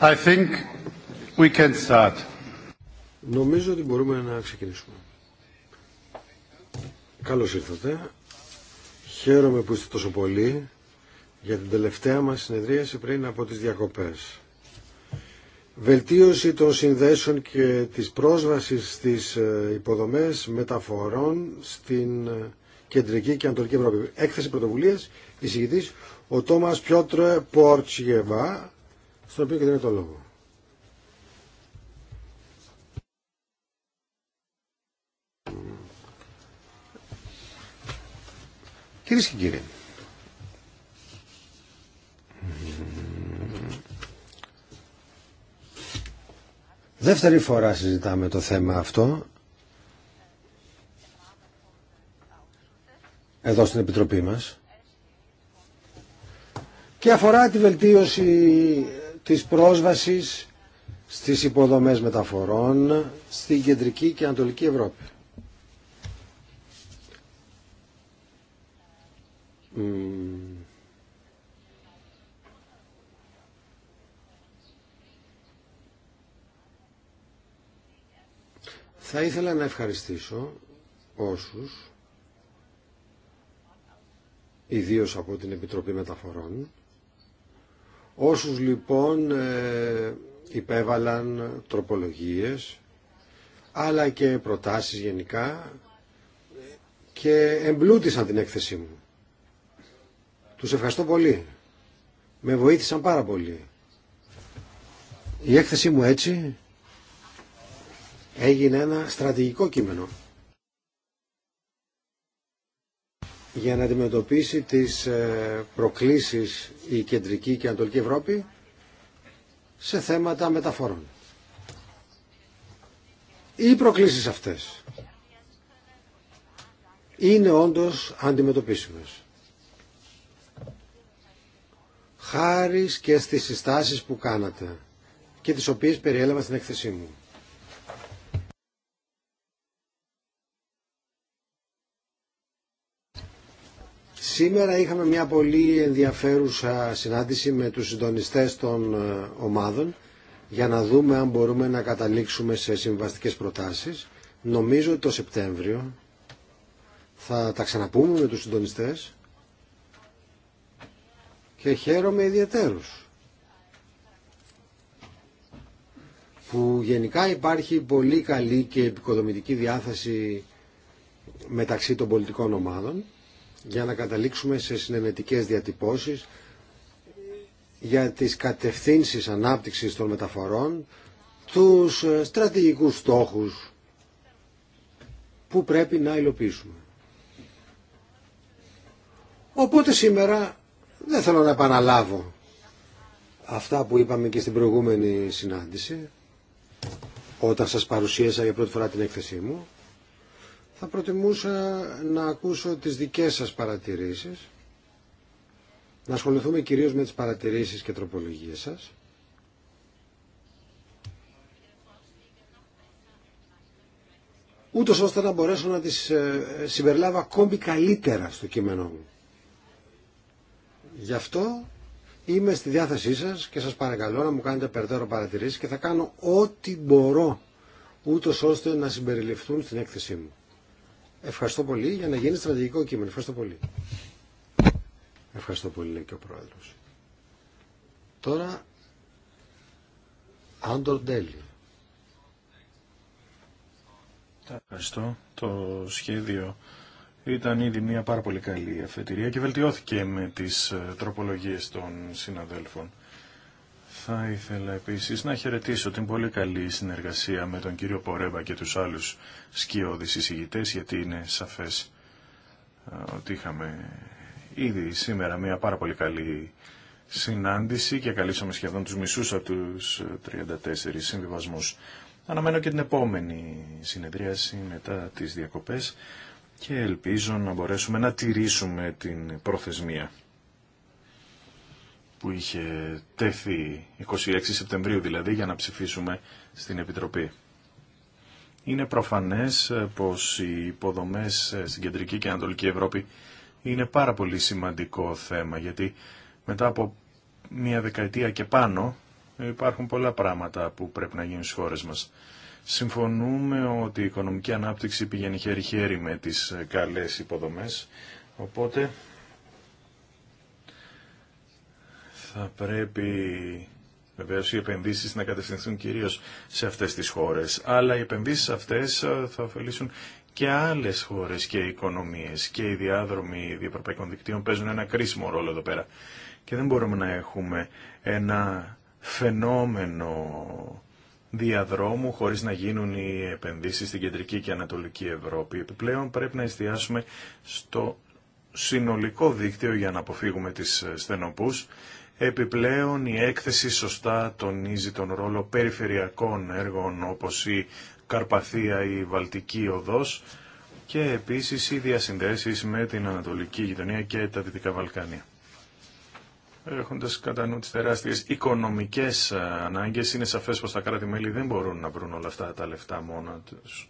I think Νομίζω ότι μπορούμε να ξεκινήσουμε. Καλώς ήρθατε. Χαίρομαι που είστε τόσο πολύ για την τελευταία μας συνεδρίαση πριν από τις διακοπές. Βελτίωση των συνδέσεων και της πρόσβασης στις ε, υποδομές μεταφορών στην ε, Κεντρική και Ανατολική Ευρώπη. Έκθεση πρωτοβουλία, εισηγητή ο Τόμα Πιότρε Πόρτσιεβα, στον οποίο και το λόγο. Κυρίε και κύριοι, δεύτερη φορά συζητάμε το θέμα αυτό εδώ στην Επιτροπή μας και αφορά τη βελτίωση της πρόσβασης στις υποδομές μεταφορών στην κεντρική και ανατολική Ευρώπη. Θα ήθελα να ευχαριστήσω όσους ιδίως από την Επιτροπή Μεταφορών. Όσους λοιπόν ε, υπέβαλαν τροπολογίες, αλλά και προτάσεις γενικά και εμπλούτησαν την έκθεσή μου. Τους ευχαριστώ πολύ. Με βοήθησαν πάρα πολύ. Η έκθεσή μου έτσι έγινε ένα στρατηγικό κείμενο. για να αντιμετωπίσει τις ε, προκλήσεις η κεντρική και η ανατολική Ευρώπη σε θέματα μεταφορών. Οι προκλήσεις αυτές είναι όντως αντιμετωπίσιμες. Χάρη και στις συστάσεις που κάνατε και τις οποίες περιέλαβα στην έκθεσή μου. Σήμερα είχαμε μια πολύ ενδιαφέρουσα συνάντηση με τους συντονιστές των ε, ομάδων για να δούμε αν μπορούμε να καταλήξουμε σε συμβαστικές προτάσεις. Νομίζω ότι το Σεπτέμβριο θα τα ξαναπούμε με τους συντονιστές και χαίρομαι ιδιαίτερους που γενικά υπάρχει πολύ καλή και επικοδομητική διάθεση μεταξύ των πολιτικών ομάδων για να καταλήξουμε σε συνενετικές διατυπώσεις για τις κατευθύνσεις ανάπτυξης των μεταφορών, τους ε, στρατηγικούς στόχους που πρέπει να υλοποιήσουμε. Οπότε σήμερα δεν θέλω να επαναλάβω αυτά που είπαμε και στην προηγούμενη συνάντηση, όταν σας παρουσίασα για πρώτη φορά την έκθεσή μου, θα προτιμούσα να ακούσω τις δικές σας παρατηρήσεις, να ασχοληθούμε κυρίως με τις παρατηρήσεις και τροπολογίες σας. ούτως ώστε να μπορέσω να τις ε, συμπεριλάβω ακόμη καλύτερα στο κείμενό μου. Γι' αυτό είμαι στη διάθεσή σας και σας παρακαλώ να μου κάνετε περτέρω παρατηρήσεις και θα κάνω ό,τι μπορώ ούτως ώστε να συμπεριληφθούν στην έκθεσή μου. Ευχαριστώ πολύ για να γίνει στρατηγικό κείμενο. Ευχαριστώ πολύ. Ευχαριστώ πολύ, λέει και ο πρόεδρο. Τώρα, Άντορ Ντέλη. Ευχαριστώ. Το σχέδιο ήταν ήδη μια πάρα πολύ καλή αφετηρία και βελτιώθηκε με τις ε, τροπολογίες των συναδέλφων. Θα ήθελα επίσης να χαιρετήσω την πολύ καλή συνεργασία με τον κύριο Πορέβα και τους άλλους σκιώδεις εισηγητές, γιατί είναι σαφές ε, ότι είχαμε ήδη σήμερα μια πάρα πολύ καλή συνάντηση και καλύψαμε σχεδόν τους μισούς από τους 34 ε, συμβιβασμούς. Αναμένω και την επόμενη συνεδρίαση μετά τις διακοπές και ελπίζω να μπορέσουμε να τηρήσουμε την προθεσμία που είχε τέθει 26 Σεπτεμβρίου δηλαδή για να ψηφίσουμε στην Επιτροπή. Είναι προφανές ε, πως οι υποδομές ε, στην Κεντρική και Ανατολική Ευρώπη είναι πάρα πολύ σημαντικό θέμα γιατί μετά από μια δεκαετία και πάνω ε, υπάρχουν πολλά πράγματα που πρέπει να γίνουν στις χώρες μας. Συμφωνούμε ότι η οικονομική ανάπτυξη πηγαίνει χέρι-χέρι με τις καλές υποδομές, οπότε θα πρέπει βεβαίως οι επενδύσεις να κατευθυνθούν κυρίως σε αυτές τις χώρες. Αλλά οι επενδύσεις αυτές θα ωφελήσουν και άλλες χώρες και οικονομίε οικονομίες και οι διάδρομοι διευρωπαϊκών δικτύων παίζουν ένα κρίσιμο ρόλο εδώ πέρα. Και δεν μπορούμε να έχουμε ένα φαινόμενο διαδρόμου χωρίς να γίνουν οι επενδύσεις στην κεντρική και ανατολική Ευρώπη. Επιπλέον πρέπει να εστιάσουμε στο συνολικό δίκτυο για να αποφύγουμε τις στενοπούς Επιπλέον, η έκθεση σωστά τονίζει τον ρόλο περιφερειακών έργων όπως η Καρπαθία ή η Βαλτική Οδός και επίσης οι διασυνδέσεις με την Ανατολική Γειτονία και τα Δυτικά Βαλκάνια. Έχοντας κατά νου τις τεράστιες οικονομικές ανάγκες, είναι σαφές πως τα κράτη-μέλη δεν μπορούν να βρουν όλα αυτά τα λεφτά μόνα τους.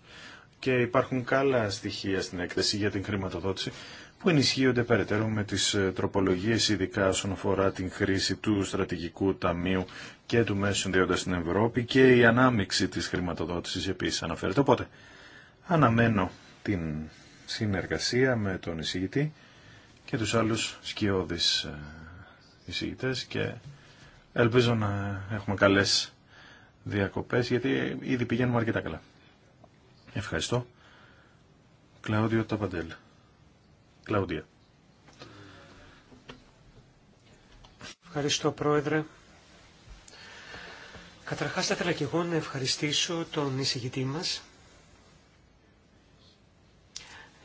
Και υπάρχουν καλά στοιχεία στην έκθεση για την χρηματοδότηση που ενισχύονται περαιτέρω με τις ε, τροπολογίες ειδικά όσον αφορά την χρήση του στρατηγικού ταμείου και του μέσου συνδέοντας στην Ευρώπη και η ανάμειξη της χρηματοδότησης επίσης αναφέρεται. Οπότε αναμένω την συνεργασία με τον εισηγητή και τους άλλους σκιώδεις ε, εισηγητές και ελπίζω να έχουμε καλές διακοπές γιατί ήδη πηγαίνουμε αρκετά καλά. Ευχαριστώ. Κλαόδιο Ταπαντέλ. Κλαουδία. Ευχαριστώ Πρόεδρε. Καταρχάς θα ήθελα και εγώ να ευχαριστήσω τον εισηγητή μας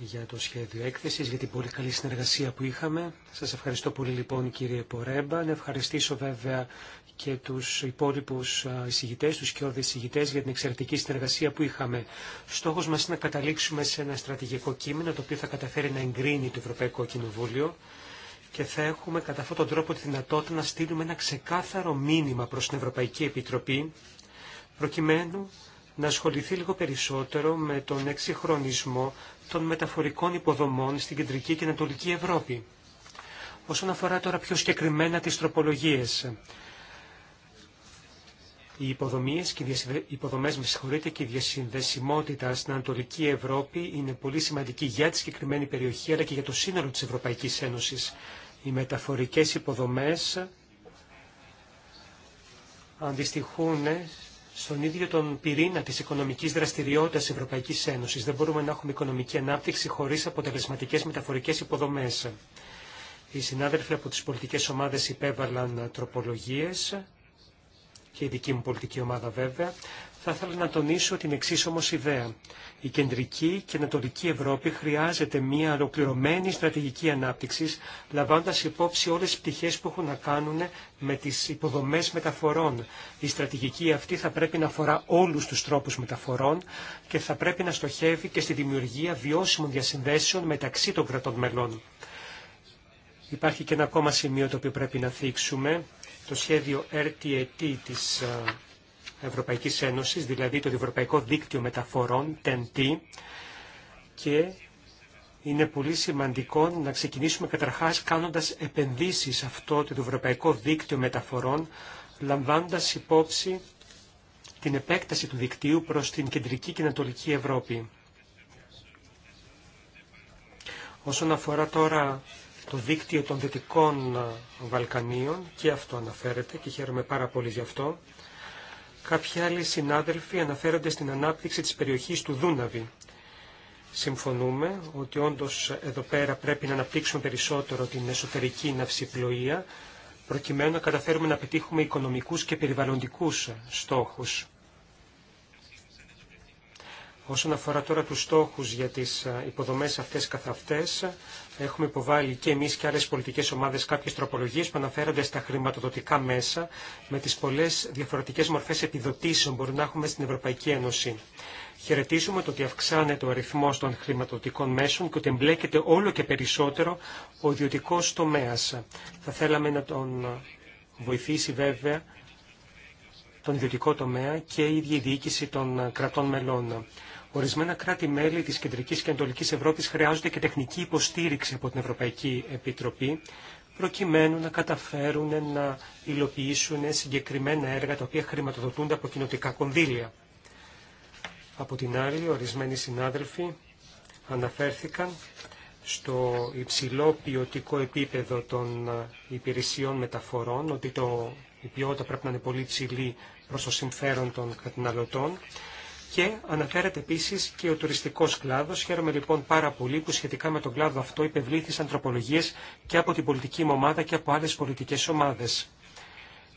για το σχέδιο έκθεσης, για την πολύ καλή συνεργασία που είχαμε. Σας ευχαριστώ πολύ λοιπόν κύριε Πορέμπα. Να ευχαριστήσω βέβαια και τους υπόλοιπους εισηγητές, τους σκιώδες εισηγητές για την εξαιρετική συνεργασία που είχαμε. Στόχος μας είναι να καταλήξουμε σε ένα στρατηγικό κείμενο το οποίο θα καταφέρει να εγκρίνει το Ευρωπαϊκό Κοινοβούλιο και θα έχουμε κατά αυτόν τον τρόπο τη δυνατότητα να στείλουμε ένα ξεκάθαρο μήνυμα προς την Ευρωπαϊκή Επιτροπή προκειμένου να ασχοληθεί λίγο περισσότερο με τον εξυγχρονισμό των μεταφορικών υποδομών στην κεντρική και ανατολική Ευρώπη. Όσον αφορά τώρα πιο συγκεκριμένα τις τροπολογίες, οι υποδομίες και οι υποδομές με και η διασυνδεσιμότητα στην Ανατολική Ευρώπη είναι πολύ σημαντική για τη συγκεκριμένη περιοχή αλλά και για το σύνολο της Ευρωπαϊκής Ένωσης. Οι μεταφορικές υποδομές αντιστοιχούν στον ίδιο τον πυρήνα της οικονομικής δραστηριότητας της Ευρωπαϊκής Ένωσης. Δεν μπορούμε να έχουμε οικονομική ανάπτυξη χωρίς αποτελεσματικές μεταφορικές υποδομές. Οι συνάδελφοι από τις πολιτικές ομάδες υπέβαλαν τροπολογίες και η δική μου πολιτική ομάδα βέβαια. Θα ήθελα να τονίσω την εξή όμω ιδέα. Η κεντρική και ανατολική Ευρώπη χρειάζεται μια ολοκληρωμένη στρατηγική ανάπτυξη, λαμβάνοντα υπόψη όλε τι πτυχέ που έχουν να κάνουν με τι υποδομέ μεταφορών. Η στρατηγική αυτή θα πρέπει να αφορά όλου του τρόπου μεταφορών και θα πρέπει να στοχεύει και στη δημιουργία βιώσιμων διασυνδέσεων μεταξύ των κρατών μελών. Υπάρχει και ένα ακόμα σημείο το οποίο πρέπει να θίξουμε, το σχέδιο RTET e της ε, Ευρωπαϊκής Ένωσης, δηλαδή το Ευρωπαϊκό Δίκτυο Μεταφορών, TEN-T, και είναι πολύ σημαντικό να ξεκινήσουμε καταρχάς κάνοντας επενδύσεις σε αυτό το Ευρωπαϊκό Δίκτυο Μεταφορών, λαμβάνοντας υπόψη την επέκταση του δικτύου προς την κεντρική και ανατολική Ευρώπη. Όσον αφορά τώρα το δίκτυο των Δυτικών Βαλκανίων, και αυτό αναφέρεται και χαίρομαι πάρα πολύ γι' αυτό, Κάποιοι άλλοι συνάδελφοι αναφέρονται στην ανάπτυξη της περιοχής του Δούναβη. Συμφωνούμε ότι όντως εδώ πέρα πρέπει να αναπτύξουμε περισσότερο την εσωτερική ναυσιπλοεία, προκειμένου να καταφέρουμε να πετύχουμε οικονομικούς και περιβαλλοντικούς στόχους. Όσον αφορά τώρα τους στόχους για τις υποδομές αυτές καθ' αυτές, Έχουμε υποβάλει και εμείς και άλλες πολιτικές ομάδες κάποιες τροπολογίες που αναφέρονται στα χρηματοδοτικά μέσα με τις πολλές διαφορετικές μορφές επιδοτήσεων που μπορεί να έχουμε στην Ευρωπαϊκή Ένωση. Χαιρετίζουμε το ότι αυξάνεται ο αριθμό των χρηματοδοτικών μέσων και ότι εμπλέκεται όλο και περισσότερο ο ιδιωτικό τομέα. Θα θέλαμε να τον βοηθήσει βέβαια τον ιδιωτικό τομέα και η ίδια η διοίκηση των κρατών μελών. Ορισμένα κράτη-μέλη της Κεντρικής και Ανατολικής Ευρώπης χρειάζονται και τεχνική υποστήριξη από την Ευρωπαϊκή Επιτροπή προκειμένου να καταφέρουν να υλοποιήσουν συγκεκριμένα έργα τα οποία χρηματοδοτούνται από κοινοτικά κονδύλια. Από την άλλη, ορισμένοι συνάδελφοι αναφέρθηκαν στο υψηλό ποιοτικό επίπεδο των υπηρεσιών μεταφορών, ότι το, η ποιότητα πρέπει να είναι πολύ ψηλή προς το συμφέρον των καταναλωτών και αναφέρεται επίση και ο τουριστικό κλάδο. Χαίρομαι λοιπόν πάρα πολύ που σχετικά με τον κλάδο αυτό υπευλήθησαν τροπολογίε και από την πολιτική μου ομάδα και από άλλε πολιτικέ ομάδε.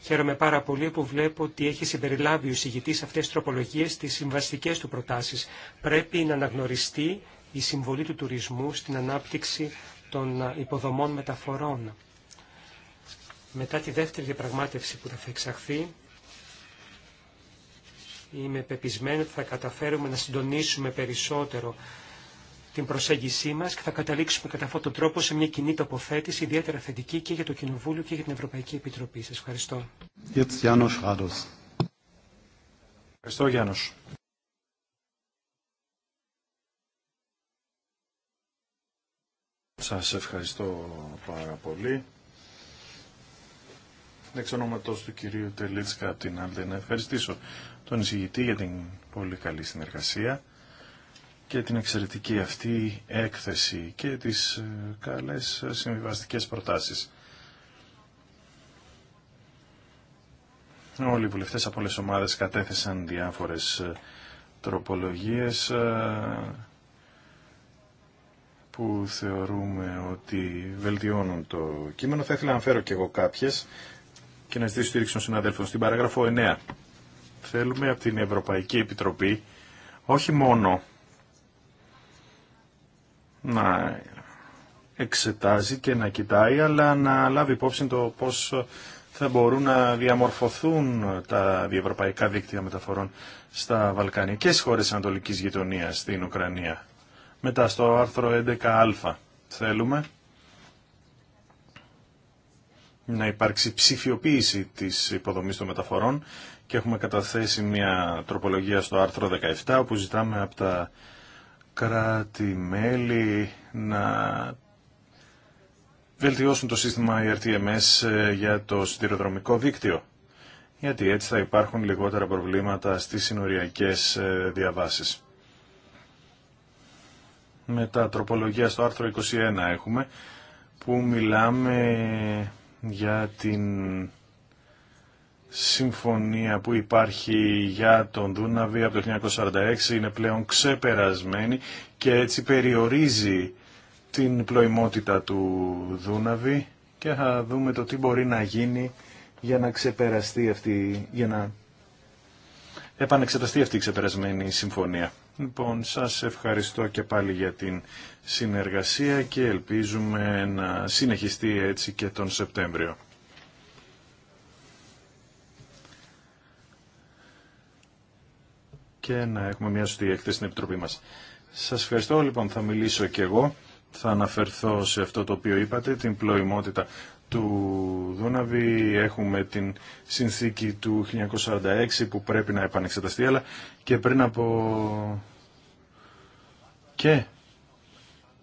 Χαίρομαι πάρα πολύ που βλέπω ότι έχει συμπεριλάβει ο συγητή αυτέ τι τροπολογίε στι συμβαστικέ του προτάσει. Πρέπει να αναγνωριστεί η συμβολή του τουρισμού στην ανάπτυξη των υποδομών μεταφορών. Μετά τη δεύτερη διαπραγμάτευση που θα, εξαχθεί, Είμαι πεπισμένο ότι θα καταφέρουμε να συντονίσουμε περισσότερο την προσέγγισή μας και θα καταλήξουμε κατά αυτόν τον τρόπο σε μια κοινή τοποθέτηση ιδιαίτερα θετική και για το Κοινοβούλιο και για την Ευρωπαϊκή Επιτροπή. Σας ευχαριστώ. Ευχαριστώ Γιάννος. Σας ευχαριστώ πάρα πολύ. Εξ ονόματος του κυρίου Τελίτσκα την να ευχαριστήσω τον εισηγητή για την πολύ καλή συνεργασία και την εξαιρετική αυτή έκθεση και τις ε, καλές συμβιβαστικές προτάσεις. Όλοι οι βουλευτές από όλες τις ομάδες κατέθεσαν διάφορες ε, τροπολογίες ε, που θεωρούμε ότι βελτιώνουν το κείμενο. Θα ήθελα να φέρω και εγώ κάποιες και να ζητήσω στήριξη των συναδέλφων. Στην παράγραφο 9 Θέλουμε από την Ευρωπαϊκή Επιτροπή όχι μόνο να εξετάζει και να κοιτάει, αλλά να λάβει υπόψη το πώς θα μπορούν να διαμορφωθούν τα διευρωπαϊκά δίκτυα μεταφορών στα Βαλκανικές χώρες Ανατολικής Γειτονίας στην Ουκρανία. Μετά στο άρθρο 11α θέλουμε να υπάρξει ψηφιοποίηση της υποδομής των μεταφορών και έχουμε καταθέσει μια τροπολογία στο άρθρο 17 όπου ζητάμε από τα κράτη-μέλη να βελτιώσουν το σύστημα ERTMS ε, για το σιδηροδρομικό δίκτυο. Γιατί έτσι θα υπάρχουν λιγότερα προβλήματα στις συνοριακές ε, διαβάσεις. Μετά τροπολογία στο άρθρο 21 έχουμε που μιλάμε για την συμφωνία που υπάρχει για τον Δούναβη από το 1946 είναι πλέον ξεπερασμένη και έτσι περιορίζει την πλοημότητα του Δούναβη και θα δούμε το τι μπορεί να γίνει για να ξεπεραστεί αυτή, για να επανεξεταστεί αυτή η ξεπερασμένη συμφωνία. Λοιπόν, σας ευχαριστώ και πάλι για την συνεργασία και ελπίζουμε να συνεχιστεί έτσι και τον Σεπτέμβριο. και να έχουμε μια σωστή έκθεση στην Επιτροπή μας. Σας ευχαριστώ λοιπόν, θα μιλήσω και εγώ, θα αναφερθώ σε αυτό το οποίο είπατε, την πλοημότητα του Δούναβη, έχουμε την συνθήκη του 1946 που πρέπει να επανεξεταστεί, αλλά και πριν από... και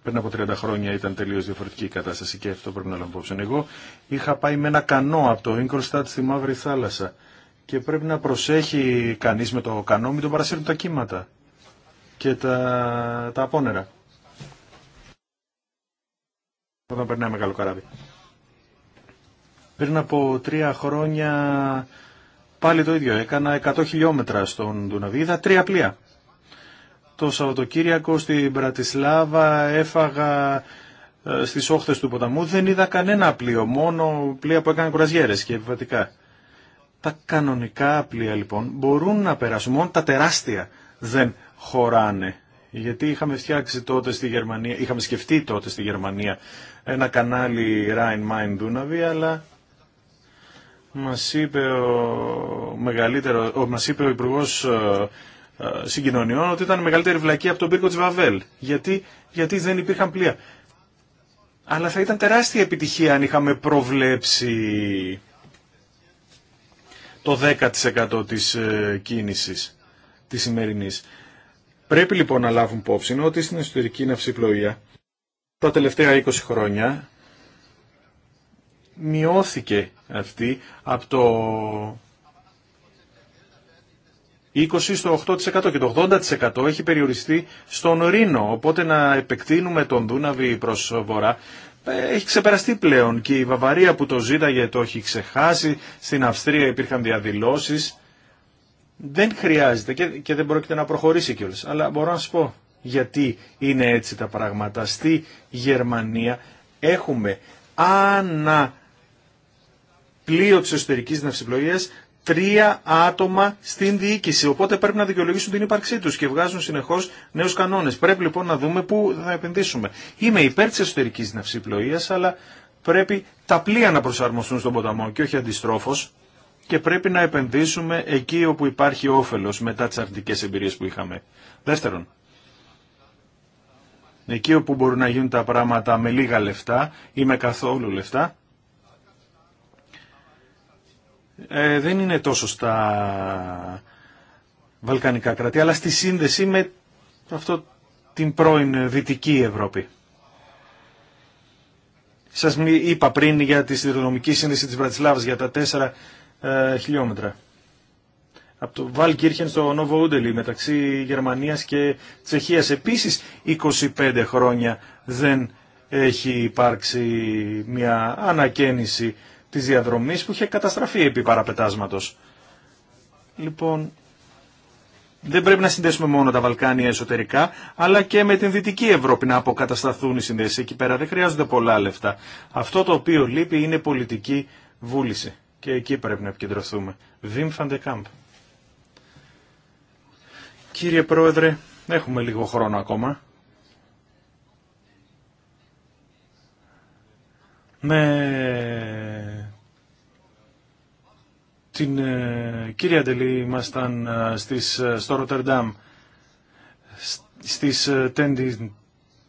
πριν από 30 χρόνια ήταν τελείως διαφορετική η κατάσταση και αυτό πρέπει να λάβω Εγώ είχα πάει με ένα κανό από το Ίγκροστάτ στη Μαύρη Θάλασσα και πρέπει να προσέχει κανείς με το κανόμι τον παρασύρουν τα κύματα και τα, τα απόνερα. Όταν περνάει μεγάλο καράβι. Πριν από τρία χρόνια πάλι το ίδιο έκανα 100 χιλιόμετρα στον Δουναβί, είδα τρία πλοία. Το Σαββατοκύριακο στην Πρατισλάβα έφαγα ε, στις όχθες του ποταμού δεν είδα κανένα πλοίο, μόνο πλοία που έκανε κουραζιέρες και επιβατικά. Τα κανονικά πλοία λοιπόν μπορούν να περάσουν, μόνο τα τεράστια δεν χωράνε. Γιατί είχαμε φτιάξει τότε στη Γερμανία, είχαμε σκεφτεί τότε στη Γερμανία ένα κανάλι Rhein-Main-Dunavi, αλλά μας είπε ο, μεγαλύτερο, ο, είπε ο Υπουργός ε, ε, Συγκοινωνιών ότι ήταν μεγαλύτερη βλακή από τον πύργο της Βαβέλ. Γιατί, γιατί δεν υπήρχαν πλοία. Αλλά θα ήταν τεράστια επιτυχία αν είχαμε προβλέψει το 10% της ε, κίνησης της σημερινής. Πρέπει λοιπόν να λάβουν υπόψη ότι στην εσωτερική ναυσιπλοεία τα τελευταία 20 χρόνια μειώθηκε αυτή από το 20% στο 8% και το 80% έχει περιοριστεί στον Ρήνο. Οπότε να επεκτείνουμε τον Δούναβη προς βορρά έχει ξεπεραστεί πλέον και η Βαβαρία που το ζήταγε το έχει ξεχάσει, στην Αυστρία υπήρχαν διαδηλώσεις. Δεν χρειάζεται και, και δεν πρόκειται να προχωρήσει κιόλας. Αλλά μπορώ να σας πω γιατί είναι έτσι τα πράγματα. Στη Γερμανία έχουμε ανα πλοίο της εσωτερικής ναυσιπλοείας τρία άτομα στην διοίκηση. Οπότε πρέπει να δικαιολογήσουν την ύπαρξή του και βγάζουν συνεχώ νέου κανόνε. Πρέπει λοιπόν να δούμε πού θα επενδύσουμε. Είμαι υπέρ τη εσωτερική ναυσιπλοεία, αλλά πρέπει τα πλοία να προσαρμοστούν στον ποταμό και όχι αντιστρόφω. Και πρέπει να επενδύσουμε εκεί όπου υπάρχει όφελο μετά τι αρνητικέ εμπειρίε που είχαμε. Δεύτερον, εκεί όπου μπορούν να γίνουν τα πράγματα με λίγα λεφτά ή με καθόλου λεφτά, ε, δεν είναι τόσο στα βαλκανικά κράτη, αλλά στη σύνδεση με αυτό την πρώην Δυτική Ευρώπη. Σας είπα πριν για τη σιδηροδρομική σύνδεση της Βρατισλάβας για τα τέσσερα ε, χιλιόμετρα. Από το Βαλκύρχεν στο Νόβο Ούντελι μεταξύ Γερμανίας και Τσεχίας επίσης 25 χρόνια δεν έχει υπάρξει μια ανακαίνιση της διαδρομής που είχε καταστραφεί επί παραπετάσματος. Λοιπόν, δεν πρέπει να συνδέσουμε μόνο τα Βαλκάνια εσωτερικά, αλλά και με την Δυτική Ευρώπη να αποκατασταθούν οι συνδέσεις. Εκεί πέρα δεν χρειάζονται πολλά λεφτά. Αυτό το οποίο λείπει είναι πολιτική βούληση. Και εκεί πρέπει να επικεντρωθούμε. Βιμ Φαντεκάμπ. Κύριε Πρόεδρε, έχουμε λίγο χρόνο ακόμα. Με την ε, κύρια Ντελή ήμασταν ε, στις, ε, στο Ρότερνταμ στις 10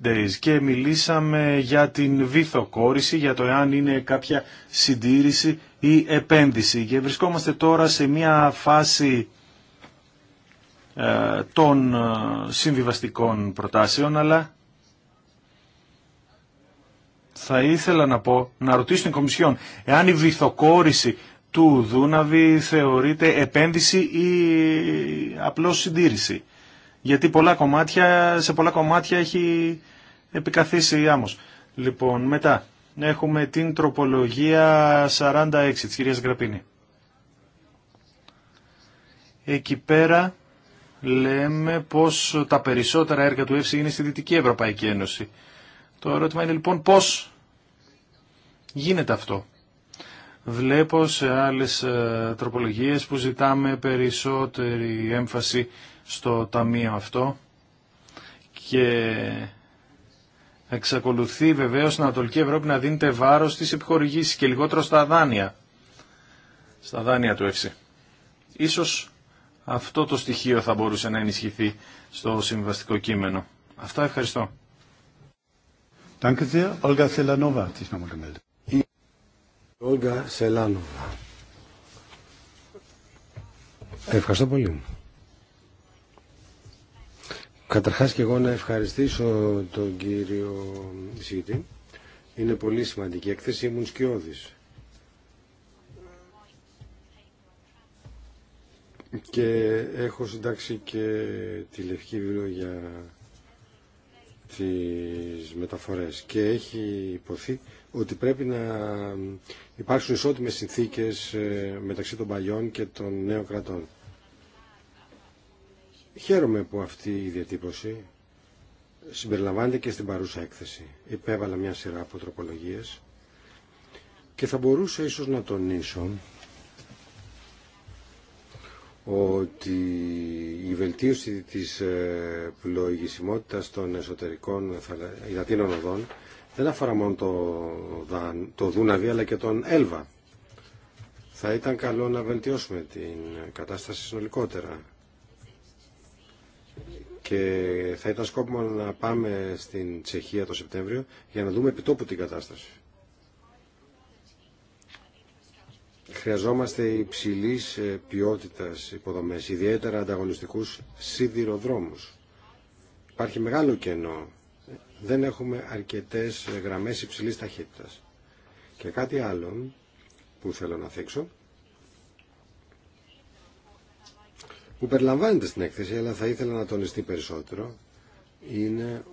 Days και μιλήσαμε για την βυθοκόρηση, για το εάν είναι κάποια συντήρηση ή επένδυση. Και βρισκόμαστε τώρα σε μια φάση των συμβιβαστικών προτάσεων, αλλά θα ήθελα να πω, να ρωτήσω την Κομισιόν, εάν η βυθοκόρηση του Δούναβη θεωρείται επένδυση ή απλώς συντήρηση. Γιατί πολλά κομμάτια, σε πολλά κομμάτια έχει επικαθίσει η άμμος. Λοιπόν, μετά έχουμε την τροπολογία 46 της κυρίας Γραπίνη. Εκεί πέρα λέμε πως τα περισσότερα έργα του ΕΦΣΙ είναι στη Δυτική Ευρωπαϊκή Ένωση. Το ερώτημα είναι λοιπόν πώς γίνεται αυτό. Βλέπω σε άλλες ε, τροπολογίες που ζητάμε περισσότερη έμφαση στο ταμείο αυτό και εξακολουθεί βεβαίως στην Ανατολική Ευρώπη να δίνεται βάρος στις επιχορηγήσεις και λιγότερο στα δάνεια, στα δάνεια του ΕΦΣΗ. Ίσως αυτό το στοιχείο θα μπορούσε να ενισχυθεί στο συμβαστικό κείμενο. Αυτά ευχαριστώ. Danke sehr. Olga Selanova hat sich nochmal gemeldet. Όλγα Σελάνοβα. Ευχαριστώ πολύ. Καταρχάς και εγώ να ευχαριστήσω τον κύριο Σίτη. Είναι πολύ σημαντική η έκθεση, ήμουν Και έχω συντάξει και τη λευκή βιβλίο για τις μεταφορές. Και έχει υποθεί ότι πρέπει να υπάρξουν ισότιμες συνθήκες ε, μεταξύ των παλιών και των νέων κρατών. Χαίρομαι που αυτή η διατύπωση συμπεριλαμβάνεται και στην παρούσα έκθεση. Υπέβαλα μια σειρά από τροπολογίες και θα μπορούσα ίσως να τονίσω ότι η βελτίωση της ε, πλοηγησιμότητας των εσωτερικών υδατίνων οδών δεν αφορά μόνο το, το Δούναβι αλλά και τον Έλβα. Θα ήταν καλό να βελτιώσουμε την κατάσταση συνολικότερα. Και θα ήταν σκόπιμο να πάμε στην Τσεχία το Σεπτέμβριο για να δούμε επιτόπου την κατάσταση. Χρειαζόμαστε υψηλή ε, ποιότητας υποδομές, ιδιαίτερα ανταγωνιστικούς σιδηροδρόμους. Υπάρχει μεγάλο κενό δεν έχουμε αρκετές γραμμές υψηλής ταχύτητας. Και κάτι άλλο που θέλω να θίξω, που περιλαμβάνεται στην έκθεση, αλλά θα ήθελα να τονιστεί περισσότερο, είναι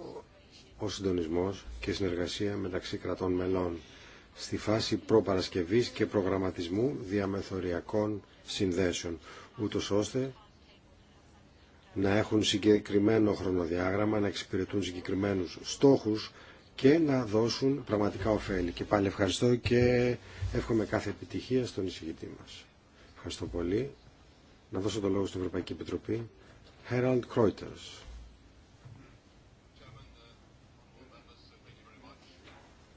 ο συντονισμός και συνεργασία μεταξύ κρατών μελών στη φάση προπαρασκευής και προγραμματισμού διαμεθοριακών συνδέσεων, ούτως ώστε να έχουν συγκεκριμένο χρονοδιάγραμμα, να εξυπηρετούν συγκεκριμένους στόχους και να δώσουν πραγματικά ωφέλη. Και πάλι ευχαριστώ και εύχομαι κάθε επιτυχία στον εισηγητή μας. Ευχαριστώ πολύ. Να δώσω το λόγο στην Ευρωπαϊκή Επιτροπή. Harold Kreuters.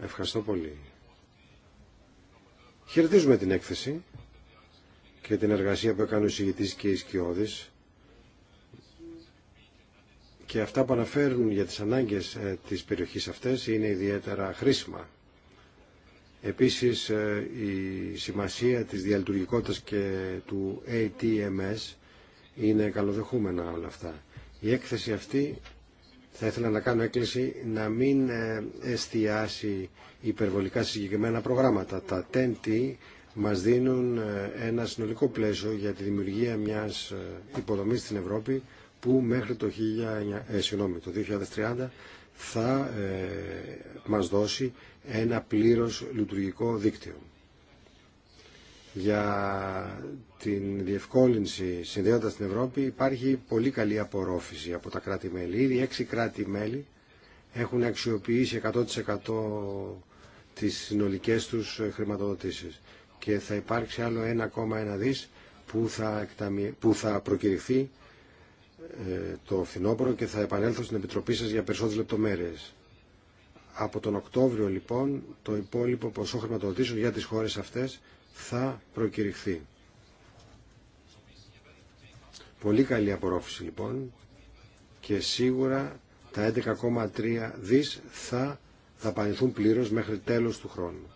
Ευχαριστώ πολύ. Χαιρετίζουμε την έκθεση και την εργασία που έκανε ο συγητής και η Σκιώδης και αυτά που αναφέρουν για τις ανάγκες ε, της περιοχής αυτές είναι ιδιαίτερα χρήσιμα. Επίσης, ε, η σημασία της διαλειτουργικότητας και του ATMS είναι καλοδεχούμενα όλα αυτά. Η έκθεση αυτή θα ήθελα να κάνω έκκληση να μην ε, εστιάσει υπερβολικά συγκεκριμένα προγράμματα. Τα ten μας δίνουν ένα συνολικό πλαίσιο για τη δημιουργία μιας υποδομής στην Ευρώπη που μέχρι το, ε, το 2030 θα ε, μας δώσει ένα πλήρως λειτουργικό δίκτυο. Για την διευκόλυνση συνδέοντας την Ευρώπη υπάρχει πολύ καλή απορρόφηση από τα κράτη-μέλη. Ήδη έξι κράτη-μέλη έχουν αξιοποιήσει 100% τις συνολικές τους χρηματοδοτήσεις και θα υπάρξει άλλο 1,1 δις που θα, που θα προκηρυχθεί ε, το φθινόπωρο και θα επανέλθω στην Επιτροπή σας για περισσότερες λεπτομέρειες. Από τον Οκτώβριο λοιπόν το υπόλοιπο ποσό χρηματοδοτήσεων για τις χώρες αυτές θα προκηρυχθεί. Πολύ καλή απορρόφηση λοιπόν και σίγουρα τα 11,3 δις θα δαπανηθούν πλήρως μέχρι τέλος του χρόνου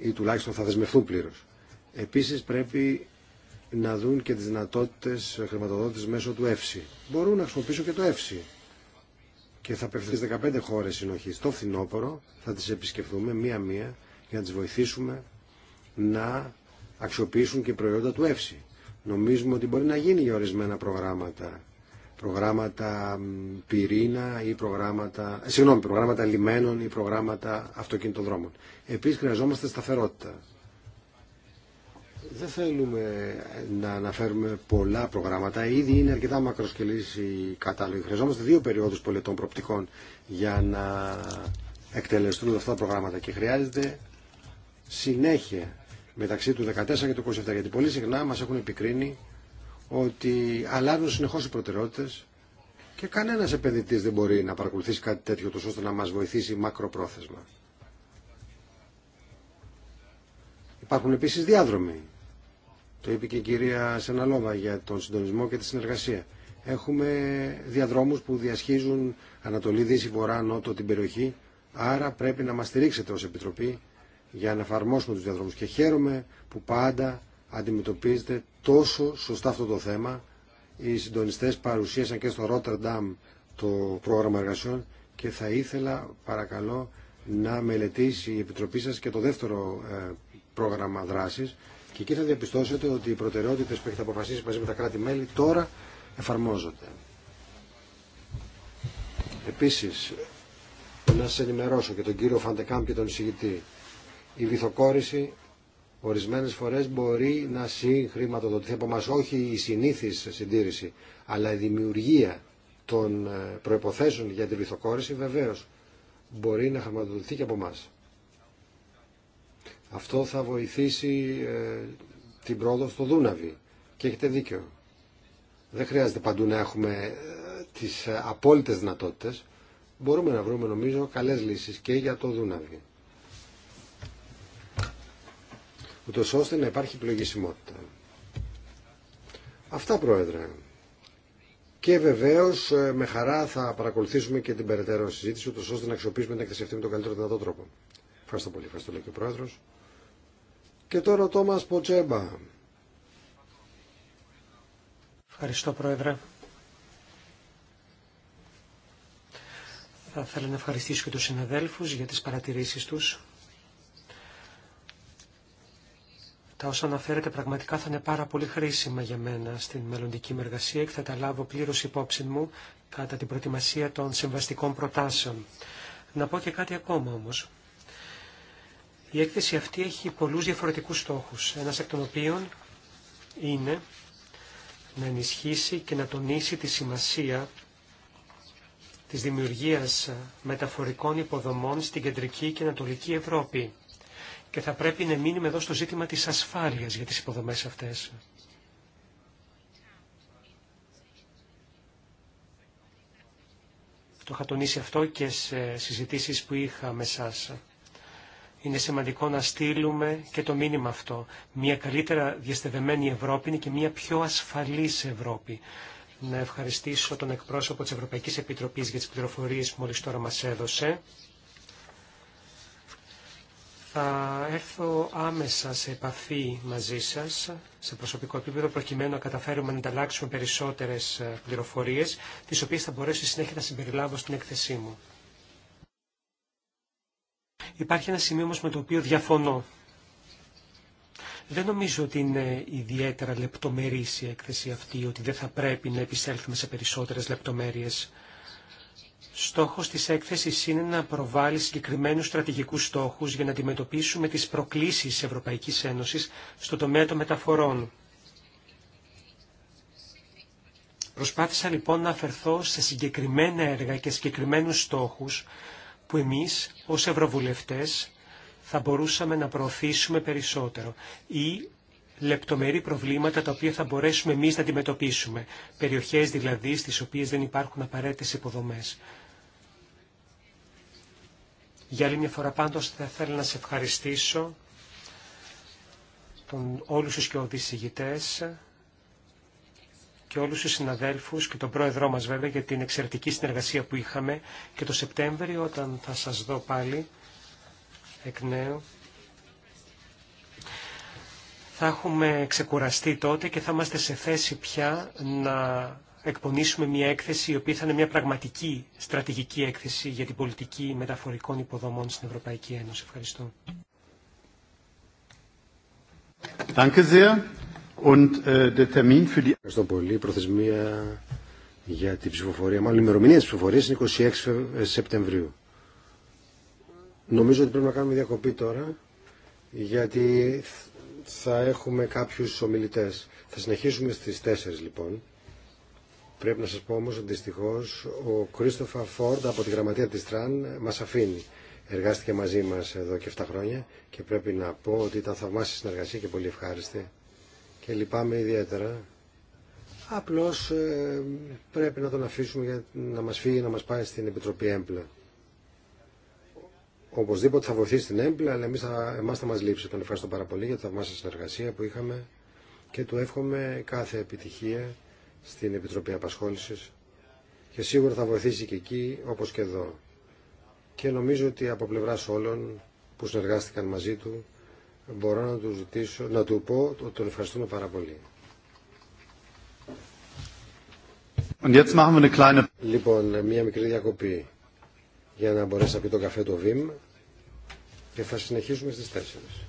ή τουλάχιστον θα δεσμευθούν πλήρως. Επίσης πρέπει να δουν και τις δυνατότητες χρηματοδότησης μέσω του ΕΦΣΥ. Μπορούν να χρησιμοποιήσουν και το ΕΦΣΥ. Και θα απευθυνθεί 15 χώρες συνοχής. Στο φθινόπωρο θα τις επισκεφθούμε μία-μία για να τις βοηθήσουμε να αξιοποιήσουν και προϊόντα του ΕΦΣΥ. Νομίζουμε ότι μπορεί να γίνει για ορισμένα προγράμματα. Προγράμματα πυρήνα ή προγράμματα, ε, συγγνώμη, προγράμματα λιμένων ή προγράμματα αυτοκινητοδρόμων. Επίσης χρειαζόμαστε σταθερότητα δεν θέλουμε να αναφέρουμε πολλά προγράμματα. Ήδη είναι αρκετά μακροσκελή η κατάλογη. Χρειαζόμαστε δύο περιόδου πολιτών προπτικών για να εκτελεστούν αυτά τα προγράμματα και χρειάζεται συνέχεια μεταξύ του 2014 και του 27. Γιατί πολύ συχνά μα έχουν επικρίνει ότι αλλάζουν συνεχώ οι προτεραιότητε και κανένα επενδυτή δεν μπορεί να παρακολουθήσει κάτι τέτοιο τόσο ώστε να μα βοηθήσει μακροπρόθεσμα. Υπάρχουν επίσης διάδρομοι το είπε και η κυρία Σεναλόβα για τον συντονισμό και τη συνεργασία. Έχουμε διαδρόμους που διασχίζουν Ανατολή, Δύση, Βορρά, Νότο την περιοχή. Άρα πρέπει να μα στηρίξετε ως Επιτροπή για να εφαρμόσουμε τους διαδρόμου Και χαίρομαι που πάντα αντιμετωπίζετε τόσο σωστά αυτό το θέμα. Οι συντονιστέ παρουσίασαν και στο Ρότερνταμ το πρόγραμμα εργασιών και θα ήθελα παρακαλώ να μελετήσει η Επιτροπή σας και το δεύτερο ε, πρόγραμμα δράσης και εκεί θα διαπιστώσετε ότι οι προτεραιότητες που έχετε αποφασίσει μαζί με τα κράτη-μέλη τώρα εφαρμόζονται. Επίσης, να σα ενημερώσω και τον κύριο Φαντεκάμπ και τον εισηγητή. Η βυθοκόρηση ορισμένες φορές μπορεί να συγχρηματοδοτηθεί από εμά, όχι η συνήθι συντήρηση, αλλά η δημιουργία των ε, προποθέσεων για τη βυθοκόρηση βεβαίω μπορεί να χρηματοδοτηθεί και από εμά. Αυτό θα βοηθήσει ε, την πρόοδο στο Δούναβι. Και έχετε δίκιο. Δεν χρειάζεται παντού να έχουμε ε, τις ε, απόλυτες δυνατότητες. Μπορούμε να βρούμε νομίζω καλές λύσεις και για το Δούναβι. Ούτω ώστε να υπάρχει πλογισμότητα. Αυτά πρόεδρε. Και βεβαίω με χαρά θα παρακολουθήσουμε και την περαιτέρω συζήτηση, ούτω ώστε να αξιοποιήσουμε την έκθεση με τον καλύτερο δυνατό τρόπο. Ευχαριστώ πολύ. Ευχαριστώ, και ο Πρόεδρο. Και τώρα ο Τόμας Ποτσέμπα. Ευχαριστώ Πρόεδρε. Θα ήθελα να ευχαριστήσω και τους συναδέλφους για τις παρατηρήσεις τους. Τα όσα αναφέρετε πραγματικά θα είναι πάρα πολύ χρήσιμα για μένα στην μελλοντική μου εργασία και θα τα λάβω πλήρως υπόψη μου κατά την προετοιμασία των συμβαστικών προτάσεων. Να πω και κάτι ακόμα όμως. Η έκθεση αυτή έχει πολλούς διαφορετικούς στόχους, ένας εκ των οποίων είναι να ενισχύσει και να τονίσει τη σημασία της δημιουργίας μεταφορικών υποδομών στην κεντρική και ανατολική Ευρώπη. Και θα πρέπει να μείνουμε εδώ στο ζήτημα της ασφάλειας για τις υποδομές αυτές. Το είχα τονίσει αυτό και σε συζητήσεις που είχα με σας είναι σημαντικό να στείλουμε και το μήνυμα αυτό. Μια καλύτερα διαστεδεμένη Ευρώπη είναι και μια πιο ασφαλής Ευρώπη. Να ευχαριστήσω τον εκπρόσωπο της Ευρωπαϊκής Επιτροπής για τις πληροφορίες που μόλις τώρα μας έδωσε. Θα έρθω άμεσα σε επαφή μαζί σας, σε προσωπικό επίπεδο, προκειμένου να καταφέρουμε να ανταλλάξουμε περισσότερες πληροφορίες, τις οποίες θα μπορέσω συνέχεια να συμπεριλάβω στην έκθεσή μου. Υπάρχει ένα σημείο όμως με το οποίο διαφωνώ. Δεν νομίζω ότι είναι ιδιαίτερα λεπτομερής η έκθεση αυτή, ότι δεν θα πρέπει να επιστέλθουμε σε περισσότερες λεπτομέρειες. Στόχος της έκθεσης είναι να προβάλλει συγκεκριμένους στρατηγικούς στόχους για να αντιμετωπίσουμε τις προκλήσεις της Ευρωπαϊκής Ένωσης στο τομέα των μεταφορών. Προσπάθησα λοιπόν να αφαιρθώ σε συγκεκριμένα έργα και συγκεκριμένους στόχους που εμείς ως ευρωβουλευτές θα μπορούσαμε να προωθήσουμε περισσότερο ή λεπτομερή προβλήματα τα οποία θα μπορέσουμε εμείς να αντιμετωπίσουμε, περιοχές δηλαδή στις οποίες δεν υπάρχουν απαραίτητες υποδομές. Για άλλη μια φορά πάντως θα ήθελα να σε ευχαριστήσω τον, όλους τους και οδησηγητές και όλους τους συναδέλφους και τον πρόεδρό μας βέβαια για την εξαιρετική συνεργασία που είχαμε και το Σεπτέμβριο όταν θα σας δω πάλι εκ νέου. Θα έχουμε ξεκουραστεί τότε και θα είμαστε σε θέση πια να εκπονήσουμε μια έκθεση η οποία θα είναι μια πραγματική στρατηγική έκθεση για την πολιτική μεταφορικών υποδομών στην Ευρωπαϊκή Ένωση. Ευχαριστώ. Äh, Ευχαριστώ πολύ. Η προθεσμία για την ψηφοφορία, μάλλον η ημερομηνία της ψηφοφορίας είναι 26 ε, Σεπτεμβρίου. Νομίζω ότι πρέπει να κάνουμε διακοπή τώρα, γιατί θα έχουμε κάποιους ομιλητές. Θα συνεχίσουμε στις 4 λοιπόν. Πρέπει να σας πω όμως ότι ο Κρίστοφα Φόρντ από τη γραμματεία της Τραν μας αφήνει. Εργάστηκε μαζί μας εδώ και 7 χρόνια και πρέπει να πω ότι ήταν θαυμάσια συνεργασία και πολύ ευχάριστη και λυπάμαι ιδιαίτερα. Απλώς ε, πρέπει να τον αφήσουμε για να μας φύγει, να μας πάει στην Επιτροπή Έμπλα. Οπωσδήποτε θα βοηθήσει την Έμπλα, αλλά εμείς θα, εμάς θα μας λείψει. Τον ευχαριστώ πάρα πολύ για τη θαυμάσια συνεργασία που είχαμε και του εύχομαι κάθε επιτυχία στην Επιτροπή Απασχόλησης και σίγουρα θα βοηθήσει και εκεί όπως και εδώ. Και νομίζω ότι από πλευράς όλων που συνεργάστηκαν μαζί του μπορώ να του, ζητήσω, να του πω ότι τον ευχαριστούμε πάρα πολύ. Und jetzt machen wir eine kleine... Λοιπόν, μία μικρή διακοπή για να μπορέσει να πει το καφέ το ΒΙΜ και θα συνεχίσουμε στις 4.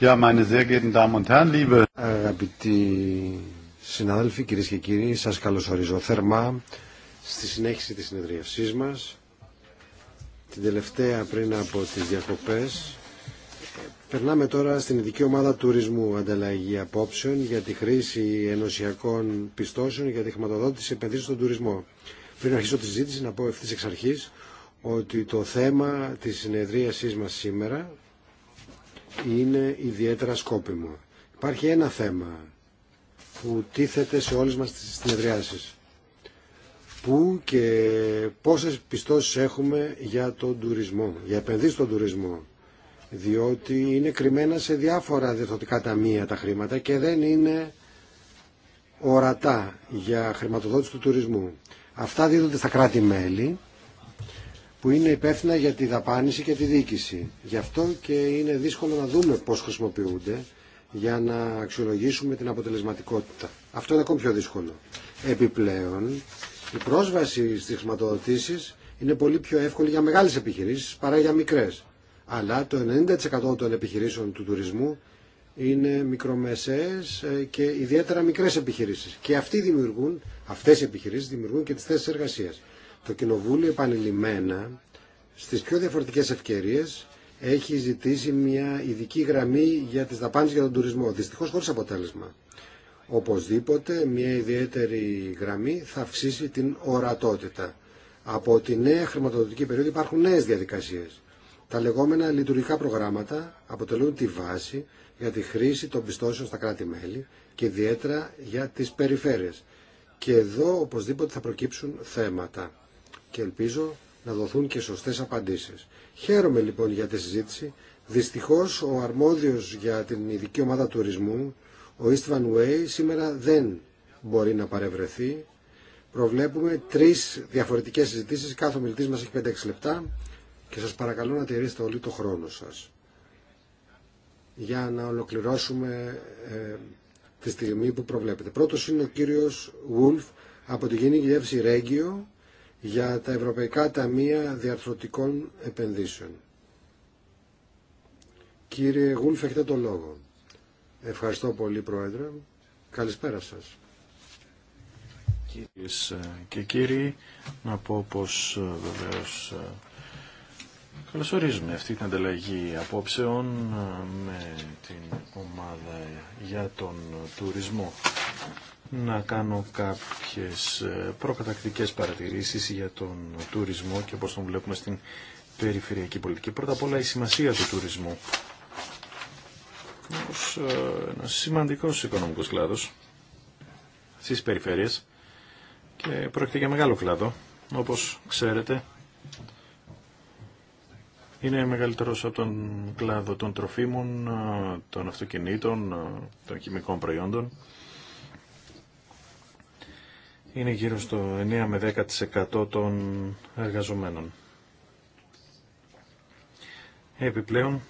Ja, Αγαπητοί συνάδελφοι, κυρίε και κύριοι, σα καλωσορίζω θερμά στη συνέχιση της συνεδρίασή μας. Την τελευταία πριν από τις διακοπές Περνάμε τώρα στην ειδική ομάδα τουρισμού ανταλλαγή απόψεων για τη χρήση ενωσιακών πιστώσεων για τη χρηματοδότηση επενδύσεων στον τουρισμό. Πριν αρχίσω τη συζήτηση, να πω ευθύ εξ αρχή ότι το θέμα τη συνεδρίασή μα σήμερα είναι ιδιαίτερα σκόπιμο. Υπάρχει ένα θέμα που τίθεται σε όλες μας τις συνεδριάσεις. Πού και πόσες πιστώσεις έχουμε για τον τουρισμό, για επενδύσεις στον τουρισμό. Διότι είναι κρυμμένα σε διάφορα διευθυντικά ταμεία τα χρήματα και δεν είναι ορατά για χρηματοδότηση του τουρισμού. Αυτά δίδονται στα κράτη-μέλη που είναι υπεύθυνα για τη δαπάνηση και τη διοίκηση. Γι' αυτό και είναι δύσκολο να δούμε πώς χρησιμοποιούνται για να αξιολογήσουμε την αποτελεσματικότητα. Αυτό είναι ακόμη πιο δύσκολο. Επιπλέον, η πρόσβαση στις χρηματοδοτήσεις είναι πολύ πιο εύκολη για μεγάλες επιχειρήσεις παρά για μικρές. Αλλά το 90% των επιχειρήσεων του τουρισμού είναι μικρομεσαίες ε, και ιδιαίτερα μικρές επιχειρήσεις. Και αυτοί δημιουργούν, αυτές οι επιχειρήσεις δημιουργούν και τις θέσεις εργασίας. Το Κοινοβούλιο επανειλημμένα στις πιο διαφορετικές ευκαιρίες έχει ζητήσει μια ειδική γραμμή για τις δαπάνες για τον τουρισμό. Δυστυχώς χωρίς αποτέλεσμα. Οπωσδήποτε μια ιδιαίτερη γραμμή θα αυξήσει την ορατότητα. Από τη νέα χρηματοδοτική περίοδο υπάρχουν νέες διαδικασίες. Τα λεγόμενα λειτουργικά προγράμματα αποτελούν τη βάση για τη χρήση των πιστώσεων στα κράτη-μέλη και ιδιαίτερα για τις περιφέρειες. Και εδώ οπωσδήποτε θα προκύψουν θέματα και ελπίζω να δοθούν και σωστές απαντήσεις. Χαίρομαι λοιπόν για τη συζήτηση. Δυστυχώς ο αρμόδιος για την ειδική ομάδα τουρισμού, ο Ιστβαν Way, σήμερα δεν μπορεί να παρευρεθεί. Προβλέπουμε τρεις διαφορετικές συζητήσεις, κάθε ομιλητής μας έχει 5-6 λεπτά και σας παρακαλώ να τηρήσετε όλοι το χρόνο σας για να ολοκληρώσουμε ε, τη στιγμή που προβλέπετε. Πρώτος είναι ο κύριος Βούλφ από τη Γενική Διεύθυνση Ρέγγιο για τα Ευρωπαϊκά Ταμεία Διαρθρωτικών Επενδύσεων. Κύριε Γούλφ, έχετε το λόγο. Ευχαριστώ πολύ, Πρόεδρε. Καλησπέρα σας. Κυρίε ε, και κύριοι, να πω πως ε, βεβαίως ε, καλωσορίζουμε αυτή την ανταλλαγή απόψεων με την ομάδα για τον τουρισμό να κάνω κάποιες ε, προκατακτικές παρατηρήσεις για τον τουρισμό και πώς τον βλέπουμε στην περιφερειακή πολιτική. Πρώτα απ' όλα η σημασία του τουρισμού ως ε, ένας σημαντικός οικονομικός κλάδος στις περιφέρειες και πρόκειται για μεγάλο κλάδο. Όπως ξέρετε είναι μεγαλύτερος από τον κλάδο των τροφίμων, ε, των αυτοκινήτων, των χημικών προϊόντων είναι γύρω στο 9 με 10% των εργαζομένων. Επιπλέον,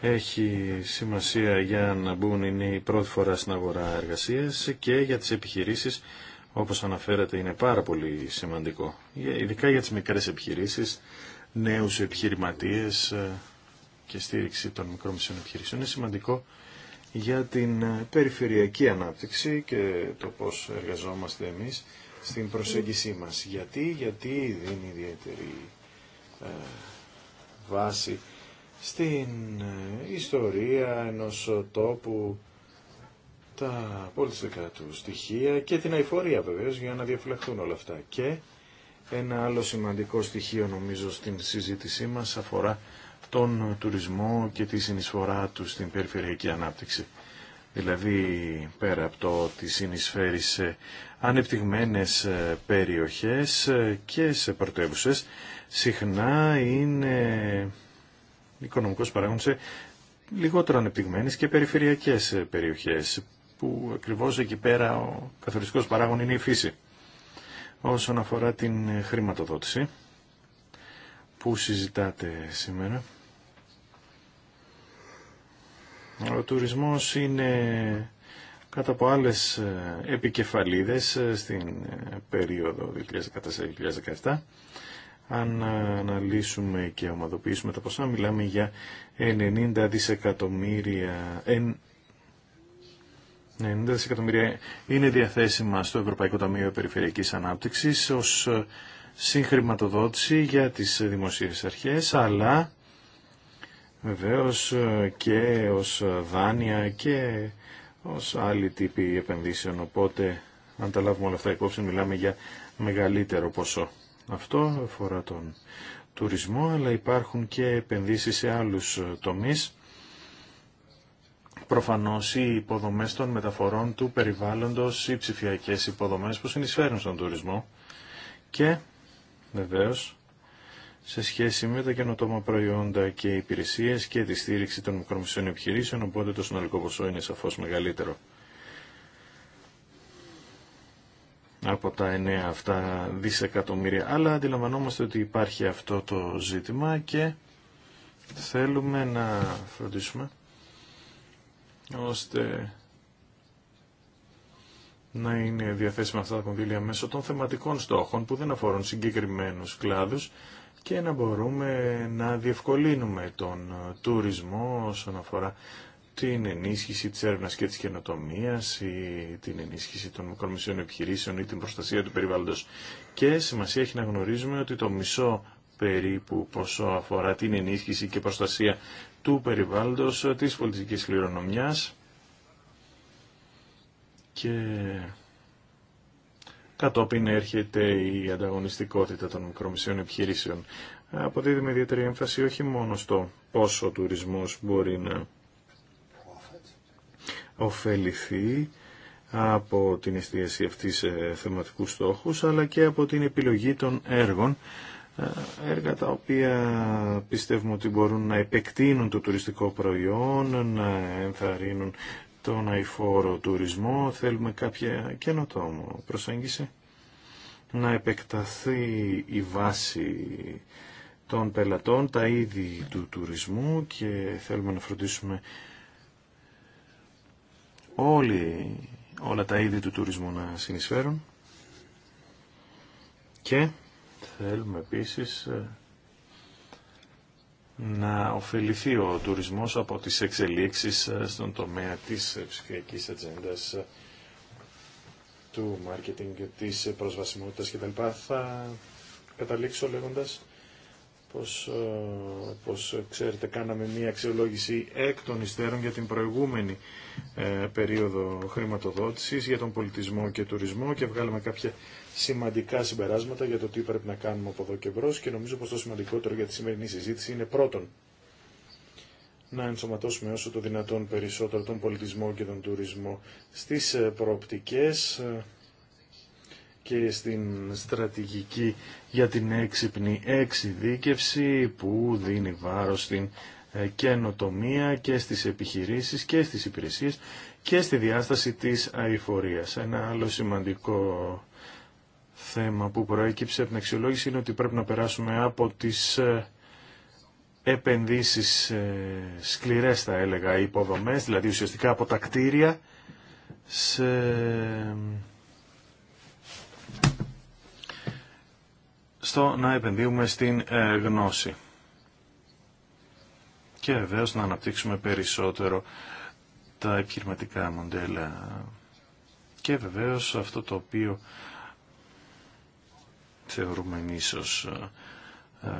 έχει σημασία για να μπουν είναι η πρώτη φορά στην αγορά εργασίες και για τις επιχειρήσεις, όπως αναφέρατε, είναι πάρα πολύ σημαντικό. Ειδικά για τις μικρές επιχειρήσεις, νέους επιχειρηματίες ε, και στήριξη των μικρών επιχειρήσεων. Είναι σημαντικό για την ε, περιφερειακή ανάπτυξη και το πώς εργαζόμαστε εμείς στην προσέγγισή μας. Γιατί, γιατί δίνει ιδιαίτερη ε, βάση στην ε, ιστορία ενός τόπου τα πολιτιστικά του στοιχεία και την αηφορία βεβαίως για να διαφυλαχθούν όλα αυτά. Και ένα άλλο σημαντικό στοιχείο νομίζω στην συζήτησή μας αφορά τον τουρισμό και τη συνεισφορά του στην περιφερειακή ανάπτυξη. Δηλαδή, πέρα από το ότι συνεισφέρει σε ανεπτυγμένες ε, περιοχές ε, και σε πρωτεύουσε, συχνά είναι οικονομικός παράγοντας σε λιγότερο ανεπτυγμένες και περιφερειακές ε, περιοχές, που ακριβώς εκεί πέρα ο καθοριστικός παράγον είναι η φύση. Όσον αφορά την χρηματοδότηση, που συζητάτε σήμερα. Ο τουρισμός είναι κατά από άλλες ε, επικεφαλίδες ε, στην ε, περίοδο 2014-2017. Αν αναλύσουμε και ομαδοποιήσουμε τα ποσά, μιλάμε για 90 δισεκατομμύρια, 90 δισεκατομμύρια είναι διαθέσιμα στο Ευρωπαϊκό Ταμείο Περιφερειακής Ανάπτυξης ως συγχρηματοδότηση για τις δημοσίες αρχές, αλλά Βεβαίως ε, και ως δάνεια και ως άλλοι τύποι επενδύσεων. Οπότε αν τα λάβουμε όλα αυτά υπόψη μιλάμε για μεγαλύτερο ποσό. Αυτό αφορά τον τουρισμό αλλά υπάρχουν και επενδύσεις σε άλλους ε, τομείς. Προφανώς οι υποδομές των μεταφορών του περιβάλλοντος, οι ψηφιακές υποδομές που συνεισφέρουν στον τουρισμό και βεβαίως σε σχέση με τα καινοτόμα προϊόντα και υπηρεσίες και τη στήριξη των μικρομεσαίων επιχειρήσεων, οπότε το συνολικό ποσό είναι σαφώς μεγαλύτερο. από τα 9 αυτά δισεκατομμύρια. Αλλά αντιλαμβανόμαστε ότι υπάρχει αυτό το ζήτημα και θέλουμε να φροντίσουμε ώστε να είναι διαθέσιμα αυτά τα κονδύλια μέσω των θεματικών στόχων που δεν αφορούν συγκεκριμένους κλάδους και να μπορούμε να διευκολύνουμε τον ε, τουρισμό όσον αφορά την ενίσχυση της έρευνας και της καινοτομίας ή την ενίσχυση των μικρομισιών επιχειρήσεων ή την προστασία του περιβάλλοντος. Και σημασία έχει να γνωρίζουμε ότι το μισό περίπου ποσό αφορά την ενίσχυση και προστασία του περιβάλλοντος, ε, της πολιτικής κληρονομιάς και Κατόπιν έρχεται η ανταγωνιστικότητα των μικρομεσαίων επιχειρήσεων. Αποδίδουμε ιδιαίτερη έμφαση όχι μόνο στο πόσο ο τουρισμός μπορεί να ωφεληθεί από την εστίαση αυτής σε θεματικούς στόχους, αλλά και από την επιλογή των έργων, ε, έργα τα οποία πιστεύουμε ότι μπορούν να επεκτείνουν το τουριστικό προϊόν, να ενθαρρύνουν τον αηφόρο τουρισμό, θέλουμε κάποια καινοτόμο προσέγγιση, να επεκταθεί η βάση των πελατών, τα είδη του τουρισμού και θέλουμε να φροντίσουμε όλοι, όλα τα είδη του τουρισμού να συνεισφέρουν και θέλουμε επίσης ε, να ωφεληθεί ο τουρισμός από τις εξελίξεις ε, στον τομέα της ψηφιακής ατζέντα ε, του μάρκετινγκ, της προσβασιμότητας κτλ. Θα καταλήξω λέγοντας πως, ε, πως ξέρετε κάναμε μία αξιολόγηση εκ των υστέρων για την προηγούμενη περίοδο χρηματοδότησης για τον πολιτισμό και τουρισμό και βγάλαμε κάποια σημαντικά συμπεράσματα για το τι πρέπει να κάνουμε από εδώ και μπρο και νομίζω πως το σημαντικότερο για τη σημερινή συζήτηση είναι πρώτον να ενσωματώσουμε όσο το δυνατόν περισσότερο τον πολιτισμό και τον τουρισμό στις ε, προοπτικές ε, και στην στρατηγική για την έξυπνη εξειδίκευση που δίνει βάρος στην ε, καινοτομία και στις επιχειρήσεις και στις υπηρεσίες και στη διάσταση της αηφορίας. Ένα άλλο σημαντικό θέμα που προέκυψε από την αξιολόγηση είναι ότι πρέπει να περάσουμε από τις ε, επενδύσεις ε, σκληρές θα έλεγα υποδομές, δηλαδή ουσιαστικά από τα κτίρια στο να επενδύουμε στην ε, γνώση. Και βεβαίω να αναπτύξουμε περισσότερο τα επιχειρηματικά μοντέλα. Και βεβαίως αυτό το οποίο θεωρούμε ίσως ε,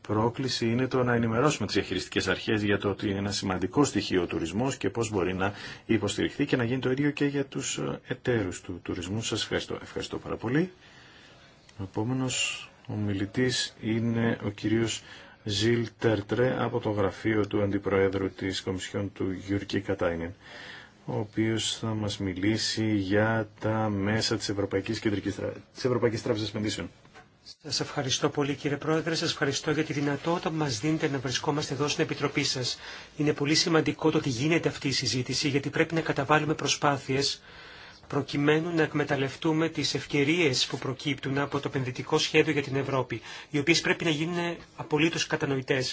πρόκληση είναι το να ενημερώσουμε τις διαχειριστικές αρχές για το ότι είναι ένα σημαντικό στοιχείο ο τουρισμός και πώς μπορεί να υποστηριχθεί και να γίνει το ίδιο και για τους ε, εταίρους του τουρισμού. Σας ευχαριστώ, ευχαριστώ πάρα πολύ. Ο επόμενος ομιλητής είναι ο κύριος Ζιλ Τερτρέ από το γραφείο του Αντιπροέδρου της Κομισιόν του Γιουρκή Κατάινεν ο οποίος θα μας μιλήσει για τα μέσα της Ευρωπαϊκής, Κεντρικής, της Ευρωπαϊκής Τράπεζας Σα ευχαριστώ πολύ κύριε Πρόεδρε, Σα ευχαριστώ για τη δυνατότητα που μα δίνετε να βρισκόμαστε εδώ στην Επιτροπή σα. Είναι πολύ σημαντικό το ότι γίνεται αυτή η συζήτηση γιατί πρέπει να καταβάλουμε προσπάθειες προκειμένου να εκμεταλλευτούμε τι ευκαιρίε που προκύπτουν από το επενδυτικό σχέδιο για την Ευρώπη, οι οποίε πρέπει να γίνουν απολύτω κατανοητέ.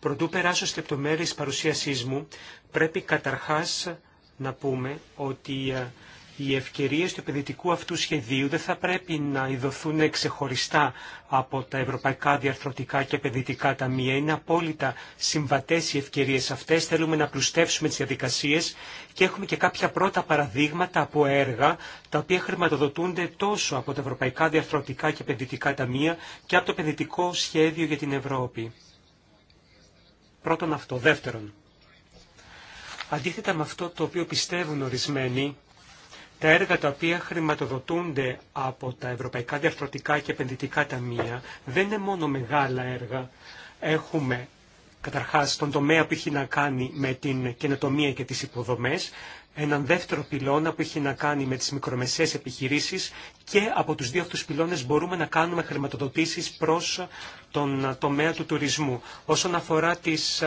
Προτού περάσω στις τη παρουσίασή μου, πρέπει καταρχά να πούμε ότι ε, οι ευκαιρίες του επενδυτικού αυτού σχεδίου δεν θα πρέπει να ειδωθούν ξεχωριστά από τα ευρωπαϊκά διαρθρωτικά και επενδυτικά ταμεία. Είναι απόλυτα συμβατές οι ευκαιρίες αυτές. Θέλουμε να πλουστεύσουμε τις διαδικασίες και έχουμε και κάποια πρώτα παραδείγματα από έργα τα οποία χρηματοδοτούνται τόσο από τα ευρωπαϊκά διαρθρωτικά και επενδυτικά ταμεία και από το επενδυτικό σχέδιο για την Ευρώπη. Πρώτον αυτό. Δεύτερον, αντίθετα με αυτό το οποίο πιστεύουν ορισμένοι, τα έργα τα οποία χρηματοδοτούνται από τα Ευρωπαϊκά Διαρθρωτικά και Επενδυτικά Ταμεία δεν είναι μόνο μεγάλα έργα. Έχουμε καταρχάς τον τομέα που έχει να κάνει με την καινοτομία και τις υποδομές, έναν δεύτερο πυλώνα που έχει να κάνει με τις μικρομεσαίες επιχειρήσεις και από τους δύο αυτούς πυλώνες μπορούμε να κάνουμε χρηματοδοτήσεις προς τον τομέα του τουρισμού. Όσον αφορά τις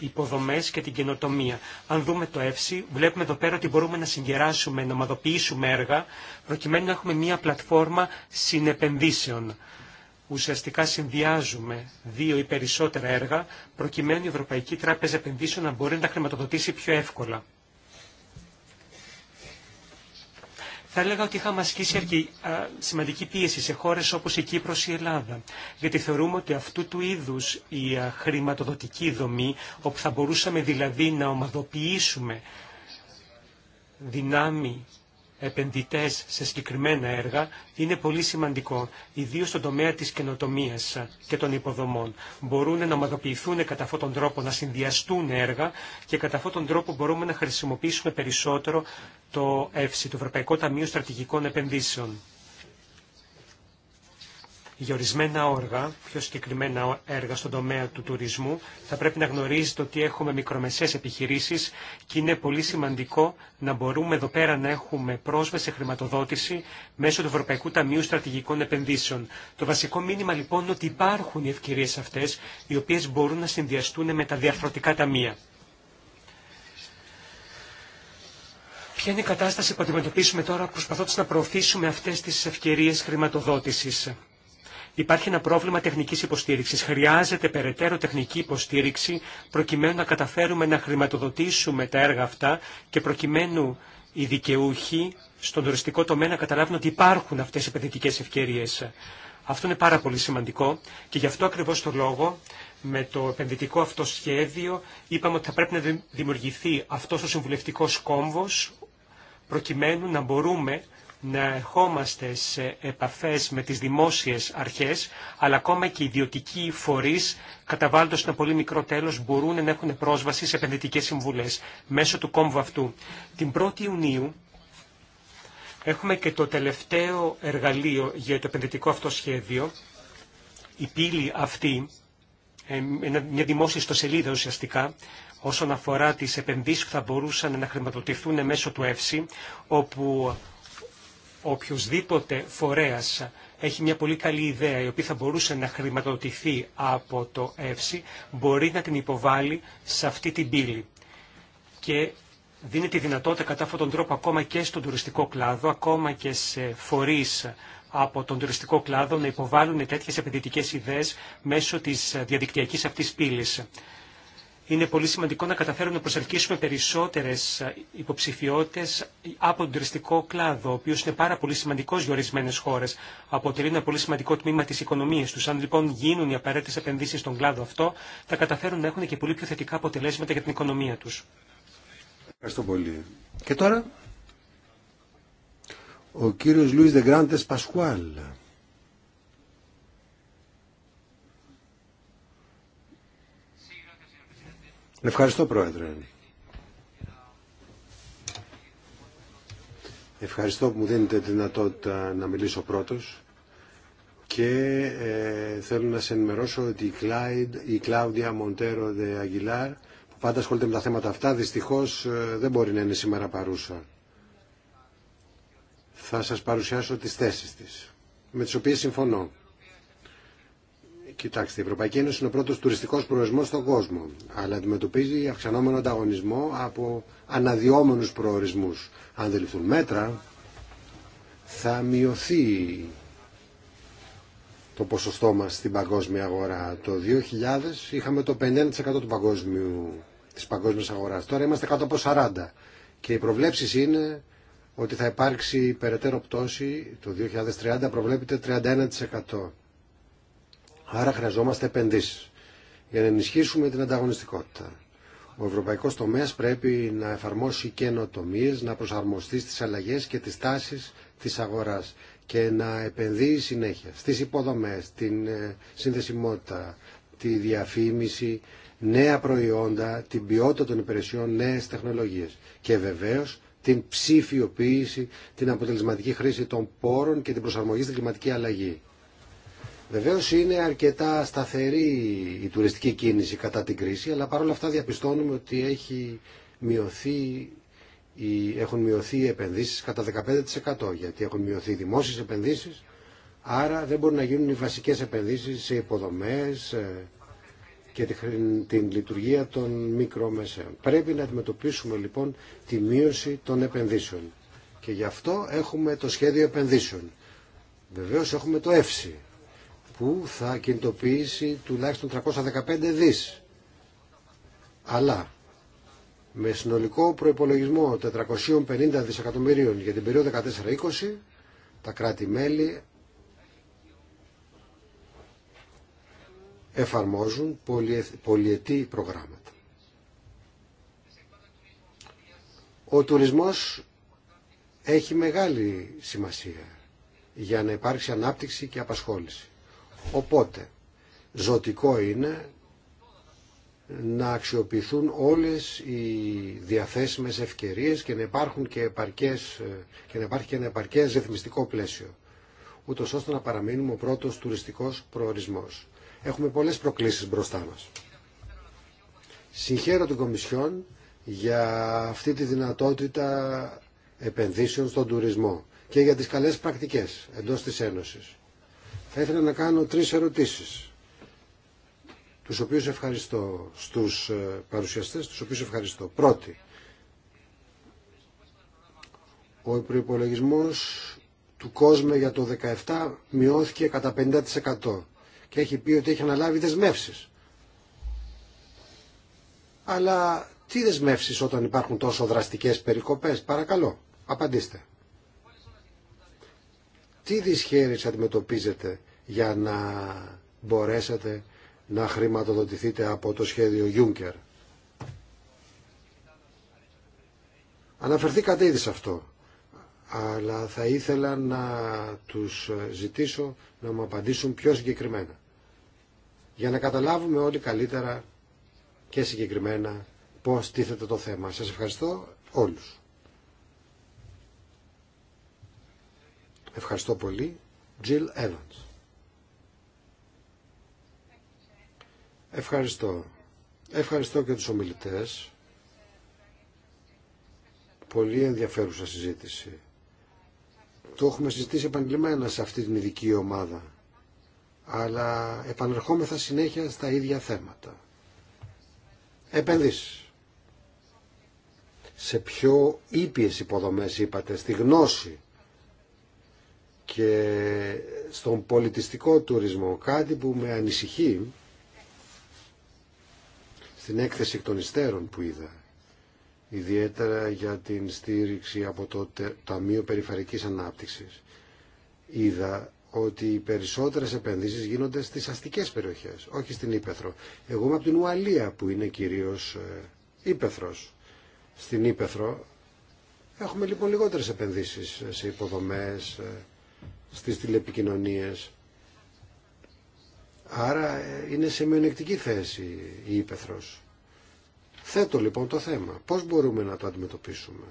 υποδομές και την καινοτομία, αν δούμε το ΕΦΣΥ, βλέπουμε εδώ πέρα ότι μπορούμε να συγκεράσουμε, να ομαδοποιήσουμε έργα, προκειμένου να έχουμε μία πλατφόρμα συνεπενδύσεων ουσιαστικά συνδυάζουμε δύο ή περισσότερα έργα προκειμένου η Ευρωπαϊκή Τράπεζα Επενδύσεων να μπορεί να τα χρηματοδοτήσει πιο εύκολα. Θα έλεγα ότι είχαμε ασκήσει σημαντική πίεση σε χώρες όπως η Κύπρος ή η Ελλάδα, γιατί θεωρούμε ότι αυτού του είδους η χρηματοδοτική δομή, όπου θα μπορούσαμε δηλαδή να ομαδοποιήσουμε δυνάμει επενδυτές σε συγκεκριμένα έργα είναι πολύ σημαντικό, ιδίως στον τομέα της καινοτομίας και των υποδομών. Μπορούν να ομαδοποιηθούν κατά αυτόν τον τρόπο, να συνδυαστούν έργα και κατά αυτόν τον τρόπο μπορούμε να χρησιμοποιήσουμε περισσότερο το ΕΦΣΙ, το Ευρωπαϊκό Ταμείο Στρατηγικών Επενδύσεων για ορισμένα όργα, πιο συγκεκριμένα έργα στον τομέα του τουρισμού, θα πρέπει να γνωρίζετε ότι έχουμε μικρομεσαίες επιχειρήσεις και είναι πολύ σημαντικό να μπορούμε εδώ πέρα να έχουμε πρόσβαση σε χρηματοδότηση μέσω του Ευρωπαϊκού Ταμείου Στρατηγικών Επενδύσεων. Το βασικό μήνυμα λοιπόν είναι ότι υπάρχουν οι ευκαιρίες αυτές, οι οποίες μπορούν να συνδυαστούν με τα διαφορετικά ταμεία. Ποια είναι η κατάσταση που αντιμετωπίσουμε τώρα προσπαθώντας να προωθήσουμε αυτές τις ευκαιρίες χρηματοδότησης. Υπάρχει ένα πρόβλημα τεχνικής υποστήριξης. Χρειάζεται περαιτέρω τεχνική υποστήριξη προκειμένου να καταφέρουμε να χρηματοδοτήσουμε τα έργα αυτά και προκειμένου οι δικαιούχοι στον τουριστικό τομέα να καταλάβουν ότι υπάρχουν αυτές οι επενδυτικές ευκαιρίες. Αυτό είναι πάρα πολύ σημαντικό και γι' αυτό ακριβώς το λόγο με το επενδυτικό αυτό σχέδιο είπαμε ότι θα πρέπει να δημιουργηθεί αυτός ο συμβουλευτικός κόμβος προκειμένου να μπορούμε να ερχόμαστε σε επαφές με τις δημόσιες αρχές, αλλά ακόμα και οι ιδιωτικοί φορείς, καταβάλλοντας ένα πολύ μικρό τέλος, μπορούν να έχουν πρόσβαση σε επενδυτικές συμβουλές μέσω του κόμβου αυτού. Την 1η Ιουνίου έχουμε και το τελευταίο εργαλείο για το επενδυτικό αυτό σχέδιο, η πύλη αυτή, ε, μια δημόσια ιστοσελίδα ουσιαστικά, όσον αφορά τις επενδύσεις που θα μπορούσαν να χρηματοδοτηθούν μέσω του ΕΦΣΥ, όπου οποιοδήποτε φορέας έχει μια πολύ καλή ιδέα η οποία θα μπορούσε να χρηματοδοτηθεί από το ΕΦΣΥ μπορεί να την υποβάλει σε αυτή την πύλη. Και δίνει τη δυνατότητα κατά αυτόν τον τρόπο ακόμα και στον τουριστικό κλάδο, ακόμα και σε φορείς από τον τουριστικό κλάδο να υποβάλουν τέτοιες επενδυτικές ιδέες μέσω της διαδικτυακής αυτής πύλης είναι πολύ σημαντικό να καταφέρουμε να προσελκύσουμε περισσότερε υποψηφιότητε από τον τουριστικό κλάδο, ο οποίο είναι πάρα πολύ σημαντικό για ορισμένε χώρε. Αποτελεί ένα πολύ σημαντικό τμήμα τη οικονομία του. Αν λοιπόν γίνουν οι απαραίτητε επενδύσει στον κλάδο αυτό, θα καταφέρουν να έχουν και πολύ πιο θετικά αποτελέσματα για την οικονομία του. Ευχαριστώ πολύ. Και τώρα, ο κύριος Λουί Δεγκράντε Πασχουάλ. Ευχαριστώ Πρόεδρε. Ευχαριστώ που μου δίνετε τη δυνατότητα να μιλήσω πρώτος και ε, θέλω να σε ενημερώσω ότι η, Κλάιντ, η Κλάουδια Μοντέρο Δε Αγγιλάρ που πάντα ασχολείται με τα θέματα αυτά δυστυχώς ε, δεν μπορεί να είναι σήμερα παρούσα. Θα σας παρουσιάσω τις θέσεις της με τις οποίες συμφωνώ. Κοιτάξτε, η Ευρωπαϊκή Ένωση είναι ο πρώτο τουριστικό προορισμό στον κόσμο, αλλά αντιμετωπίζει αυξανόμενο ανταγωνισμό από αναδυόμενου προορισμού. Αν δεν ληφθούν μέτρα, θα μειωθεί το ποσοστό μας στην παγκόσμια αγορά. Το 2000 είχαμε το 51% του παγκόσμιου, της παγκόσμιας αγοράς. Τώρα είμαστε κάτω από 40. Και οι προβλέψεις είναι ότι θα υπάρξει περαιτέρω πτώση. Το 2030 προβλέπεται 31%. Άρα χρειαζόμαστε επενδύσεις για να ενισχύσουμε την ανταγωνιστικότητα. Ο ευρωπαϊκός τομέας πρέπει να εφαρμόσει καινοτομίε, να προσαρμοστεί στις αλλαγές και τις τάσεις της αγοράς και να επενδύει συνέχεια στις υποδομές, την ε, συνδεσιμότητα, τη διαφήμιση, νέα προϊόντα, την ποιότητα των υπηρεσιών, νέες τεχνολογίες και βεβαίως την ψηφιοποίηση, την αποτελεσματική χρήση των πόρων και την προσαρμογή στην κλιματική αλλαγή. Βεβαίω είναι αρκετά σταθερή η τουριστική κίνηση κατά την κρίση, αλλά παρόλα αυτά διαπιστώνουμε ότι έχει μειωθεί οι, έχουν μειωθεί οι επενδύσεις κατά 15% γιατί έχουν μειωθεί οι δημόσιες επενδύσεις άρα δεν μπορούν να γίνουν οι βασικές επενδύσεις σε υποδομές ε, και την, την λειτουργία των μικρομεσαίων. Πρέπει να αντιμετωπίσουμε λοιπόν τη μείωση των επενδύσεων και γι' αυτό έχουμε το σχέδιο επενδύσεων. Βεβαίως έχουμε το ΕΦΣΥ που θα κινητοποιήσει τουλάχιστον 315 δις. Αλλά με συνολικό προϋπολογισμό 450 δισεκατομμυρίων για την περίοδο 14-20 τα κράτη-μέλη εφαρμόζουν πολυετή προγράμματα. Ο τουρισμός έχει μεγάλη σημασία για να υπάρξει ανάπτυξη και απασχόληση. Οπότε, ζωτικό είναι να αξιοποιηθούν όλες οι διαθέσιμες ευκαιρίες και να, και, επαρκές, και να υπάρχει και ένα επαρκές ρυθμιστικό πλαίσιο, ούτω ώστε να παραμείνουμε ο πρώτος τουριστικός προορισμός. Έχουμε πολλές προκλήσεις μπροστά μας. Συγχαίρω την Κομισιόν για αυτή τη δυνατότητα επενδύσεων στον τουρισμό και για τις καλές πρακτικές εντός της Ένωσης. Θα ήθελα να κάνω τρεις ερωτήσεις, τους οποίους ευχαριστώ στους ε, παρουσιαστές, τους οποίους ευχαριστώ. Πρώτη, ο προπολογισμό του κόσμου για το 2017 μειώθηκε κατά 50% και έχει πει ότι έχει αναλάβει δεσμεύσεις. Αλλά τι δεσμεύσεις όταν υπάρχουν τόσο δραστικές περικοπές, παρακαλώ, απαντήστε τι δυσχέρειες αντιμετωπίζετε για να μπορέσετε να χρηματοδοτηθείτε από το σχέδιο Juncker. Αναφερθήκατε ήδη σε αυτό, αλλά θα ήθελα να τους ζητήσω να μου απαντήσουν πιο συγκεκριμένα, για να καταλάβουμε όλοι καλύτερα και συγκεκριμένα πώς τίθεται το θέμα. Σας ευχαριστώ όλους. Ευχαριστώ πολύ. Jill Evans. Ευχαριστώ. Ευχαριστώ και τους ομιλητές. Πολύ ενδιαφέρουσα συζήτηση. Το έχουμε συζητήσει επανειλημμένα σε αυτή την ειδική ομάδα. Αλλά επανερχόμεθα συνέχεια στα ίδια θέματα. Επενδύσεις. Σε πιο ήπιες υποδομές είπατε, στη γνώση και στον πολιτιστικό τουρισμό. Κάτι που με ανησυχεί στην έκθεση των υστέρων που είδα, ιδιαίτερα για την στήριξη από το Ταμείο Περιφερειακής Ανάπτυξης, είδα ότι οι περισσότερες επενδύσεις γίνονται στις αστικές περιοχές, όχι στην Ήπεθρο. Εγώ είμαι από την Ουαλία που είναι κυρίως ε, Ήπεθρος. Στην Ήπεθρο έχουμε λοιπόν λιγότερες επενδύσεις ε, σε υποδομές, ε, στις τηλεπικοινωνίες. Άρα ε, είναι σε μειονεκτική θέση η ύπεθρος. Θέτω λοιπόν το θέμα. Πώς μπορούμε να το αντιμετωπίσουμε.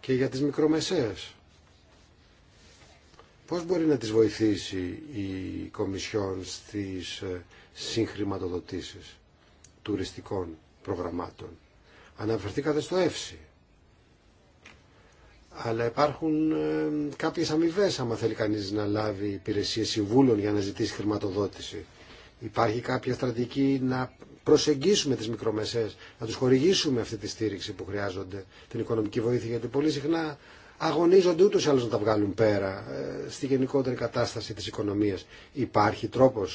Και για τις μικρομεσαίες. Πώς μπορεί να τις βοηθήσει η Κομισιόν στις ε, συγχρηματοδοτήσεις τουριστικών προγραμμάτων. Αναφερθήκατε στο ΕΦΣΥ αλλά υπάρχουν ε, κάποιε αμοιβέ άμα θέλει κανεί να λάβει υπηρεσίε συμβούλων για να ζητήσει χρηματοδότηση. Υπάρχει κάποια στρατηγική να προσεγγίσουμε τι μικρομεσαίες, να του χορηγήσουμε αυτή τη στήριξη που χρειάζονται, την οικονομική βοήθεια, γιατί πολύ συχνά αγωνίζονται ούτω ή να τα βγάλουν πέρα ε, στη γενικότερη κατάσταση τη οικονομία. Υπάρχει τρόπο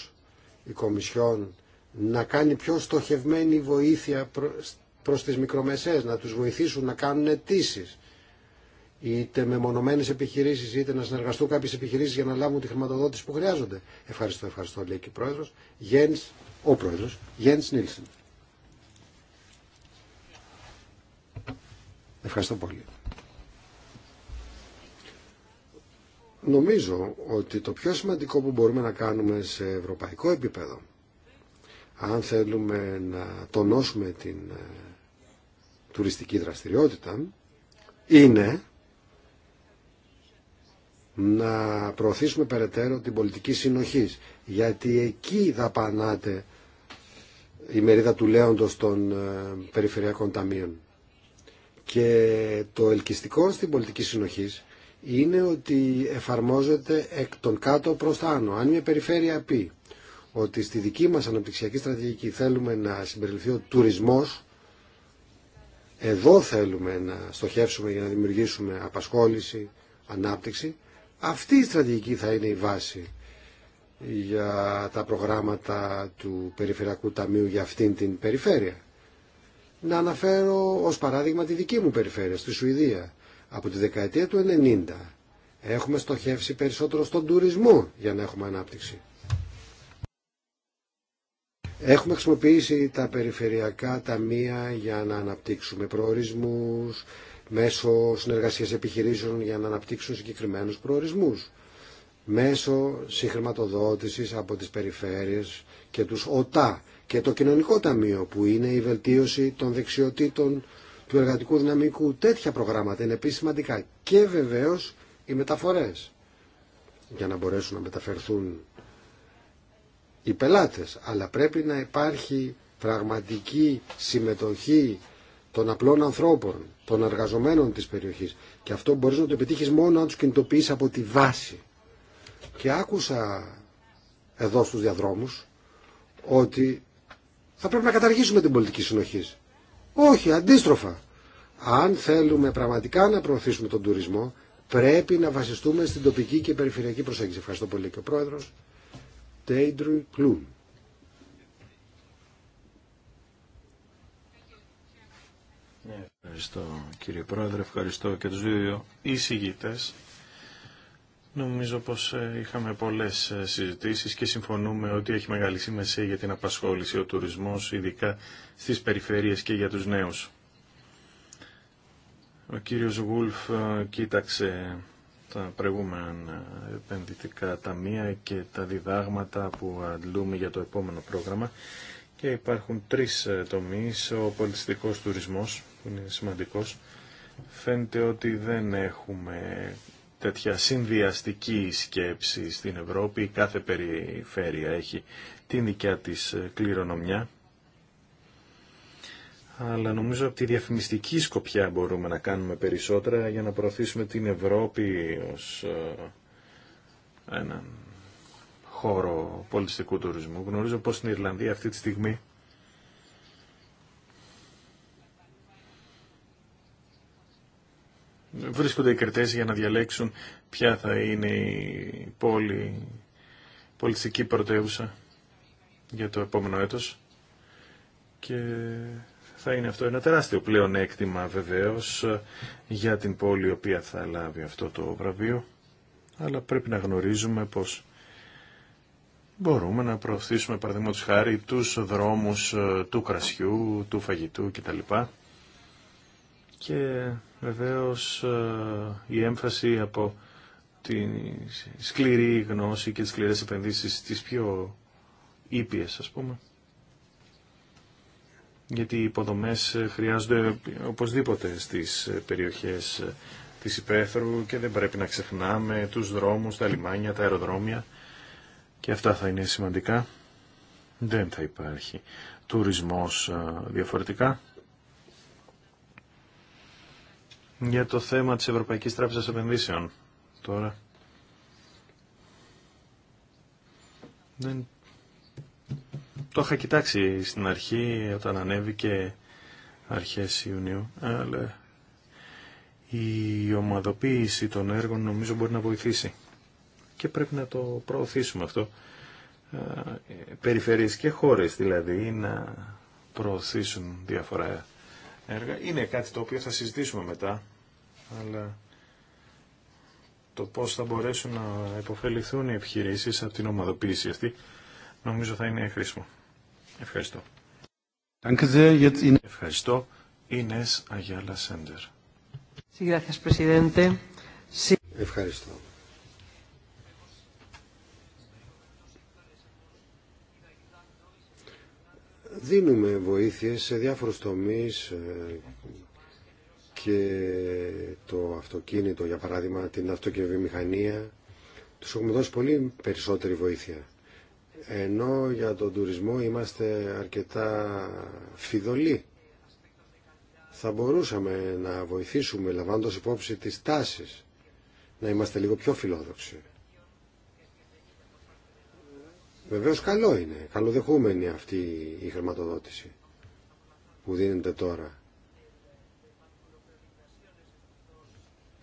η Κομισιόν να κάνει πιο στοχευμένη βοήθεια προ τι μικρομεσαίες, να του βοηθήσουν να κάνουν αιτήσει είτε με μονομένε επιχειρήσει, είτε να συνεργαστούν κάποιε επιχειρήσει για να λάβουν τη χρηματοδότηση που χρειάζονται. Ευχαριστώ, ευχαριστώ, λέει και πρόεδρος. Γένς, ο πρόεδρο, Γιάννη Νίλσεν. Ευχαριστώ πολύ. Νομίζω ότι το πιο σημαντικό που μπορούμε να κάνουμε σε ευρωπαϊκό επίπεδο, αν θέλουμε να τονώσουμε την ε, τουριστική δραστηριότητα, είναι να προωθήσουμε περαιτέρω την πολιτική συνοχής γιατί εκεί δαπανάται η μερίδα του λέοντος των ε, περιφερειακών ταμείων. Και το ελκυστικό στην πολιτική συνοχής είναι ότι εφαρμόζεται εκ των κάτω προς τα άνω. Αν μια περιφέρεια πει ότι στη δική μας αναπτυξιακή στρατηγική θέλουμε να συμπεριληφθεί ο τουρισμός, εδώ θέλουμε να στοχεύσουμε για να δημιουργήσουμε απασχόληση, ανάπτυξη, αυτή η στρατηγική θα είναι η βάση για τα προγράμματα του Περιφερειακού Ταμείου για αυτήν την περιφέρεια. Να αναφέρω ως παράδειγμα τη δική μου περιφέρεια, στη Σουηδία. Από τη δεκαετία του 90 έχουμε στοχεύσει περισσότερο στον τουρισμό για να έχουμε ανάπτυξη. Έχουμε χρησιμοποιήσει τα περιφερειακά ταμεία για να αναπτύξουμε προορισμούς, μέσω συνεργασίας επιχειρήσεων για να αναπτύξουν συγκεκριμένους προορισμούς, μέσω συγχρηματοδότησης από τις περιφέρειες και τους ΟΤΑ και το κοινωνικό ταμείο που είναι η βελτίωση των δεξιοτήτων του εργατικού δυναμικού. Τέτοια προγράμματα είναι επίσης σημαντικά και βεβαίως οι μεταφορές για να μπορέσουν να μεταφερθούν οι πελάτες, αλλά πρέπει να υπάρχει πραγματική συμμετοχή των απλών ανθρώπων των εργαζομένων της περιοχής. Και αυτό μπορείς να το επιτύχεις μόνο αν τους κινητοποιείς από τη βάση. Και άκουσα εδώ στους διαδρόμους ότι θα πρέπει να καταργήσουμε την πολιτική συνοχή. Όχι, αντίστροφα. Αν θέλουμε πραγματικά να προωθήσουμε τον τουρισμό, πρέπει να βασιστούμε στην τοπική και περιφερειακή προσέγγιση. Ευχαριστώ πολύ και ο πρόεδρος. Τέιντρου Κλούν. Ευχαριστώ κύριε Πρόεδρε, ευχαριστώ και τους δύο εισηγητές. Νομίζω πως ε, είχαμε πολλές ε, συζητήσεις και συμφωνούμε ότι έχει μεγάλη σημασία για την απασχόληση ο τουρισμός, ειδικά στις περιφέρειες και για τους νέους. Ο κύριος Γουλφ ε, κοίταξε τα προηγούμενα επενδυτικά ταμεία και τα διδάγματα που αντλούμε για το επόμενο πρόγραμμα και υπάρχουν τρεις τομείς, ο πολιτιστικός τουρισμός, που είναι σημαντικός. Φαίνεται ότι δεν έχουμε τέτοια συνδυαστική σκέψη στην Ευρώπη. Κάθε περιφέρεια έχει την δικιά της κληρονομιά. Αλλά νομίζω από τη διαφημιστική σκοπιά μπορούμε να κάνουμε περισσότερα για να προωθήσουμε την Ευρώπη ως ε, έναν χώρο πολιτιστικού τουρισμού. Γνωρίζω πως στην Ιρλανδία αυτή τη στιγμή βρίσκονται οι κριτές για να διαλέξουν ποια θα είναι η πόλη, πολιτιστική πρωτεύουσα για το επόμενο έτος και θα είναι αυτό ένα τεράστιο πλέον έκτημα βεβαίως για την πόλη η οποία θα λάβει αυτό το βραβείο αλλά πρέπει να γνωρίζουμε πως μπορούμε να προωθήσουμε παραδείγματος χάρη τους δρόμους ε, του κρασιού, του φαγητού κτλ και βεβαίως ε, η έμφαση από τη σκληρή γνώση και τις σκληρές επενδύσεις τις πιο ήπιες ας πούμε γιατί οι υποδομές ε, χρειάζονται οπωσδήποτε στις ε, περιοχές της υπαίθρου και δεν πρέπει να ξεχνάμε τους δρόμους, τα λιμάνια, τα αεροδρόμια και αυτά θα είναι σημαντικά. Δεν θα υπάρχει τουρισμός διαφορετικά. για το θέμα της Ευρωπαϊκής Τράπεζας Επενδύσεων τώρα. Το είχα κοιτάξει στην αρχή όταν ανέβηκε αρχές Ιουνίου, αλλά η ομαδοποίηση των έργων νομίζω μπορεί να βοηθήσει και πρέπει να το προωθήσουμε αυτό. Περιφερειές και χώρες δηλαδή να προωθήσουν διάφορα έργα. Είναι κάτι το οποίο θα συζητήσουμε μετά αλλά το πώς θα μπορέσουν να υποφεληθούν οι επιχειρήσεις από την ομαδοποίηση αυτή, νομίζω θα είναι χρήσιμο. Ευχαριστώ. Ευχαριστώ. Ινές Αγιάλα Σέντερ. Ευχαριστώ. Δίνουμε βοήθειες σε διάφορους τομείς ε, και το αυτοκίνητο, για παράδειγμα την αυτοκινητοβιομηχανία, τους έχουμε δώσει πολύ περισσότερη βοήθεια. Ενώ για τον τουρισμό είμαστε αρκετά φιδωλοί. Θα μπορούσαμε να βοηθήσουμε λαμβάνοντας υπόψη τις τάσεις, να είμαστε λίγο πιο φιλόδοξοι. Βεβαίως καλό είναι, καλοδεχούμενη αυτή η χρηματοδότηση που δίνεται τώρα.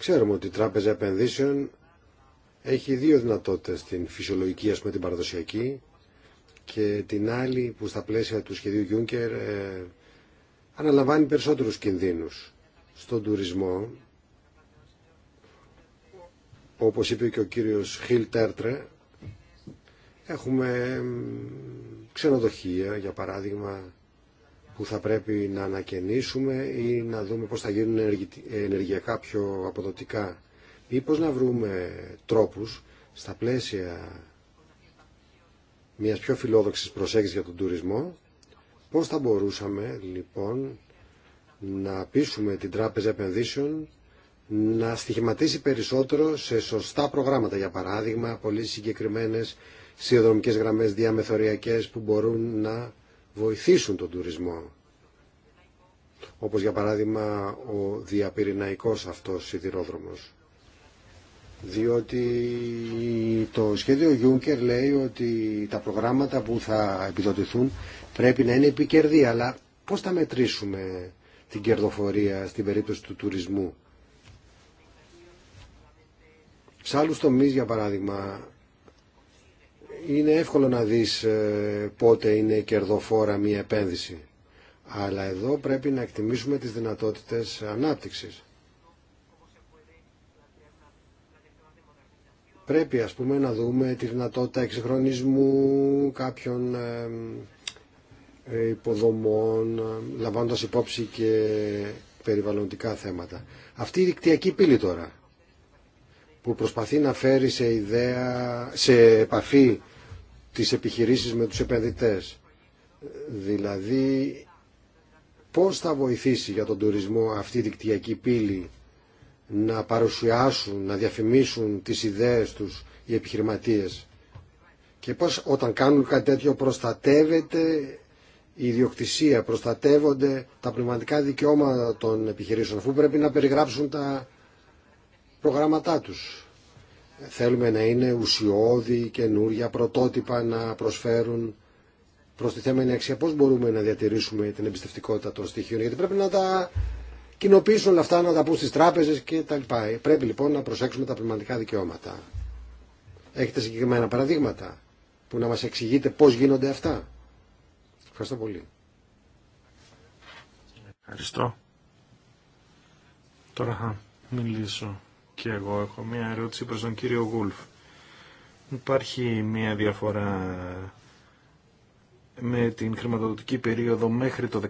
Ξέρουμε ότι η Τράπεζα Επενδύσεων έχει δύο δυνατότητες, την φυσιολογική, ας πούμε, την παραδοσιακή και την άλλη που στα πλαίσια του σχεδίου Juncker ε, αναλαμβάνει περισσότερους κινδύνους στον τουρισμό. Όπως είπε και ο κύριος Χιλ Τέρτρε, έχουμε ξενοδοχεία, για παράδειγμα, που θα πρέπει να ανακαινήσουμε ή να δούμε πώς θα γίνουν ενεργειακά πιο αποδοτικά. ή πώς να βρούμε τρόπους στα πλαίσια μιας πιο φιλόδοξης προσέγγισης για τον τουρισμό, πώς θα μπορούσαμε λοιπόν να πείσουμε την Τράπεζα Επενδύσεων να στοιχηματίσει περισσότερο σε σωστά προγράμματα, για παράδειγμα πολύ συγκεκριμένες σιδηροδρομικές γραμμές διαμεθοριακές που μπορούν να βοηθήσουν τον τουρισμό. Όπως για παράδειγμα ο διαπυρηναϊκός αυτός σιδηρόδρομος. Διότι το σχέδιο Juncker λέει ότι τα προγράμματα που θα επιδοτηθούν πρέπει να είναι επικερδή, αλλά πώς θα μετρήσουμε την κερδοφορία στην περίπτωση του τουρισμού. Σε άλλους τομείς, για παράδειγμα, είναι εύκολο να δεις ε, πότε είναι κερδοφόρα μία επένδυση. Αλλά εδώ πρέπει να εκτιμήσουμε τις δυνατότητες ανάπτυξης. Πρέπει ας πούμε να δούμε τη δυνατότητα εξυγχρονισμού κάποιων ε, ε, υποδομών, λαμβάνοντας υπόψη και περιβαλλοντικά θέματα. Αυτή η δικτυακή πύλη τώρα, που προσπαθεί να φέρει σε, ιδέα, σε επαφή τις επιχειρήσεις με τους επενδυτές. Δηλαδή, πώς θα βοηθήσει για τον τουρισμό αυτή η δικτυακή πύλη να παρουσιάσουν, να διαφημίσουν τις ιδέες τους οι επιχειρηματίες και πώς όταν κάνουν κάτι τέτοιο προστατεύεται η ιδιοκτησία, προστατεύονται τα πνευματικά δικαιώματα των επιχειρήσεων αφού πρέπει να περιγράψουν τα προγράμματά τους θέλουμε να είναι ουσιώδη, καινούργια πρωτότυπα να προσφέρουν τη θέμα αξία. Πώς μπορούμε να διατηρήσουμε την εμπιστευτικότητα των στοιχείων, γιατί πρέπει να τα κοινοποιήσουν όλα αυτά, να τα πούν στις τράπεζες κτλ. Πρέπει λοιπόν να προσέξουμε τα πνευματικά δικαιώματα. Έχετε συγκεκριμένα παραδείγματα που να μα εξηγείτε πώ γίνονται αυτά. Ευχαριστώ πολύ. Ευχαριστώ. Τώρα θα μιλήσω και εγώ έχω μια ερώτηση προς τον κύριο Γούλφ. Υπάρχει μια διαφορά με την χρηματοδοτική περίοδο μέχρι το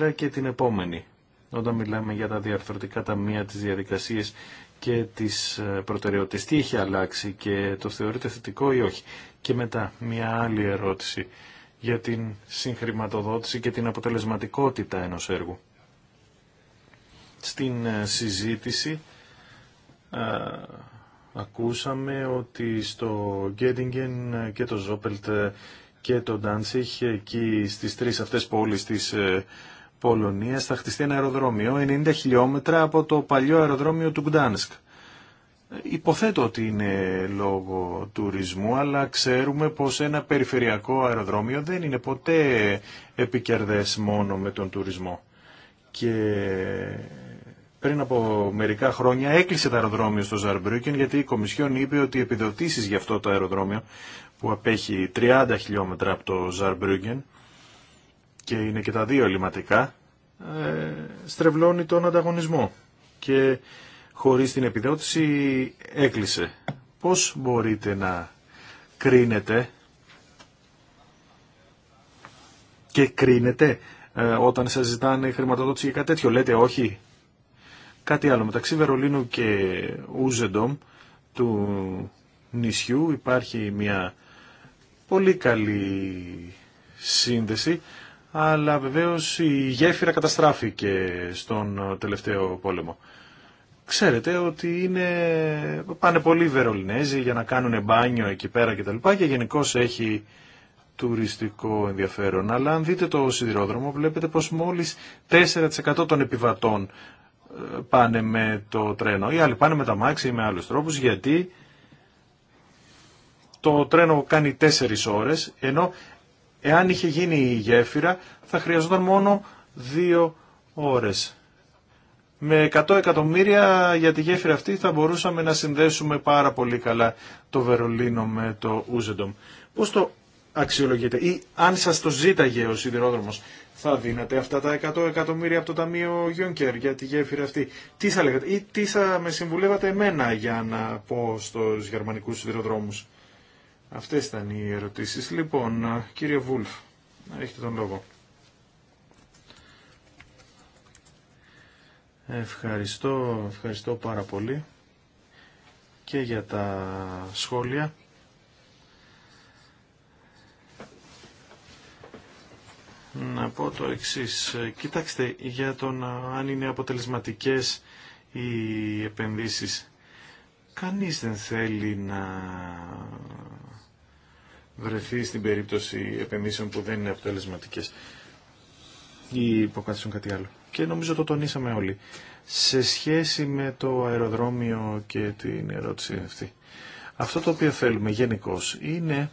2014 και την επόμενη. Όταν μιλάμε για τα διαρθρωτικά ταμεία, της διαδικασίες και τις ε, προτεραιότητες, τι έχει αλλάξει και το θεωρείτε θετικό ή όχι. Και μετά μια άλλη ερώτηση για την συγχρηματοδότηση και την αποτελεσματικότητα ενός έργου. Στην ε, συζήτηση ακούσαμε ότι στο Γκέντιγκεν και το Ζόπελτ και το Ντάνσιχ εκεί στις τρεις αυτές πόλεις της ε, Πολωνίας θα χτιστεί ένα αεροδρόμιο 90 χιλιόμετρα από το παλιό αεροδρόμιο του Γκτάνσκ. Υποθέτω ότι είναι λόγω τουρισμού, αλλά ξέρουμε πως ένα περιφερειακό αεροδρόμιο δεν είναι ποτέ επικερδές μόνο με τον τουρισμό. Και πριν από μερικά χρόνια έκλεισε το αεροδρόμιο στο Ζαρμπρούκεν γιατί η Κομισιόν είπε ότι οι επιδοτήσεις για αυτό το αεροδρόμιο που απέχει 30 χιλιόμετρα από το Ζαρμπρούκεν και είναι και τα δύο λιματικά ε, στρεβλώνει τον ανταγωνισμό και χωρίς την επιδότηση έκλεισε. Πώς μπορείτε να κρίνετε και κρίνετε ε, όταν σας ζητάνε χρηματοδότηση για κάτι τέτοιο. Λέτε όχι, Κάτι άλλο, μεταξύ Βερολίνου και Ούζεντομ του νησιού υπάρχει μια πολύ καλή σύνδεση, αλλά βεβαίως η γέφυρα καταστράφηκε στον τελευταίο πόλεμο. Ξέρετε ότι είναι, πάνε πολλοί Βερολινέζοι για να κάνουν μπάνιο εκεί πέρα τα λοιπά και γενικώ έχει τουριστικό ενδιαφέρον. Αλλά αν δείτε το σιδηρόδρομο βλέπετε πως μόλις 4% των επιβατών πάνε με το τρένο. ή άλλοι πάνε με τα μάξι ή με άλλους τρόπους γιατί το τρένο κάνει τέσσερις ώρες ενώ εάν είχε γίνει η γέφυρα θα χρειαζόταν μόνο δύο ώρες. Με 100 εκατομμύρια για τη γέφυρα αυτή θα μπορούσαμε να συνδέσουμε πάρα πολύ καλά το Βερολίνο με το Ούζεντομ. Πώς το αξιολογείτε ή αν σας το ζήταγε ο σιδηρόδρομος θα δίνατε αυτά τα 100 εκατομμύρια από το Ταμείο Γιόνκερ για τη γέφυρα αυτή. Τι θα λέγατε ή τι θα με συμβουλεύατε εμένα για να πω στους γερμανικούς σιδηροδρόμους. Αυτές ήταν οι ερωτήσεις. Λοιπόν, κύριε Βούλφ, έχετε τον λόγο. Ευχαριστώ, ευχαριστώ πάρα πολύ και για τα σχόλια. να πω το εξή. Κοιτάξτε, για τον αν είναι αποτελεσματικές οι επενδύσεις. Κανείς δεν θέλει να βρεθεί στην περίπτωση επενδύσεων που δεν είναι αποτελεσματικές ή υποκάθισαν κάτι άλλο. Και νομίζω το τονίσαμε όλοι. Σε σχέση με το αεροδρόμιο και την ερώτηση αυτή. Αυτό το οποίο θέλουμε γενικώ είναι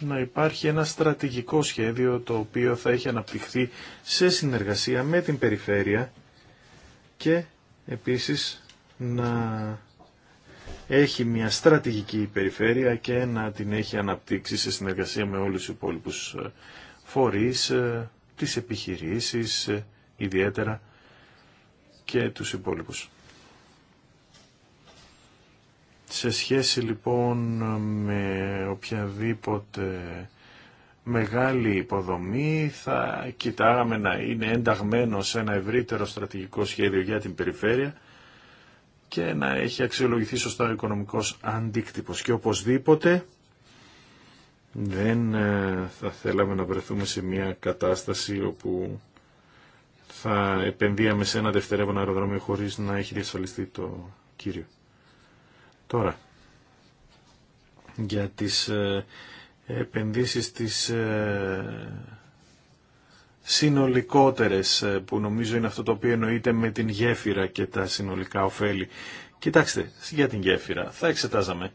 να υπάρχει ένα στρατηγικό σχέδιο το οποίο θα έχει αναπτυχθεί σε συνεργασία με την περιφέρεια και επίσης να έχει μια στρατηγική περιφέρεια και να την έχει αναπτύξει σε συνεργασία με όλους τους υπόλοιπους ε, φορείς, ε, τις επιχειρήσεις ε, ιδιαίτερα και τους υπόλοιπους. Σε σχέση λοιπόν με οποιαδήποτε μεγάλη υποδομή θα κοιτάγαμε να είναι ενταγμένο σε ένα ευρύτερο στρατηγικό σχέδιο για την περιφέρεια και να έχει αξιολογηθεί σωστά ο οικονομικός αντίκτυπος. Και οπωσδήποτε δεν ε, θα θέλαμε να βρεθούμε σε μια κατάσταση όπου θα επενδύαμε σε ένα δευτερεύον αεροδρόμιο χωρίς να έχει διασφαλιστεί το κύριο. Τώρα, για τις ε, επενδύσεις της ε, συνολικότερες ε, που νομίζω είναι αυτό το οποίο εννοείται με την γέφυρα και τα συνολικά ωφέλη. Κοιτάξτε, για την γέφυρα θα εξετάζαμε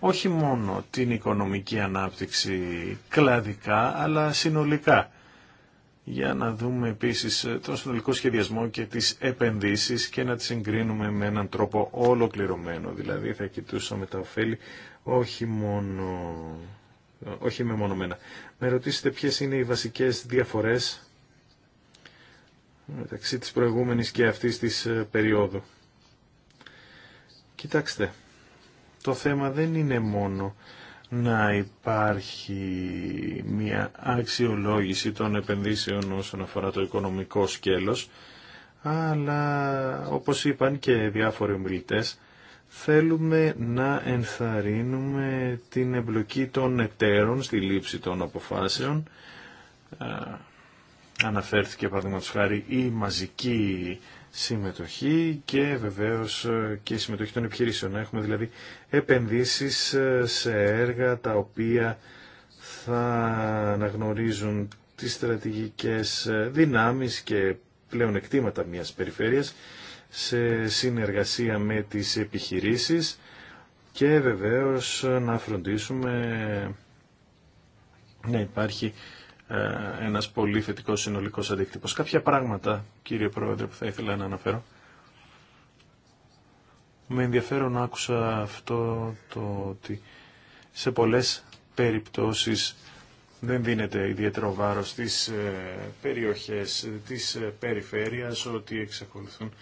όχι μόνο την οικονομική ανάπτυξη κλαδικά αλλά συνολικά για να δούμε επίσης ε, τον συνολικό σχεδιασμό και τις επενδύσεις και να τις συγκρίνουμε με έναν τρόπο ολοκληρωμένο. Δηλαδή θα κοιτούσαμε τα ωφέλη όχι μόνο όχι μεμονωμένα. Με ρωτήσετε ποιες είναι οι βασικές διαφορές μεταξύ της προηγούμενης και αυτής της ε, περίοδου. Κοιτάξτε, το θέμα δεν είναι μόνο να υπάρχει μια αξιολόγηση των επενδύσεων όσον αφορά το οικονομικό σκέλος, αλλά όπως είπαν και διάφοροι ομιλητές, θέλουμε να ενθαρρύνουμε την εμπλοκή των εταίρων στη λήψη των αποφάσεων. Αναφέρθηκε παραδείγματος χάρη η μαζική συμμετοχή και βεβαίως ε, και συμμετοχή των επιχειρήσεων. Έχουμε δηλαδή επενδύσεις ε, σε έργα τα οποία θα αναγνωρίζουν τις στρατηγικές ε, δυνάμεις και πλέον εκτήματα μιας περιφέρειας σε συνεργασία με τις επιχειρήσεις και βεβαίως να φροντίσουμε να υπάρχει ε, Ένα πολύ θετικός συνολικό αντίκτυπος. Κάποια πράγματα, κύριε Πρόεδρε, που θα ήθελα να αναφέρω. Με ενδιαφέρον άκουσα αυτό το ότι σε πολλές περιπτώσεις δεν δίνεται ιδιαίτερο βάρος στις ε, περιοχές ε, της περιφέρειας ότι εξακολουθούν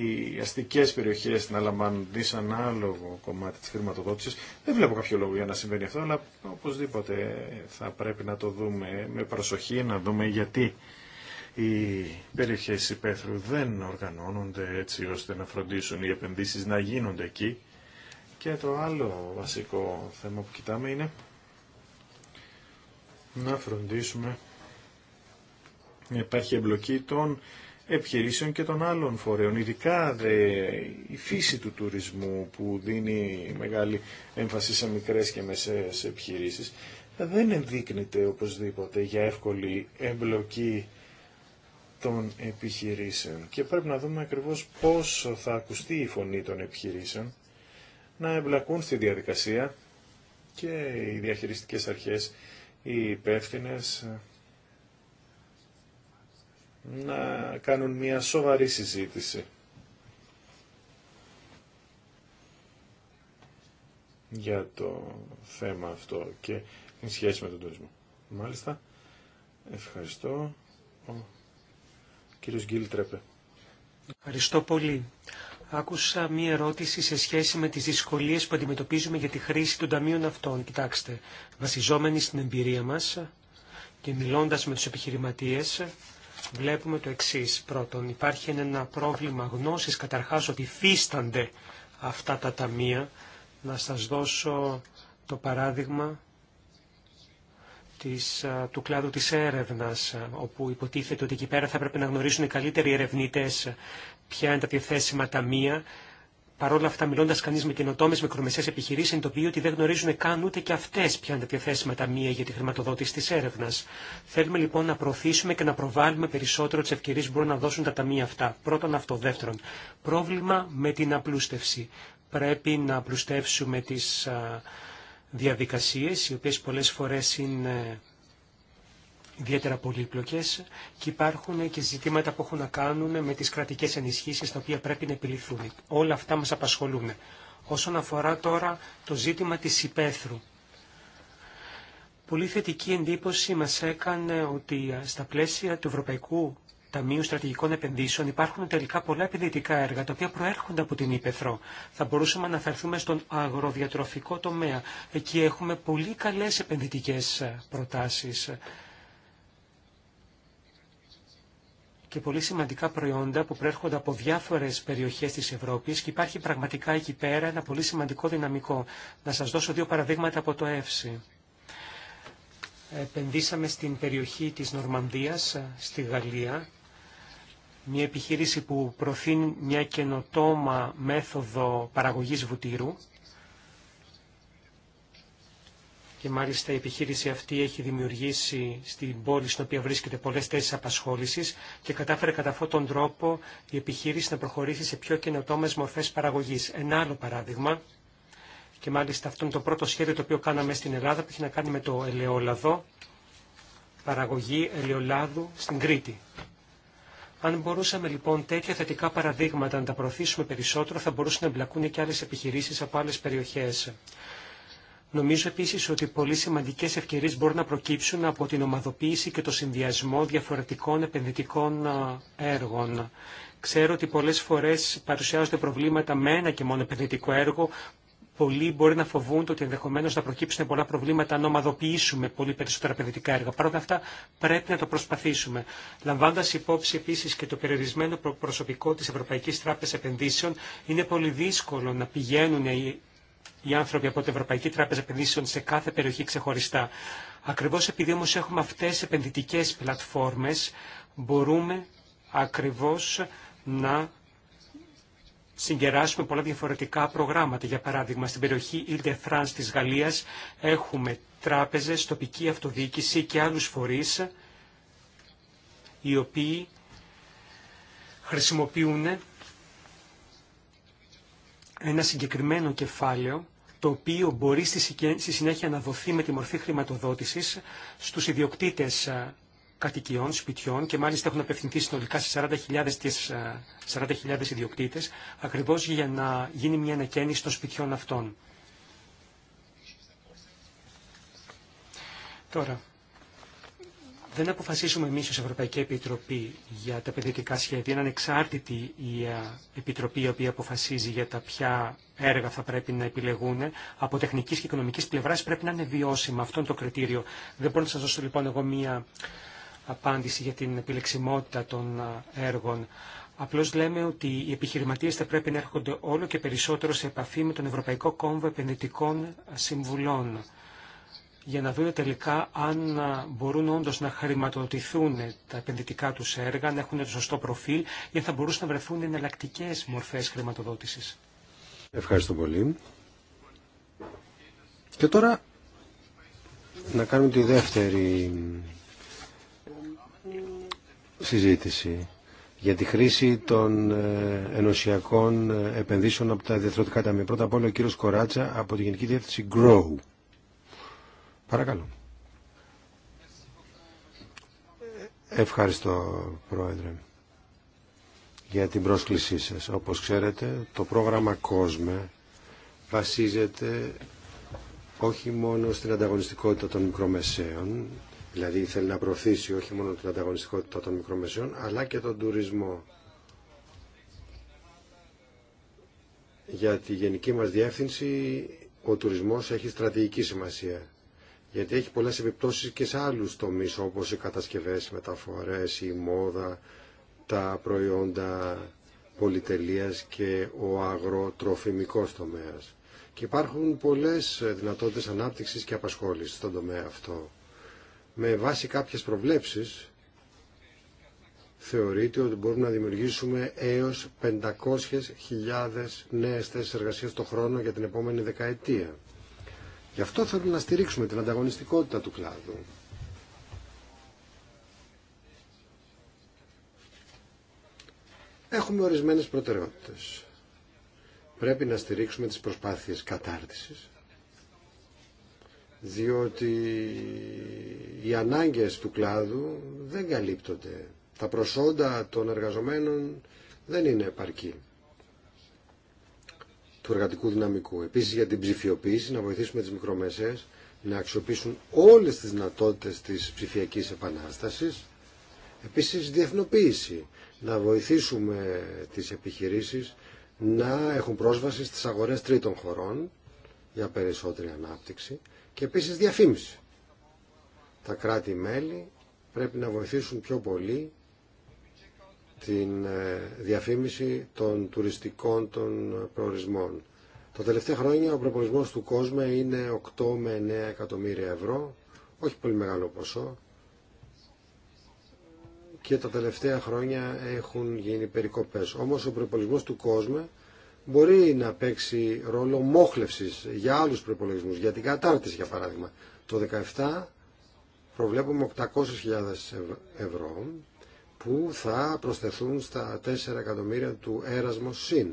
οι αστικέ περιοχέ να λαμβάνουν δυσανάλογο κομμάτι τη χρηματοδότηση. Δεν βλέπω κάποιο λόγο για να συμβαίνει αυτό, αλλά οπωσδήποτε θα πρέπει να το δούμε με προσοχή, να δούμε γιατί οι περιοχές υπαίθρου δεν οργανώνονται έτσι ώστε να φροντίσουν οι επενδύσει να γίνονται εκεί. Και το άλλο βασικό θέμα που κοιτάμε είναι να φροντίσουμε να υπάρχει εμπλοκή των επιχειρήσεων και των άλλων φορέων. Ειδικά η φύση του τουρισμού που δίνει μεγάλη έμφαση σε μικρές και μεσαίες επιχειρήσεις δεν ενδείκνεται οπωσδήποτε για εύκολη εμπλοκή των επιχειρήσεων. Και πρέπει να δούμε ακριβώς πώς θα ακουστεί η φωνή των επιχειρήσεων να εμπλακούν στη διαδικασία και οι διαχειριστικές αρχές, οι υπεύθυνε να κάνουν μια σοβαρή συζήτηση. για το θέμα αυτό και την σχέση με τον τουρισμό. Μάλιστα. Ευχαριστώ. Ο κύριος Γκίλ Τρέπε. Ευχαριστώ πολύ. Άκουσα μία ερώτηση σε σχέση με τις δυσκολίες που αντιμετωπίζουμε για τη χρήση των ταμείων αυτών. Κοιτάξτε, βασιζόμενοι στην εμπειρία μας και μιλώντας με τους επιχειρηματίες, βλέπουμε το εξής. Πρώτον, υπάρχει ένα πρόβλημα γνώσης καταρχάς ότι φύστανται αυτά τα ταμεία. Να σας δώσω το παράδειγμα της, του κλάδου της έρευνας, όπου υποτίθεται ότι εκεί πέρα θα πρέπει να γνωρίσουν οι καλύτεροι ερευνητές ε, ποια είναι τα διαθέσιμα ταμεία παρόλα αυτά μιλώντα κανεί με καινοτόμε μικρομεσαίε επιχειρήσει, εντοπίζει ότι δεν γνωρίζουν καν ούτε και αυτές ποια είναι τα διαθέσιμα ταμεία για τη χρηματοδότηση τη έρευνα. Θέλουμε λοιπόν να προωθήσουμε και να προβάλλουμε περισσότερο τι ευκαιρίε που μπορούν να δώσουν τα ταμεία αυτά. Πρώτον αυτό. Δεύτερον, πρόβλημα με την απλούστευση. Πρέπει να απλουστεύσουμε τι διαδικασίε, οι οποίε πολλέ φορέ είναι ιδιαίτερα πολύπλοκες και υπάρχουν και ζητήματα που έχουν να κάνουν με τις κρατικές ενισχύσεις τα οποία πρέπει να επιληθούν. Όλα αυτά μας απασχολούν. Όσον αφορά τώρα το ζήτημα της υπαίθρου. Πολύ θετική εντύπωση μας έκανε ότι στα πλαίσια του Ευρωπαϊκού Ταμείου Στρατηγικών Επενδύσεων υπάρχουν τελικά πολλά επενδυτικά έργα τα οποία προέρχονται από την Ήπεθρο. Θα μπορούσαμε να αναφερθούμε στον αγροδιατροφικό τομέα. Εκεί έχουμε πολύ καλές επενδυτικές προτάσεις. και πολύ σημαντικά προϊόντα που προέρχονται από διάφορες περιοχές της Ευρώπης και υπάρχει πραγματικά εκεί πέρα ένα πολύ σημαντικό δυναμικό. Να σας δώσω δύο παραδείγματα από το ΕΦΣΥ. Επενδύσαμε στην περιοχή της Νορμανδίας, στη Γαλλία, μια επιχείρηση που προθύνει μια καινοτόμα μέθοδο παραγωγής βουτύρου και μάλιστα η επιχείρηση αυτή έχει δημιουργήσει στην πόλη στην οποία βρίσκεται πολλές θέσεις απασχόλησης και κατάφερε κατά αυτόν τον τρόπο η επιχείρηση να προχωρήσει σε πιο καινοτόμες μορφές παραγωγής. Ένα άλλο παράδειγμα, και μάλιστα αυτό είναι το πρώτο σχέδιο το οποίο κάναμε στην Ελλάδα που έχει να κάνει με το ελαιόλαδο, παραγωγή ελαιολάδου στην Κρήτη. Αν μπορούσαμε λοιπόν τέτοια θετικά παραδείγματα να τα προωθήσουμε περισσότερο, θα μπορούσαν να εμπλακούν και άλλε επιχειρήσει από άλλε περιοχέ. Νομίζω επίσης ότι πολύ σημαντικές ευκαιρίες μπορούν να προκύψουν από την ομαδοποίηση και το συνδυασμό διαφορετικών επενδυτικών έργων. Ξέρω ότι πολλές φορές παρουσιάζονται προβλήματα με ένα και μόνο επενδυτικό έργο. Πολλοί μπορεί να φοβούνται ότι ενδεχομένως να προκύψουν πολλά προβλήματα αν ομαδοποιήσουμε πολύ περισσότερα επενδυτικά έργα. Παρ' όλα αυτά πρέπει να το προσπαθήσουμε. λαμβάνοντα υπόψη επίσης και το περιορισμένο προσωπικό τη Ευρωπαϊκής Τράπεζας Επενδύσεων, είναι πολύ δύσκολο να πηγαίνουν οι άνθρωποι από την Ευρωπαϊκή Τράπεζα Επενδύσεων σε κάθε περιοχή ξεχωριστά. Ακριβώς επειδή όμως έχουμε αυτές τις επενδυτικές πλατφόρμες, μπορούμε ακριβώς να συγκεράσουμε πολλά διαφορετικά προγράμματα. Για παράδειγμα, στην περιοχή Ile France της Γαλλίας έχουμε τράπεζες, τοπική αυτοδιοίκηση και άλλους φορείς οι οποίοι χρησιμοποιούν ένα συγκεκριμένο κεφάλαιο το οποίο μπορεί στη συνέχεια να δοθεί με τη μορφή χρηματοδότησης στους ιδιοκτήτες ε, κατοικιών, σπιτιών και μάλιστα έχουν απευθυνθεί συνολικά σε 40.000 40.000 ε, ιδιοκτήτες ακριβώς για να γίνει μια ανακαίνιση των σπιτιών αυτών. Τώρα, δεν αποφασίσουμε εμείς ως Ευρωπαϊκή Επιτροπή για τα επενδυτικά σχέδια. Είναι ανεξάρτητη η ε, Επιτροπή η οποία αποφασίζει για τα ποια έργα θα πρέπει να επιλεγούν. Από τεχνική και οικονομική πλευρά πρέπει να είναι βιώσιμα. Αυτό είναι το κριτήριο. Δεν μπορώ να σα δώσω λοιπόν εγώ μία απάντηση για την επιλεξιμότητα των ε, έργων. Απλώ λέμε ότι οι επιχειρηματίε θα πρέπει να έρχονται όλο και περισσότερο σε επαφή με τον Ευρωπαϊκό Κόμβο Επενδυτικών Συμβουλών για να δουν τελικά αν μπορούν όντω να χρηματοδοτηθούν τα επενδυτικά του έργα, να έχουν το σωστό προφίλ ή θα μπορούσαν να βρεθούν εναλλακτικέ μορφέ χρηματοδότηση. Ευχαριστώ πολύ. Και τώρα να κάνουμε τη δεύτερη συζήτηση για τη χρήση των ε, ενωσιακών ε, επενδύσεων από τα διεθνωτικά ταμεία. Πρώτα απ' όλα ο κύριος Κοράτσα από τη Γενική Διεύθυνση GROW. Παρακαλώ. Ευχαριστώ, Πρόεδρε, για την πρόσκλησή σας. Όπως ξέρετε, το πρόγραμμα COSME βασίζεται όχι μόνο στην ανταγωνιστικότητα των μικρομεσαίων, δηλαδή θέλει να προωθήσει όχι μόνο την ανταγωνιστικότητα των μικρομεσαίων, αλλά και τον τουρισμό. Για τη γενική μας διεύθυνση, ο τουρισμός έχει στρατηγική σημασία γιατί έχει πολλές επιπτώσεις και σε άλλους τομείς όπως οι κατασκευές, οι μεταφορές, η μόδα, τα προϊόντα πολυτελείας και ο αγροτροφημικός τομέας. Και υπάρχουν πολλές δυνατότητες ανάπτυξης και απασχόλησης στον τομέα αυτό. Με βάση κάποιες προβλέψεις θεωρείται ότι μπορούμε να δημιουργήσουμε έως 500.000 νέες θέσεις εργασίας το χρόνο για την επόμενη δεκαετία. Γι' αυτό θέλουμε να στηρίξουμε την ανταγωνιστικότητα του κλάδου. Έχουμε ορισμένες προτεραιότητες. Πρέπει να στηρίξουμε τις προσπάθειες κατάρτισης, διότι οι ανάγκες του κλάδου δεν καλύπτονται. Τα προσόντα των εργαζομένων δεν είναι επαρκή του εργατικού δυναμικού. Επίσης για την ψηφιοποίηση, να βοηθήσουμε τις μικρομεσαίες να αξιοποιήσουν όλες τις δυνατότητες της ψηφιακή επανάστασης. Επίσης διεθνοποίηση, να βοηθήσουμε τις επιχειρήσεις να έχουν πρόσβαση στις αγορές τρίτων χωρών για περισσότερη ανάπτυξη και επίσης διαφήμιση. Τα κράτη-μέλη πρέπει να βοηθήσουν πιο πολύ την ε, διαφήμιση των τουριστικών των προορισμών. Τα τελευταία χρόνια ο προπολισμός του κόσμου είναι 8 με 9 εκατομμύρια ευρώ, όχι πολύ μεγάλο ποσό, και τα τελευταία χρόνια έχουν γίνει περικοπές. Όμως ο προπολισμός του κόσμου μπορεί να παίξει ρόλο μόχλευσης για άλλους προπολογισμού, για την κατάρτιση για παράδειγμα. Το 2017 προβλέπουμε 800.000 ευρώ που θα προσθεθούν στα 4 εκατομμύρια του έρασμο ΣΥΝ.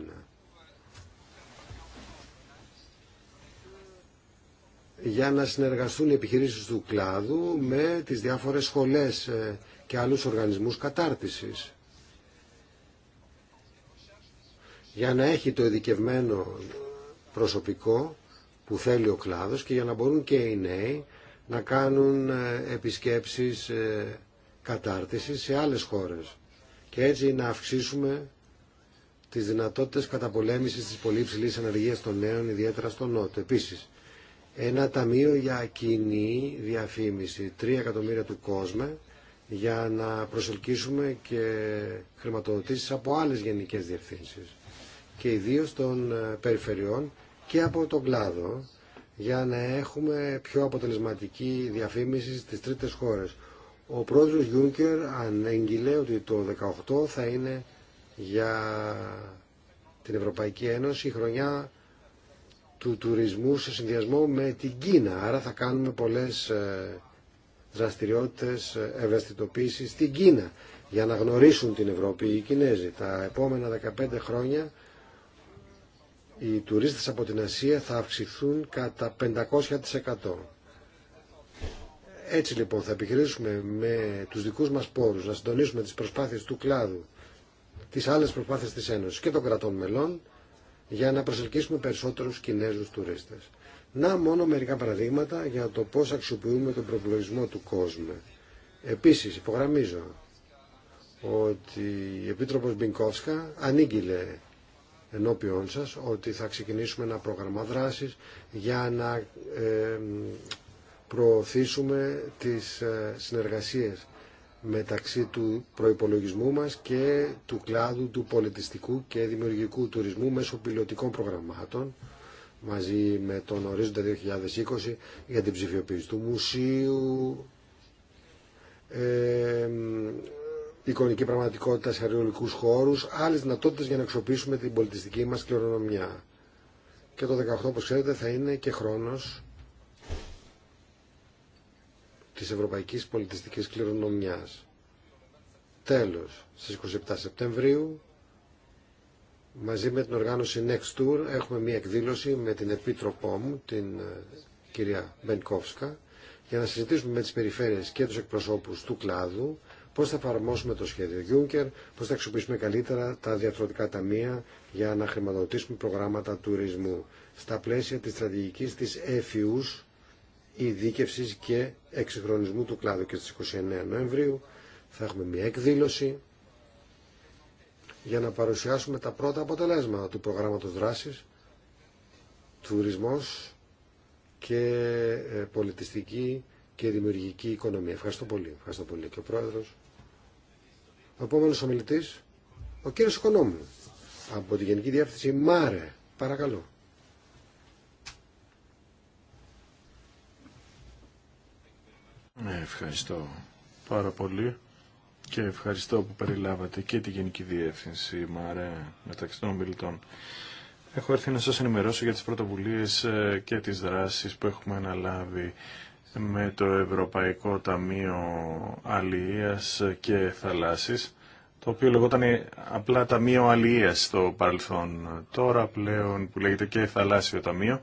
για να συνεργαστούν οι επιχειρήσεις του κλάδου με τις διάφορες σχολές ε, και άλλους οργανισμούς κατάρτισης. Για να έχει το ειδικευμένο προσωπικό που θέλει ο κλάδος και για να μπορούν και οι νέοι να κάνουν ε, επισκέψεις ε, κατάρτιση σε άλλες χώρες και έτσι να αυξήσουμε τις δυνατότητες καταπολέμησης της πολύ ψηλή ενεργείας των νέων, ιδιαίτερα στον Νότο. Επίσης, ένα ταμείο για κοινή διαφήμιση, 3 εκατομμύρια του κόσμου, για να προσελκύσουμε και χρηματοδοτήσεις από άλλες γενικές διευθύνσεις και ιδίως των ε, περιφερειών και από τον κλάδο για να έχουμε πιο αποτελεσματική διαφήμιση στις τρίτες χώρες ο πρόεδρος Γιούνκερ ανέγγειλε ότι το 2018 θα είναι για την Ευρωπαϊκή Ένωση η χρονιά του τουρισμού σε συνδυασμό με την Κίνα. Άρα θα κάνουμε πολλές ε, δραστηριότητες ε, ευαισθητοποίησης στην Κίνα για να γνωρίσουν την Ευρώπη οι Κινέζοι. Τα επόμενα 15 χρόνια οι τουρίστες από την Ασία θα αυξηθούν κατά 500%. Έτσι λοιπόν θα επιχειρήσουμε με τους δικούς μας πόρους να συντονίσουμε τις προσπάθειες του κλάδου, τις άλλες προσπάθειες της Ένωσης και των κρατών μελών για να προσελκύσουμε περισσότερους Κινέζους τουρίστες. Να μόνο μερικά παραδείγματα για το πώς αξιοποιούμε τον προπλογισμό του κόσμου. Επίσης υπογραμμίζω ότι η Επίτροπος Μπινκόφσκα ανήγγειλε ενώπιόν σας ότι θα ξεκινήσουμε ένα πρόγραμμα δράσης για να ε, προωθήσουμε τις ε, συνεργασίες μεταξύ του προϋπολογισμού μας και του κλάδου του πολιτιστικού και δημιουργικού τουρισμού μέσω πιλωτικών προγραμμάτων μαζί με τον ορίζοντα 2020 για την ψηφιοποίηση του μουσείου, ε, εικονική πραγματικότητα σε αριολικούς χώρους, άλλες δυνατότητες για να αξιοποιήσουμε την πολιτιστική μας κληρονομιά. Και το 18, όπως ξέρετε, θα είναι και χρόνος της Ευρωπαϊκής Πολιτιστικής Κληρονομιάς. Τέλος, στις 27 Σεπτεμβρίου, μαζί με την οργάνωση Next Tour έχουμε μία εκδήλωση με την επίτροπό μου, την ε, κυρία Μπενκόφσκα, για να συζητήσουμε με τις περιφέρειες και τους εκπροσώπους του κλάδου πώς θα εφαρμόσουμε το σχέδιο Juncker, πώς θα αξιοποιήσουμε καλύτερα τα διαφροντικά ταμεία για να χρηματοδοτήσουμε προγράμματα τουρισμού στα πλαίσια της στρατηγικής της ΕΦΙΟΥΣ ειδίκευσης και εξυγχρονισμού του κλάδου και στις 29 Νοεμβρίου θα έχουμε μια εκδήλωση για να παρουσιάσουμε τα πρώτα αποτελέσματα του προγράμματος δράσης τουρισμός και ε, πολιτιστική και δημιουργική οικονομία. Ευχαριστώ πολύ. Ευχαριστώ πολύ και ο Πρόεδρος. Ο επόμενος ομιλητής, ο κύριος Οικονόμου, από τη Γενική Διεύθυνση ΜΑΡΕ. Παρακαλώ. Ναι, ευχαριστώ πάρα πολύ και ευχαριστώ που περιλάβατε και τη Γενική Διεύθυνση ΜΑΡΕ μεταξύ των ομιλητών. Έχω έρθει να σας ενημερώσω για τις πρωτοβουλίες ε, και τις δράσεις που έχουμε αναλάβει με το Ευρωπαϊκό Ταμείο Αλληλείας και Θαλάσσης, το οποίο λεγόταν απλά Ταμείο Αλληλείας στο παρελθόν. Τώρα πλέον που λέγεται και Θαλάσσιο Ταμείο,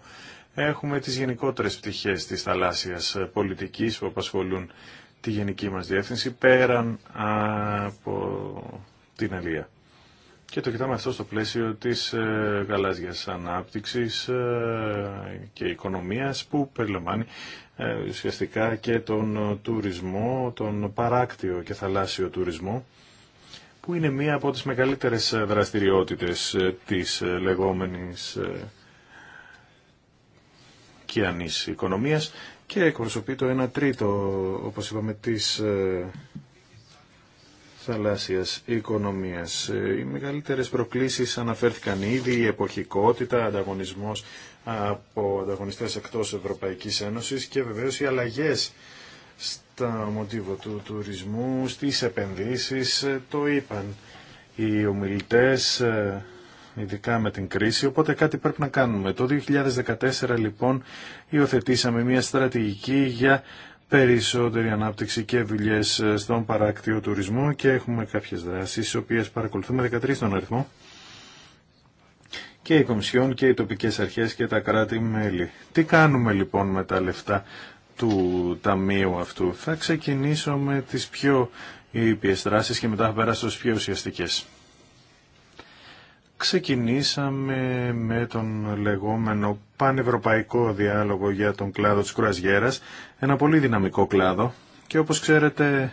έχουμε τις γενικότερες πτυχές της θαλάσσιας πολιτικής που απασχολούν τη γενική μας διεύθυνση πέραν από την Αλία. Και το κοιτάμε αυτό στο πλαίσιο της ε, γαλάζιας ανάπτυξης ε, και οικονομίας που περιλαμβάνει ε, ουσιαστικά και τον τουρισμό, τον παράκτιο και θαλάσσιο τουρισμό που είναι μία από τις μεγαλύτερες δραστηριότητες της λεγόμενης οικονομίας και εκπροσωπεί το 1 τρίτο, όπως είπαμε, της ε, θαλάσσιας οικονομίας. Ε, οι μεγαλύτερες προκλήσεις αναφέρθηκαν ήδη, η εποχικότητα, ανταγωνισμός από ανταγωνιστές εκτός Ευρωπαϊκής Ένωσης και βεβαίως οι αλλαγές στα μοτίβο του τουρισμού, στις επενδύσεις, ε, το είπαν οι ομιλητές ειδικά με την κρίση, οπότε κάτι πρέπει να κάνουμε. Το 2014 λοιπόν υιοθετήσαμε μια στρατηγική για περισσότερη ανάπτυξη και δουλειέ ε, στον παράκτιο τουρισμό και έχουμε κάποιες δράσεις, οι οποίες παρακολουθούμε 13 στον αριθμό και οι Κομισιόν και οι τοπικές αρχές και τα κράτη-μέλη. Τι κάνουμε λοιπόν με τα λεφτά του ταμείου αυτού. Θα ξεκινήσω με τις πιο ήπιες δράσεις και μετά θα περάσω στις πιο ουσιαστικές ξεκινήσαμε με τον λεγόμενο πανευρωπαϊκό διάλογο για τον κλάδο της κρουαζιέρας, ένα πολύ δυναμικό κλάδο και όπως ξέρετε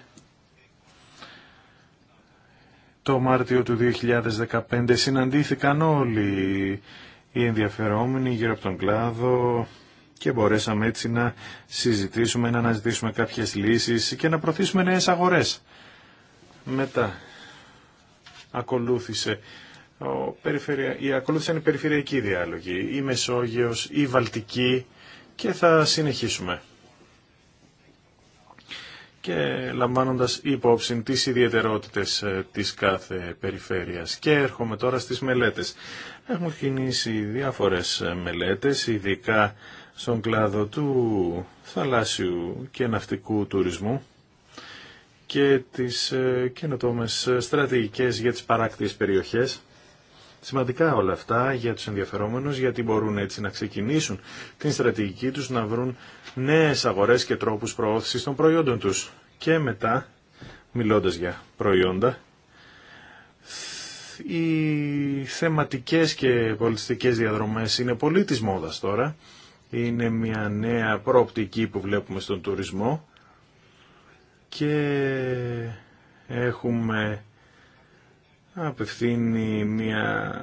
το Μάρτιο του 2015 συναντήθηκαν όλοι οι ενδιαφερόμενοι γύρω από τον κλάδο και μπορέσαμε έτσι να συζητήσουμε, να αναζητήσουμε κάποιες λύσεις και να προωθήσουμε νέες αγορές. Μετά ακολούθησε ο περιφερεια... ακολούθησαν οι περιφερειακοί η Μεσόγειος, η Βαλτική και θα συνεχίσουμε. Και λαμβάνοντας υπόψη τις ιδιαιτερότητες ε, της κάθε περιφέρειας. Και έρχομαι τώρα στις μελέτες. Έχουμε κινήσει διάφορες ε, μελέτες, ειδικά στον κλάδο του θαλάσσιου και ναυτικού τουρισμού και τις ε, καινοτόμες στρατηγικές για τις παράκτιες περιοχές Σημαντικά όλα αυτά για τους ενδιαφερόμενους γιατί μπορούν έτσι να ξεκινήσουν την στρατηγική τους να βρουν νέες αγορές και τρόπους προώθησης των προϊόντων τους. Και μετά, μιλώντας για προϊόντα, οι θεματικές και πολιτιστικές διαδρομές είναι πολύ της μόδας τώρα. Είναι μια νέα προοπτική που βλέπουμε στον τουρισμό και έχουμε απευθύνει μια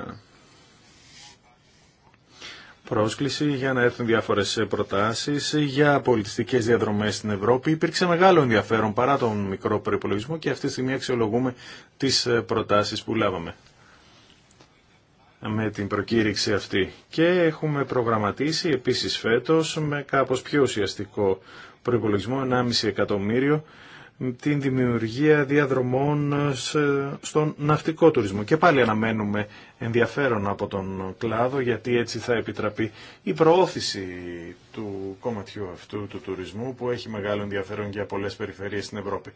πρόσκληση για να έρθουν διάφορες προτάσεις για πολιτιστικές διαδρομές στην Ευρώπη. Υπήρξε μεγάλο ενδιαφέρον παρά τον μικρό προπολογισμό και αυτή τη στιγμή αξιολογούμε τις προτάσεις που λάβαμε με την προκήρυξη αυτή. Και έχουμε προγραμματίσει επίσης φέτος με κάπως πιο ουσιαστικό προϋπολογισμό 1,5 εκατομμύριο την δημιουργία διαδρομών στον ναυτικό τουρισμό. Και πάλι αναμένουμε ενδιαφέρον από τον κλάδο γιατί έτσι θα επιτραπεί η προώθηση του κομματιού αυτού του τουρισμού που έχει μεγάλο ενδιαφέρον για πολλές περιφερειές στην Ευρώπη.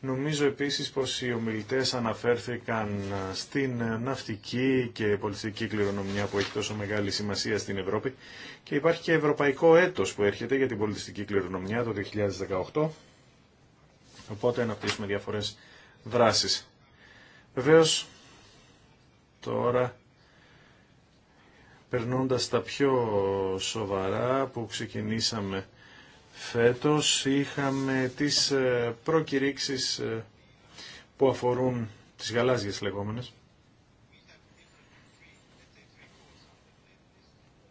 Νομίζω επίσης πως οι ομιλητές αναφέρθηκαν στην ναυτική και πολιτιστική κληρονομιά που έχει τόσο μεγάλη σημασία στην Ευρώπη και υπάρχει και ευρωπαϊκό έτος που έρχεται για την πολιτιστική κληρονομιά το 2018 Οπότε αναπτύσσουμε διάφορες δράσεις. Βεβαίως, τώρα, περνώντας τα πιο σοβαρά που ξεκινήσαμε φέτος, είχαμε τις ε, προκηρύξεις ε, που αφορούν τις γαλάζιες λεγόμενες,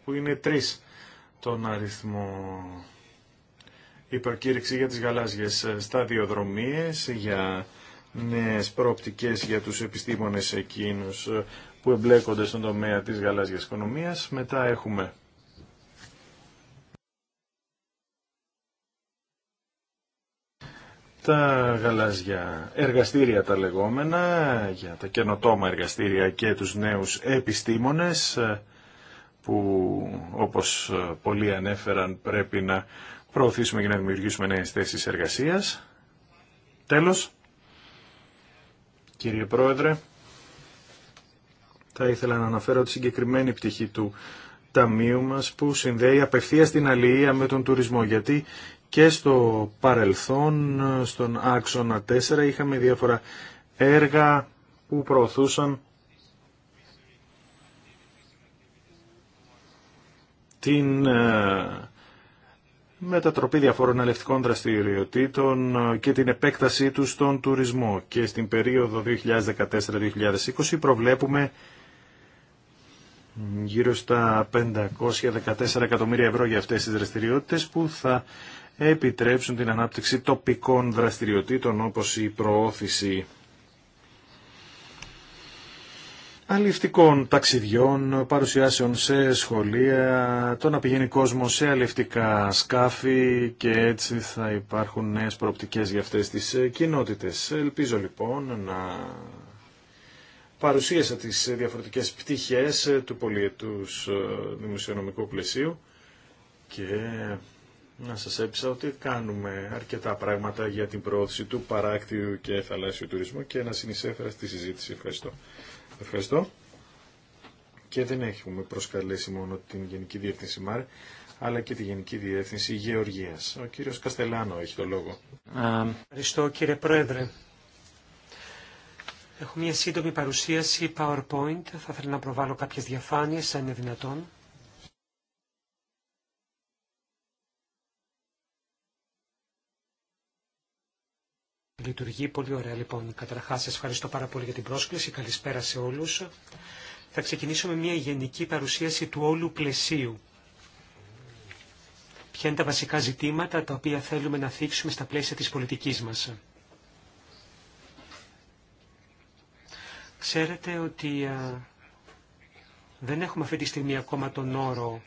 που είναι τρεις τον αριθμό υπερκήρυξη για τις γαλάζιες ε, σταδιοδρομίες, για νέες προοπτικές για τους επιστήμονες εκείνους ε, που εμπλέκονται στον τομέα της γαλάζιας οικονομίας. Μετά έχουμε τα γαλάζια εργαστήρια τα λεγόμενα, για τα καινοτόμα εργαστήρια και τους νέους επιστήμονες ε, που όπως πολλοί ανέφεραν πρέπει να προωθήσουμε για να δημιουργήσουμε νέες θέσεις εργασίας. Τέλος, κύριε Πρόεδρε, θα ήθελα να αναφέρω τη συγκεκριμένη πτυχή του ταμείου μας που συνδέει απευθείας την αλληλεία με τον τουρισμό, γιατί και στο παρελθόν, στον άξονα 4, είχαμε διάφορα έργα που προωθούσαν την ε, μετατροπή διαφόρων ελευτικών δραστηριοτήτων ε, και την επέκτασή του στον τουρισμό. Και στην περίοδο 2014-2020 προβλέπουμε γύρω στα 514 εκατομμύρια ευρώ για αυτές τις δραστηριότητες που θα επιτρέψουν την ανάπτυξη τοπικών δραστηριοτήτων όπως η προώθηση αλληλευτικών ταξιδιών, παρουσιάσεων σε σχολεία, το να πηγαίνει κόσμο σε αλληλευτικά σκάφη και έτσι θα υπάρχουν νέες προοπτικές για αυτές τις ε, κοινότητες. Ελπίζω λοιπόν να παρουσίασα τις διαφορετικές πτυχές ε, του πολιετούς ε, δημοσιονομικού πλαισίου και να σας έπεισα ότι κάνουμε αρκετά πράγματα για την προώθηση του παράκτηου και θαλάσσιου τουρισμού και να συνεισέφερα στη συζήτηση. Ευχαριστώ. Ευχαριστώ. Και δεν έχουμε προσκαλέσει μόνο την Γενική Διεύθυνση ΜΑΡ, αλλά και τη Γενική Διεύθυνση Γεωργίας. Ο κύριος Καστελάνο έχει το λόγο. Ευχαριστώ κύριε Πρόεδρε. Έχω μια σύντομη παρουσίαση PowerPoint. Θα ήθελα να προβάλλω κάποιες διαφάνειες, αν είναι δυνατόν. Λειτουργεί πολύ ωραία λοιπόν. Καταρχάς σα. ευχαριστώ πάρα πολύ για την πρόσκληση. Καλησπέρα σε όλου. Θα ξεκινήσουμε με μια γενική παρουσίαση του όλου πλαισίου. Ποια είναι τα βασικά ζητήματα τα οποία θέλουμε να θίξουμε στα πλαίσια της πολιτικής μας. Ξέρετε ότι δεν έχουμε αυτή τη στιγμή ακόμα τον όρο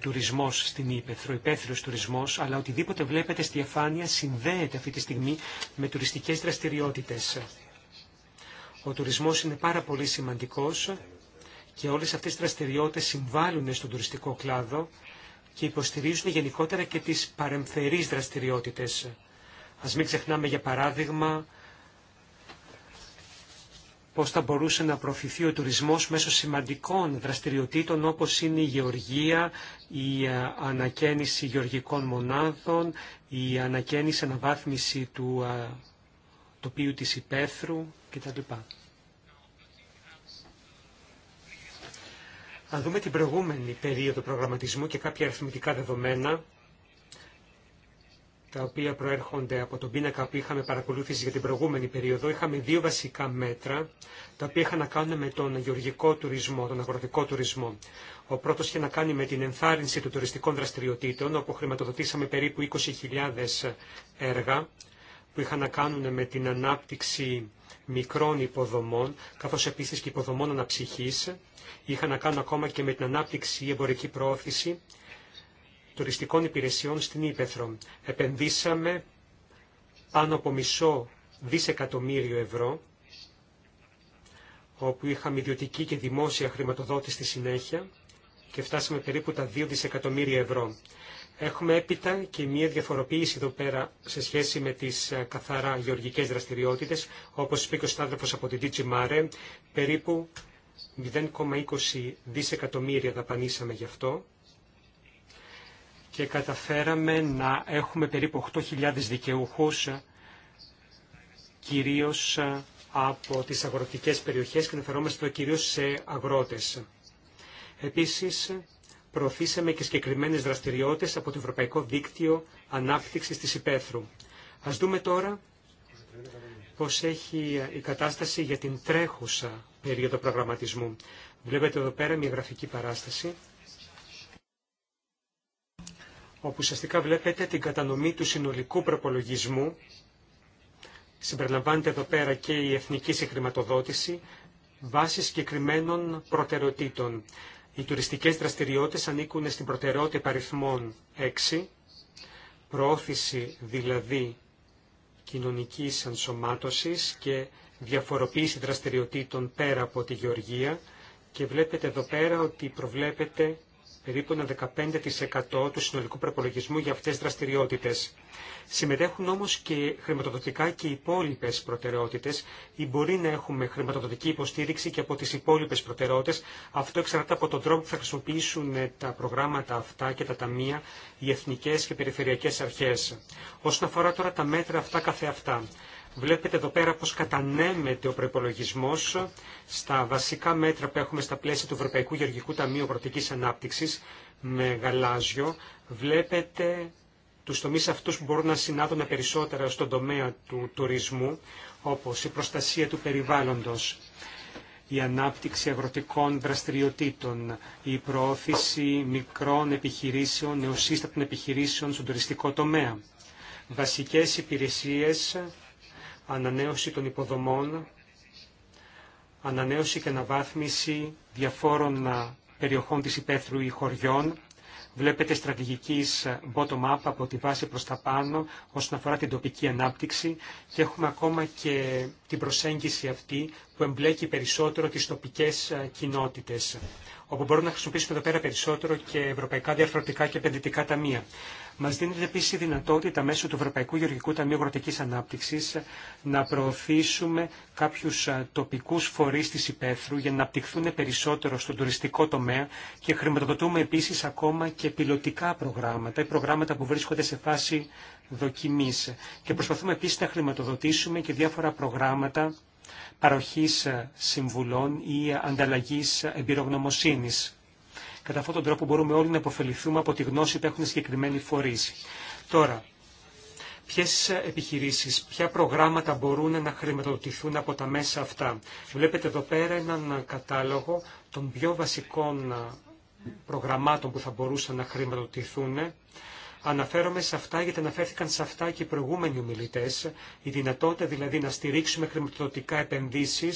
τουρισμός στην Ήπεθρο, υπαίθριος τουρισμός, αλλά οτιδήποτε βλέπετε στη εφάνεια συνδέεται αυτή τη στιγμή με τουριστικές δραστηριότητες. Ο τουρισμός είναι πάρα πολύ σημαντικός και όλες αυτές οι δραστηριότητες συμβάλλουν στον τουριστικό κλάδο και υποστηρίζουν γενικότερα και τις παρεμφερείς δραστηριότητες. Ας μην ξεχνάμε για παράδειγμα πώς θα μπορούσε να προωθηθεί ο τουρισμός μέσω σημαντικών δραστηριοτήτων όπως είναι η γεωργία, η ε, ανακαίνιση γεωργικών μονάδων, η ανακαίνιση αναβάθμιση του ε, τοπίου της υπαίθρου κτλ. Αν δούμε την προηγούμενη περίοδο προγραμματισμού και κάποια αριθμητικά δεδομένα, τα οποία προέρχονται από τον πίνακα που είχαμε παρακολούθηση για την προηγούμενη περίοδο, είχαμε δύο βασικά μέτρα, τα οποία είχαν να κάνουν με τον γεωργικό τουρισμό, τον αγροτικό τουρισμό. Ο πρώτο είχε να κάνει με την ενθάρρυνση των τουριστικών δραστηριοτήτων, όπου χρηματοδοτήσαμε περίπου 20.000 έργα, που είχαν να κάνουν με την ανάπτυξη μικρών υποδομών, καθώς επίσης και υποδομών αναψυχής, είχαν να κάνουν ακόμα και με την ανάπτυξη εμπορική προώθηση τουριστικών υπηρεσιών στην Ήπεθρο. Επενδύσαμε πάνω από μισό δισεκατομμύριο ευρώ, όπου είχαμε ιδιωτική και δημόσια χρηματοδότηση στη συνέχεια και φτάσαμε περίπου τα 2 δισεκατομμύρια ευρώ. Έχουμε έπειτα και μία διαφοροποίηση εδώ πέρα σε σχέση με τις ε, καθαρά γεωργικές δραστηριότητες, όπως είπε και ο στάδελφος από την DG Mare, περίπου 0,20 δισεκατομμύρια δαπανίσαμε γι' αυτό και καταφέραμε να έχουμε περίπου 8.000 δικαιούχους, κυρίως ε, από τις αγροτικές περιοχές και αναφερόμαστε το κυρίως σε αγρότες. Επίσης, προωθήσαμε και συγκεκριμένες δραστηριότητες από το Ευρωπαϊκό Δίκτυο Ανάπτυξης της Υπέθρου. Ας δούμε τώρα πώς έχει ε, η κατάσταση για την τρέχουσα περίοδο προγραμματισμού. Βλέπετε εδώ πέρα μια γραφική παράσταση όπου ουσιαστικά βλέπετε την κατανομή του συνολικού προπολογισμού. Συμπεριλαμβάνεται εδώ πέρα και η εθνική συγχρηματοδότηση βάσει συγκεκριμένων προτεραιοτήτων. Οι τουριστικές δραστηριότητες ανήκουν στην προτεραιότητα παριθμών 6, προώθηση δηλαδή κοινωνικής ενσωμάτωσης και διαφοροποίηση δραστηριοτήτων πέρα από τη γεωργία και βλέπετε εδώ πέρα ότι προβλέπεται περίπου ένα 15% του συνολικού προπολογισμού για αυτές τις δραστηριότητες. Συμμετέχουν όμως και χρηματοδοτικά και υπόλοιπε προτεραιότητες ή μπορεί να έχουμε χρηματοδοτική υποστήριξη και από τις υπόλοιπε προτεραιότητες. Αυτό εξαρτάται από τον τρόπο που θα χρησιμοποιήσουν ε, τα προγράμματα αυτά και τα ταμεία οι εθνικές και περιφερειακές αρχές. Όσον αφορά τώρα τα μέτρα αυτά καθεαυτά. Βλέπετε εδώ πέρα πώς κατανέμεται ο προϋπολογισμός στα βασικά μέτρα που έχουμε στα πλαίσια του Ευρωπαϊκού Γεωργικού Ταμείου Πρωτικής Ανάπτυξης με γαλάζιο. Βλέπετε τους τομείς αυτούς που μπορούν να συνάδουν περισσότερα στον τομέα του τουρισμού, όπως η προστασία του περιβάλλοντος, η ανάπτυξη αγροτικών δραστηριοτήτων, η προώθηση μικρών επιχειρήσεων, νεοσύστατων επιχειρήσεων στον τουριστικό τομέα, βασικές υπηρεσίες ανανέωση των υποδομών, ανανέωση και αναβάθμιση διαφόρων περιοχών της υπαίθρου ή χωριών. Βλέπετε στρατηγικής bottom-up από τη βάση προς τα πάνω όσον αφορά την τοπική ανάπτυξη και έχουμε ακόμα και την προσέγγιση αυτή που εμπλέκει περισσότερο τις τοπικές κοινότητες όπου μπορούμε να χρησιμοποιήσουμε εδώ πέρα περισσότερο και ευρωπαϊκά διαφορετικά και επενδυτικά ταμεία. Μα δίνεται επίση η δυνατότητα μέσω του Ευρωπαϊκού Γεωργικού Ταμείου Αγροτική Ανάπτυξη να προωθήσουμε κάποιου τοπικού φορεί τη υπαίθρου για να αναπτυχθούν περισσότερο στον τουριστικό τομέα και χρηματοδοτούμε επίση ακόμα και πιλωτικά προγράμματα ή προγράμματα που βρίσκονται σε φάση δοκιμή. Και προσπαθούμε επίση να χρηματοδοτήσουμε και διάφορα προγράμματα παροχής συμβουλών ή ανταλλαγής εμπειρογνωμοσύνης. Κατά αυτόν τον τρόπο μπορούμε όλοι να υποφεληθούμε από τη γνώση που έχουν συγκεκριμένοι φορείς. Τώρα, ποιες επιχειρήσεις, ποια προγράμματα μπορούν να χρηματοδοτηθούν από τα μέσα αυτά. Βλέπετε εδώ πέρα έναν κατάλογο των πιο βασικών προγραμμάτων που θα μπορούσαν να χρηματοδοτηθούν Αναφέρομαι σε αυτά γιατί αναφέρθηκαν σε αυτά και οι προηγούμενοι ομιλητέ. Η δυνατότητα δηλαδή να στηρίξουμε χρηματοδοτικά επενδύσει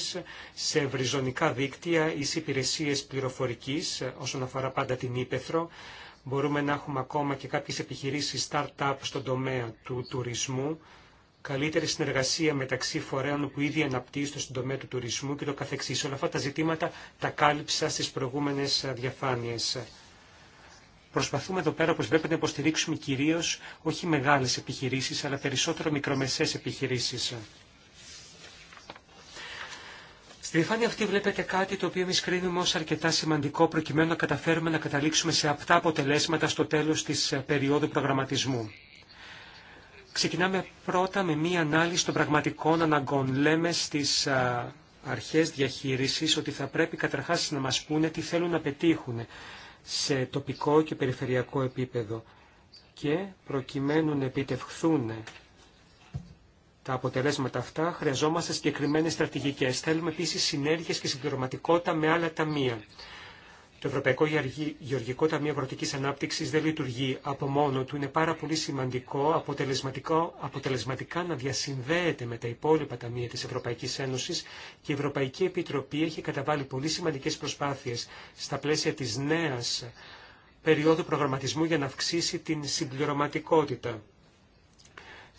σε ευρυζωνικά δίκτυα ή σε υπηρεσίε πληροφορική όσον αφορά πάντα την ύπεθρο. Μπορούμε να έχουμε ακόμα και κάποιες επιχειρήσεις start-up στον τομέα του τουρισμού, καλύτερη συνεργασία μεταξύ φορέων που ήδη αναπτύσσονται στον τομέα του τουρισμού και το καθεξής. Όλα αυτά τα ζητήματα τα κάλυψα στις προηγούμενε διαφάνειες. Προσπαθούμε εδώ πέρα, όπως βλέπετε, να υποστηρίξουμε κυρίως όχι μεγάλες επιχειρήσεις, αλλά περισσότερο μικρομεσαίες επιχειρήσεις. Στη διαφάνεια αυτή βλέπετε κάτι το οποίο εμεί κρίνουμε ω αρκετά σημαντικό προκειμένου να καταφέρουμε να καταλήξουμε σε αυτά αποτελέσματα στο τέλο τη ε, περίοδου προγραμματισμού. Ξεκινάμε πρώτα με μία ανάλυση των πραγματικών αναγκών. Λέμε στι ε, αρχέ διαχείριση ότι θα πρέπει καταρχά να μα πούνε τι θέλουν να πετύχουν σε τοπικό και περιφερειακό επίπεδο και προκειμένου να επιτευχθούν τα αποτελέσματα αυτά χρειαζόμαστε συγκεκριμένες στρατηγικές. Θέλουμε επίσης συνέργειες και συμπληρωματικότητα με άλλα ταμεία. Το Ευρωπαϊκό Γεωργικό Ταμείο Αγροτική Ανάπτυξη δεν λειτουργεί από μόνο του. Είναι πάρα πολύ σημαντικό αποτελεσματικό, αποτελεσματικά να διασυνδέεται με τα υπόλοιπα ταμεία τη Ευρωπαϊκή Ένωση και η Ευρωπαϊκή Επιτροπή έχει καταβάλει πολύ σημαντικέ προσπάθειε στα πλαίσια τη νέα περίοδου προγραμματισμού για να αυξήσει την συμπληρωματικότητα.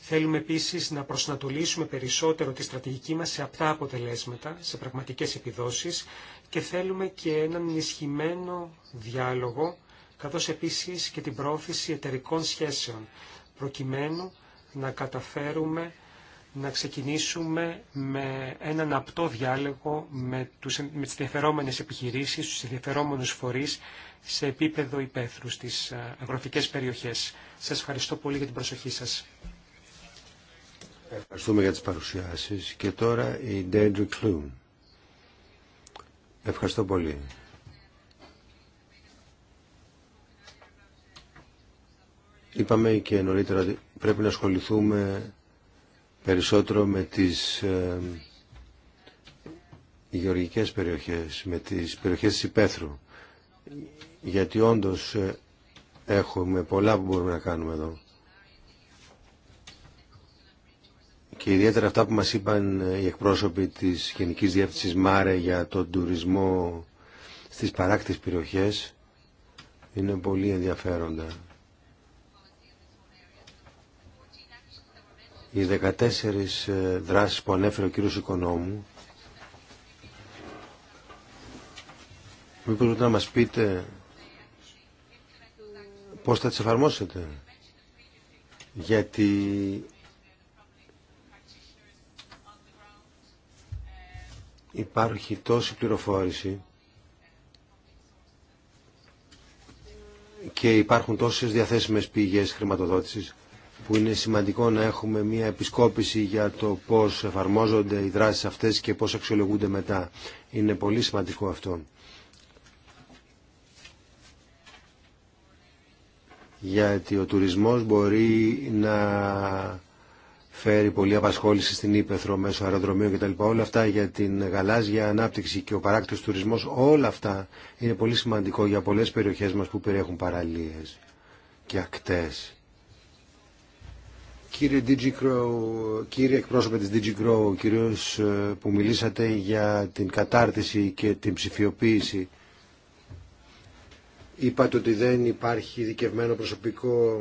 Θέλουμε επίσης να προσανατολίσουμε περισσότερο τη στρατηγική μας σε απτά αποτελέσματα, σε πραγματικές επιδόσεις και θέλουμε και έναν ενισχυμένο διάλογο, καθώς επίσης και την πρόθεση εταιρικών σχέσεων, προκειμένου να καταφέρουμε να ξεκινήσουμε με έναν απτό διάλογο με, τους, με τις του επιχειρήσεις, τους φορείς σε επίπεδο υπαίθρου στις ε, αγροτικές περιοχές. Σας ευχαριστώ πολύ για την προσοχή σας. Ευχαριστούμε για τις παρουσιάσεις και τώρα η Deirdre Λούμ. Ευχαριστώ πολύ. Είπαμε και νωρίτερα ότι πρέπει να ασχοληθούμε περισσότερο με τις ε, γεωργικές περιοχές, με τις περιοχές της υπαίθρου. Γιατί όντως ε, έχουμε πολλά που μπορούμε να κάνουμε εδώ. και ιδιαίτερα αυτά που μας είπαν ε, οι εκπρόσωποι της Γενικής Διεύθυνσης ΜΑΡΕ για τον τουρισμό στις παράκτης περιοχές είναι πολύ ενδιαφέροντα. Οι 14 ε, δράσεις που ανέφερε ο κύριος Οικονόμου μήπως μπορείτε να μας πείτε πώς θα τις εφαρμόσετε γιατί υπάρχει τόση πληροφόρηση και υπάρχουν τόσες διαθέσιμες πηγές χρηματοδότησης που είναι σημαντικό να έχουμε μια επισκόπηση για το πώς εφαρμόζονται οι δράσεις αυτές και πώς αξιολογούνται μετά. Είναι πολύ σημαντικό αυτό. Γιατί ο τουρισμός μπορεί να φέρει πολλή απασχόληση στην Ήπεθρο μέσω αεροδρομίων κτλ. Όλα αυτά για την γαλάζια ανάπτυξη και ο παράκτης τουρισμός, όλα αυτά είναι πολύ σημαντικό για πολλές περιοχές μας που περιέχουν παραλίες και ακτές. Κύριε, Digicrow, κύριε εκπρόσωπε της DigiGrow, κυρίως ε, που μιλήσατε για την κατάρτιση και την ψηφιοποίηση, είπατε ότι δεν υπάρχει ειδικευμένο προσωπικό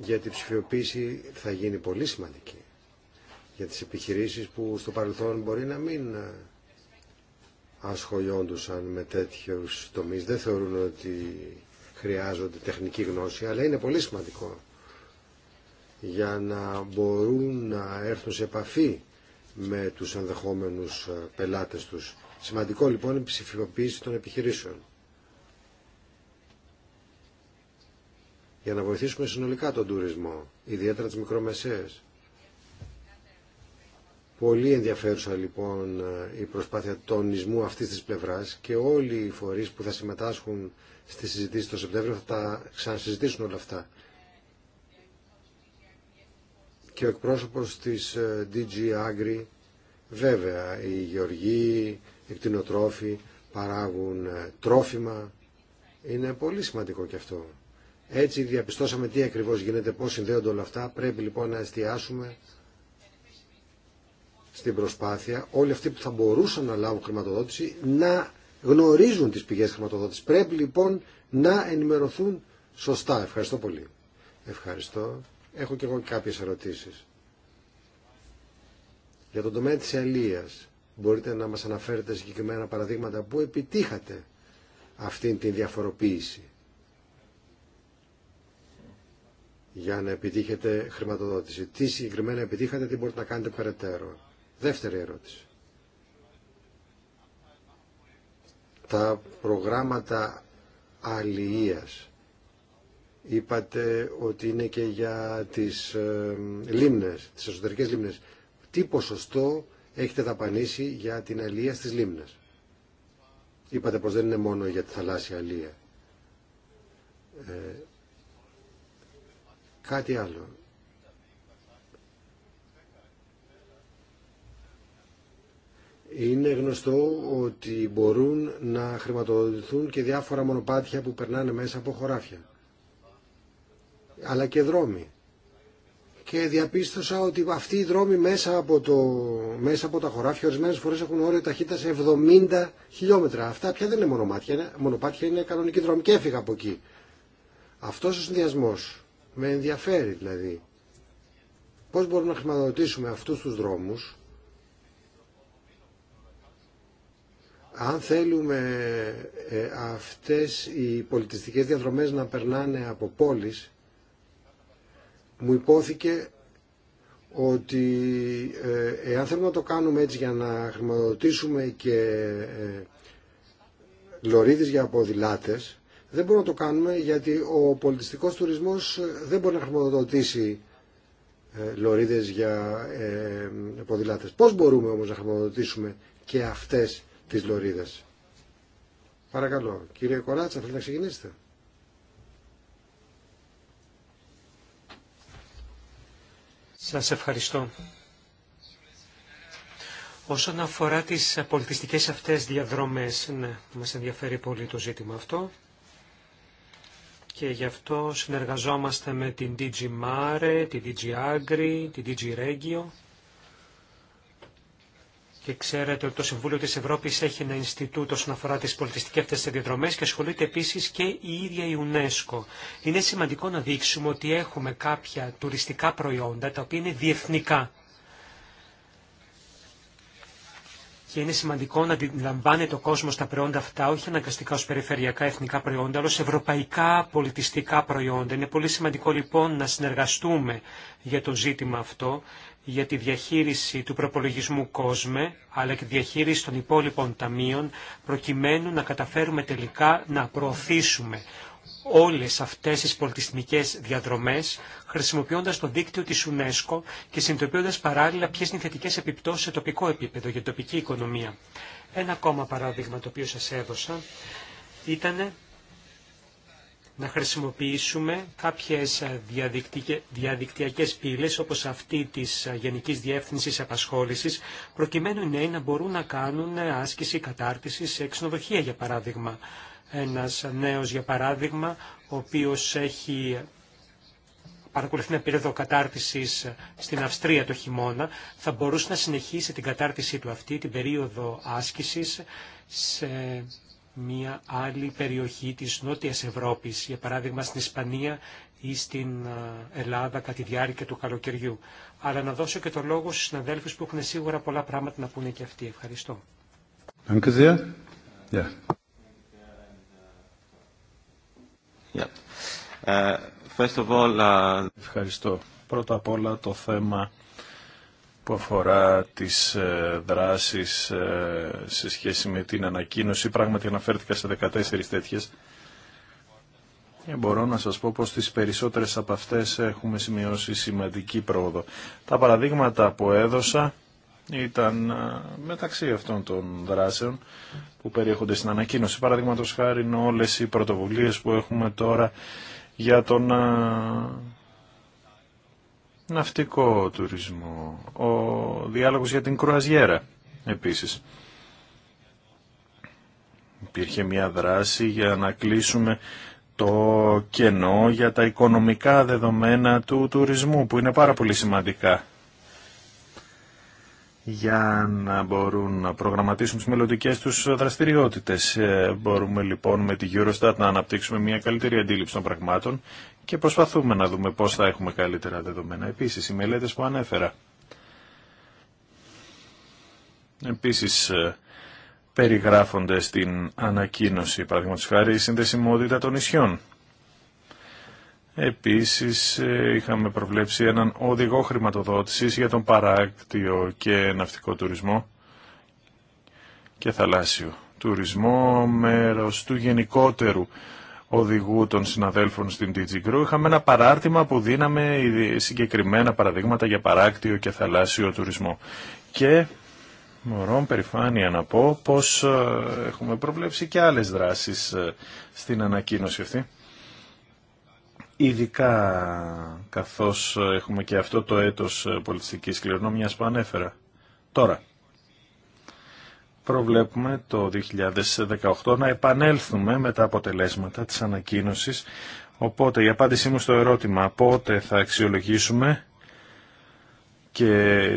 γιατί η ψηφιοποίηση θα γίνει πολύ σημαντική για τις επιχειρήσεις που στο παρελθόν μπορεί να μην ε, ασχολιόντουσαν με τέτοιους τομείς. Δεν θεωρούν ότι χρειάζονται τεχνική γνώση, αλλά είναι πολύ σημαντικό για να μπορούν να έρθουν σε επαφή με τους ανδεχόμενους ε, πελάτες τους. Σημαντικό λοιπόν η ψηφιοποίηση των επιχειρήσεων. για να βοηθήσουμε συνολικά τον τουρισμό, ιδιαίτερα τις μικρομεσαίες. Πολύ ενδιαφέρουσα λοιπόν η προσπάθεια τονισμού αυτής της πλευράς και όλοι οι φορείς που θα συμμετάσχουν στη συζήτηση το Σεπτέμβριο θα τα ξανασυζητήσουν όλα αυτά. Και ο εκπρόσωπος της ε, DG Agri, βέβαια, οι γεωργοί, οι κτηνοτρόφοι παράγουν ε, τρόφιμα. Είναι πολύ σημαντικό και αυτό. Έτσι διαπιστώσαμε τι ακριβώς γίνεται, πώς συνδέονται όλα αυτά. Πρέπει λοιπόν να εστιάσουμε στην προσπάθεια όλοι αυτοί που θα μπορούσαν να λάβουν χρηματοδότηση να γνωρίζουν τις πηγές χρηματοδότησης. Πρέπει λοιπόν να ενημερωθούν σωστά. Ευχαριστώ πολύ. Ευχαριστώ. Έχω και εγώ κάποιες ερωτήσεις. Για τον τομέα της αλίας μπορείτε να μας αναφέρετε συγκεκριμένα παραδείγματα που επιτύχατε αυτήν την διαφοροποίηση για να επιτύχετε χρηματοδότηση. Τι συγκεκριμένα επιτύχατε, τι μπορείτε να κάνετε περαιτέρω. Δεύτερη ερώτηση. Τα προγράμματα αλληλείας είπατε ότι είναι και για τις ε, λίμνες, τις εσωτερικές λίμνες. Τι ποσοστό έχετε δαπανίσει για την αλληλεία στις λίμνες. Είπατε πως δεν είναι μόνο για τη θαλάσσια αλληλεία. Ε, Κάτι άλλο. Είναι γνωστό ότι μπορούν να χρηματοδοτηθούν και διάφορα μονοπάτια που περνάνε μέσα από χωράφια. Αλλά και δρόμοι. Και διαπίστωσα ότι αυτοί οι δρόμοι μέσα από, το, μέσα από τα χωράφια ορισμένε φορέ έχουν όριο ταχύτητα 70 χιλιόμετρα. Αυτά πια δεν είναι μονοπάτια, μονοπάτια είναι κανονική δρόμη και έφυγα από εκεί. Αυτό ο συνδυασμό με ενδιαφέρει δηλαδή πώς μπορούμε να χρηματοδοτήσουμε αυτούς τους δρόμους αν θέλουμε ε, αυτές οι πολιτιστικές διαδρομές να περνάνε από πόλεις μου υπόθηκε ότι ε, εάν θέλουμε να το κάνουμε έτσι για να χρηματοδοτήσουμε και ε, λωρίδες για ποδηλάτες δεν μπορούμε να το κάνουμε γιατί ο πολιτιστικός τουρισμός δεν μπορεί να χρηματοδοτήσει ε, λωρίδες για ε, ποδηλάτες. Πώς μπορούμε όμως να χρηματοδοτήσουμε και αυτές τις λωρίδες. Παρακαλώ. Κύριε Κοράτσα, θέλετε να ξεκινήσετε. Σας ευχαριστώ. Όσον αφορά τις πολιτιστικές αυτές διαδρομές, ναι, μας ενδιαφέρει πολύ το ζήτημα αυτό και γι' αυτό συνεργαζόμαστε με την DG Mare, την DG Agri, την DG Regio. Και ξέρετε ότι το Συμβούλιο της Ευρώπης έχει ένα Ινστιτούτο όσον αφορά τις πολιτιστικές αυτές διαδρομές και ασχολείται επίσης και η ίδια η UNESCO. Είναι σημαντικό να δείξουμε ότι έχουμε κάποια τουριστικά προϊόντα τα οποία είναι διεθνικά. και είναι σημαντικό να αντιλαμβάνεται ο κόσμο τα προϊόντα αυτά, όχι αναγκαστικά ως περιφερειακά εθνικά προϊόντα, αλλά ως ευρωπαϊκά πολιτιστικά προϊόντα. Είναι πολύ σημαντικό λοιπόν να συνεργαστούμε για το ζήτημα αυτό, για τη διαχείριση του προπολογισμού κόσμε, αλλά και τη διαχείριση των υπόλοιπων ταμείων, προκειμένου να καταφέρουμε τελικά να προωθήσουμε όλες αυτές τις πολιτιστικές διαδρομές χρησιμοποιώντας το δίκτυο της UNESCO και συνειδητοποιώντας παράλληλα ποιες είναι οι θετικές επιπτώσεις σε τοπικό επίπεδο για τοπική οικονομία. Ένα ακόμα παράδειγμα το οποίο σας έδωσα ήταν να χρησιμοποιήσουμε κάποιες διαδικτυακές πύλες όπως αυτή της Γενικής Διεύθυνσης Απασχόλησης προκειμένου οι νέοι να μπορούν να κάνουν άσκηση κατάρτιση σε ξενοδοχεία για παράδειγμα. Ένας νέος, για παράδειγμα, ο οποίος έχει παρακολουθεί ένα περίοδο κατάρτισης στην Αυστρία το χειμώνα, θα μπορούσε να συνεχίσει την κατάρτισή του αυτή, την περίοδο άσκησης, σε μια άλλη περιοχή της Νότιας Ευρώπης, για παράδειγμα στην Ισπανία ή στην Ελλάδα κατά τη διάρκεια του καλοκαιριού. Αλλά να δώσω και το λόγο στους συναδέλφους που έχουν σίγουρα πολλά πράγματα να πούνε και αυτοί. Ευχαριστώ. Uh, uh, Ευχαριστώ. Πρώτα απ' όλα το θέμα που αφορά τις ε, δράσεις ε, σε σχέση με την ανακοίνωση. Πράγματι αναφέρθηκα σε 14 τέτοιες. μπορώ να σας πω πως στις περισσότερες από αυτές έχουμε σημειώσει σημαντική πρόοδο. Τα παραδείγματα που έδωσα ήταν ε, μεταξύ αυτών των δράσεων που περιέχονται στην ανακοίνωση. Παραδείγματο χάρη είναι όλες οι πρωτοβουλίες που έχουμε τώρα για τον ε, ναυτικό τουρισμό, ο διάλογος για την κρουαζιέρα επίσης. Υπήρχε μια δράση για να κλείσουμε το κενό για τα οικονομικά δεδομένα του τουρισμού που είναι πάρα πολύ σημαντικά για να μπορούν να προγραμματίσουν τις μελλοντικέ τους δραστηριότητες. Ε, μπορούμε λοιπόν με τη Eurostat να αναπτύξουμε μια καλύτερη αντίληψη των πραγμάτων και προσπαθούμε να δούμε πώς θα έχουμε καλύτερα δεδομένα. Επίσης, οι μελέτες που ανέφερα. Επίσης, ε, περιγράφονται στην ανακοίνωση, παραδείγματος χάρη, η συνδεσιμότητα των νησιών. Επίσης ε, είχαμε προβλέψει έναν οδηγό χρηματοδότησης για τον παράκτιο και ναυτικό τουρισμό και θαλάσσιο τουρισμό, μέρος του γενικότερου οδηγού των συναδέλφων στην DG Είχαμε ένα παράρτημα που δίναμε συγκεκριμένα παραδείγματα για παράκτιο και θαλάσσιο τουρισμό. Και με περηφάνεια να πω πως ε, έχουμε προβλέψει και άλλες δράσεις ε, στην ανακοίνωση αυτή ειδικά καθώς έχουμε και αυτό το έτος πολιτιστικής κληρονομιάς που ανέφερα. Τώρα, προβλέπουμε το 2018 να επανέλθουμε με τα αποτελέσματα της ανακοίνωσης, οπότε η απάντησή μου στο ερώτημα πότε θα αξιολογήσουμε και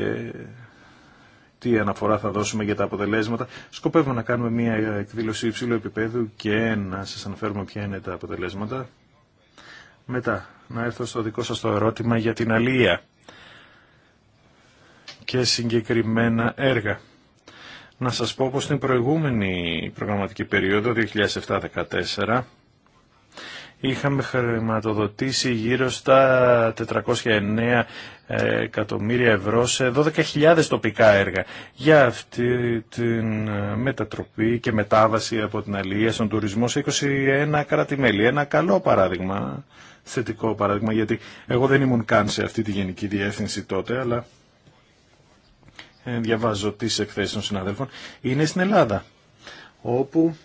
τι αναφορά θα δώσουμε για τα αποτελέσματα. Σκοπεύουμε να κάνουμε μια εκδήλωση υψηλού επίπεδου και να σας αναφέρουμε ποια είναι τα αποτελέσματα. Μετά, να έρθω στο δικό σας το ερώτημα για την αλληλεία και συγκεκριμένα έργα. Να σας πω πως στην προηγούμενη προγραμματική περίοδο, 2007-2014, είχαμε χρηματοδοτήσει γύρω στα 409 εκατομμύρια ευρώ σε 12.000 τοπικά έργα για αυτή την μετατροπή και μετάβαση από την αλληλεία στον τουρισμό σε 21 κρατη Ένα καλό παράδειγμα θετικό παράδειγμα, γιατί εγώ δεν ήμουν καν σε αυτή τη γενική διεύθυνση τότε, αλλά ε, διαβάζω τι εκθέσεις των συναδέλφων, είναι στην Ελλάδα, όπου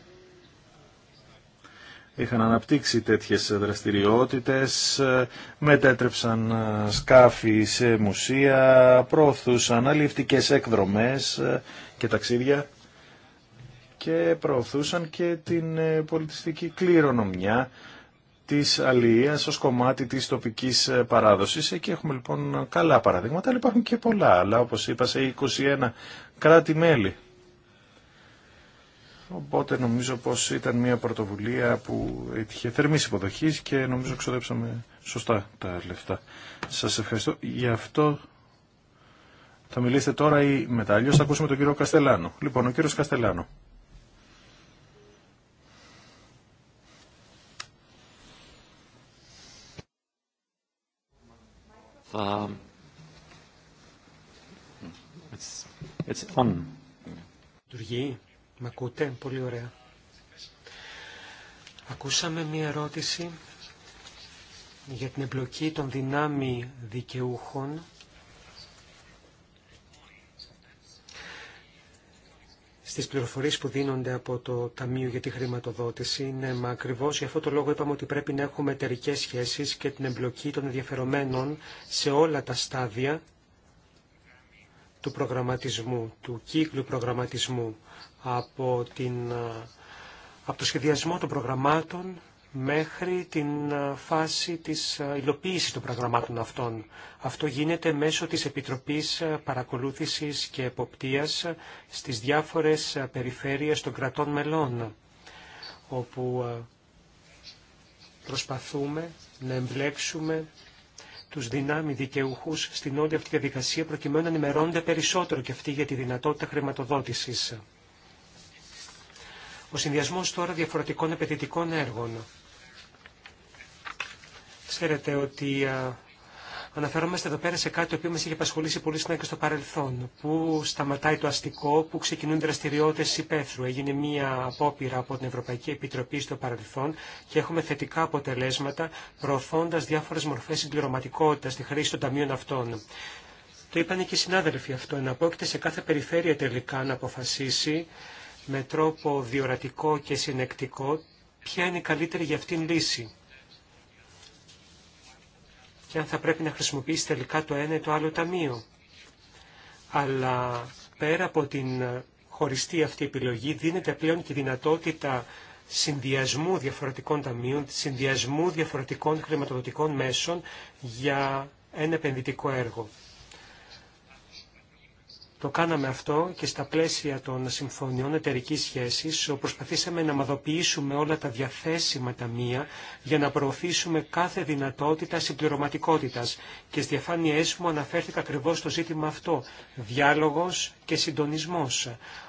είχαν αναπτύξει τέτοιες δραστηριότητες, ε, μετέτρεψαν ε, σκάφη σε μουσεία, προωθούσαν αλιευτικές εκδρομές και ταξίδια και προωθούσαν και την πολιτιστική κληρονομιά της αλληλείας ως κομμάτι της τοπικής ε, παράδοσης. Εκεί έχουμε λοιπόν καλά παραδείγματα, αλλά υπάρχουν και πολλά, αλλά όπως είπα σε 21 κράτη-μέλη. Οπότε νομίζω πως ήταν μια πρωτοβουλία που είχε θερμή υποδοχή και νομίζω ξοδέψαμε σωστά τα λεφτά. Σας ευχαριστώ. Γι' αυτό θα μιλήσετε τώρα ή μετά. Αλλιώς θα ακούσουμε τον κύριο Καστελάνο. Λοιπόν, ο κύριος Καστελάνο. Um, it's, it's on. Λειτουργεί. Με ακούτε. Πολύ ωραία. Ακούσαμε μία ερώτηση για την εμπλοκή των δυνάμει δικαιούχων στις πληροφορίες που δίνονται από το Ταμείο για τη Χρηματοδότηση. Ναι, μα ακριβώς για αυτό το λόγο είπαμε ότι πρέπει να έχουμε εταιρικέ σχέσεις και την εμπλοκή των ενδιαφερομένων σε όλα τα στάδια του προγραμματισμού, του κύκλου προγραμματισμού, από, την, από το σχεδιασμό των προγραμμάτων μέχρι την ε, φάση της ε, υλοποίησης των προγραμμάτων αυτών. Αυτό γίνεται μέσω της Επιτροπής ε, Παρακολούθησης και Εποπτείας στις διάφορες περιφέρειες των κρατών μελών, όπου προσπαθούμε να εμπλέξουμε τους δυνάμει δικαιούχους στην όλη αυτή τη διαδικασία προκειμένου να ενημερώνονται περισσότερο και αυτοί για τη δυνατότητα χρηματοδότησης. Ο συνδυασμός τώρα διαφορετικών επενδυτικών έργων Ξέρετε ότι Αναφερόμαστε εδώ πέρα σε κάτι το οποίο μας είχε απασχολήσει πολύ συχνά και στο παρελθόν. Πού σταματάει το αστικό, πού ξεκινούν δραστηριότητε υπαίθρου. Έγινε μία απόπειρα από την Ευρωπαϊκή Επιτροπή στο παρελθόν και έχουμε θετικά αποτελέσματα προωθώντα διάφορε μορφέ συμπληρωματικότητα στη χρήση των ταμείων αυτών. Το είπαν και οι συνάδελφοι αυτό. Να σε κάθε περιφέρεια τελικά να αποφασίσει με τρόπο διορατικό και συνεκτικό ποια είναι η καλύτερη για αυτήν λύση και αν θα πρέπει να χρησιμοποιήσει τελικά το ένα ή το άλλο ταμείο. Αλλά πέρα από την χωριστή αυτή επιλογή δίνεται πλέον και δυνατότητα συνδυασμού διαφορετικών ταμείων, συνδυασμού διαφορετικών χρηματοδοτικών μέσων για ένα επενδυτικό έργο. Το κάναμε αυτό και στα πλαίσια των συμφωνιών εταιρική σχέση, προσπαθήσαμε να μαδοποιήσουμε όλα τα διαθέσιμα ταμεία για να προωθήσουμε κάθε δυνατότητα συμπληρωματικότητα. Και στι διαφάνειέ μου αναφέρθηκα ακριβώ στο ζήτημα αυτό. Διάλογο και συντονισμό.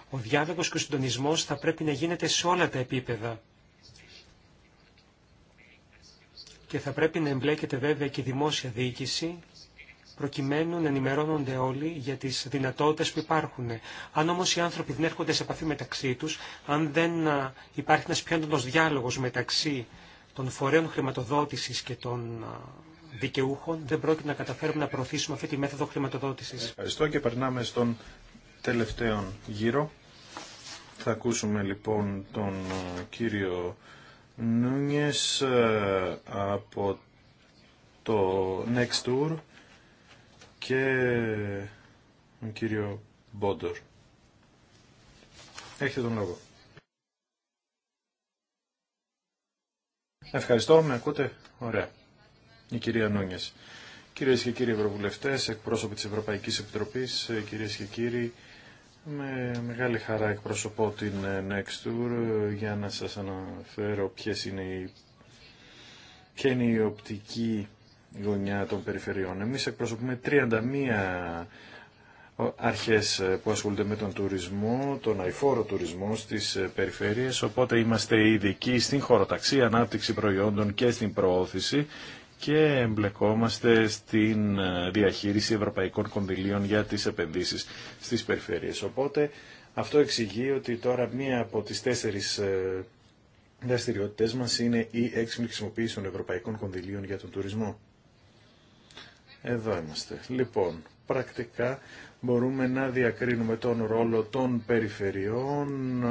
Ο διάλογο και ο συντονισμό θα πρέπει να γίνεται σε όλα τα επίπεδα. Και θα πρέπει να εμπλέκεται βέβαια και η δημόσια διοίκηση προκειμένου να ενημερώνονται όλοι για τις δυνατότητες που υπάρχουν. Αν όμως οι άνθρωποι δεν έρχονται σε επαφή μεταξύ τους, αν δεν υπάρχει ένας πιο διάλογος μεταξύ των φορέων χρηματοδότησης και των δικαιούχων, δεν πρόκειται να καταφέρουμε να προωθήσουμε αυτή τη μέθοδο χρηματοδότησης. Ευχαριστώ και περνάμε στον τελευταίο γύρο. Θα ακούσουμε λοιπόν τον κύριο Νούνιες από το Next Tour και τον κύριο Μπόντορ. Έχετε τον λόγο. Ευχαριστώ, με ακούτε. Ωραία. Η κυρία Νούνιες. Κυρίε και κύριοι Ευρωβουλευτέ, εκπρόσωποι τη Ευρωπαϊκή Επιτροπής, κυρίε και κύριοι, με μεγάλη χαρά εκπροσωπώ την Next Tour για να σας αναφέρω ποιες είναι οι ποια είναι η οπτική γωνιά των περιφερειών. Εμείς εκπροσωπούμε 31 αρχές που ασχολούνται με τον τουρισμό, τον αηφόρο τουρισμό στις περιφέρειες, οπότε είμαστε ειδικοί στην χωροταξία, ανάπτυξη προϊόντων και στην προώθηση και εμπλεκόμαστε στην διαχείριση ευρωπαϊκών κονδυλίων για τις επενδύσεις στις περιφέρειες. Οπότε αυτό εξηγεί ότι τώρα μία από τις τέσσερις ε, δραστηριότητε μας είναι η έξυπνη χρησιμοποίηση των ευρωπαϊκών κονδυλίων για τον τουρισμό. Εδώ είμαστε. Λοιπόν, πρακτικά μπορούμε να διακρίνουμε τον ρόλο των περιφερειών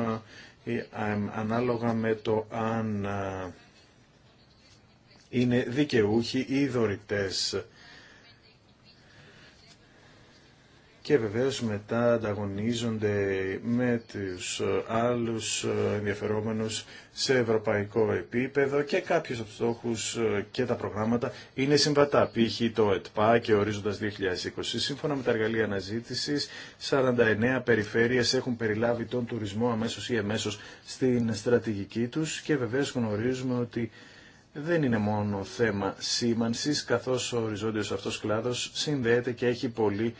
ε, ανάλογα με το αν ε, είναι δικαιούχοι ή δωρητές και βεβαίως μετά ανταγωνίζονται με τους ε, άλλους ε, ενδιαφερόμενους σε ευρωπαϊκό επίπεδο και κάποιους από τους στόχους ε, και τα προγράμματα είναι συμβατά. Π.χ. το ΕΤΠΑ και ορίζοντας 2020. Σύμφωνα με τα εργαλεία αναζήτησης, 49 περιφέρειες έχουν περιλάβει τον τουρισμό αμέσως ή εμέσως στην στρατηγική τους και βεβαίως γνωρίζουμε ότι δεν είναι μόνο θέμα σήμανσης, καθώς ο οριζόντιος αυτός κλάδος συνδέεται και έχει πολύ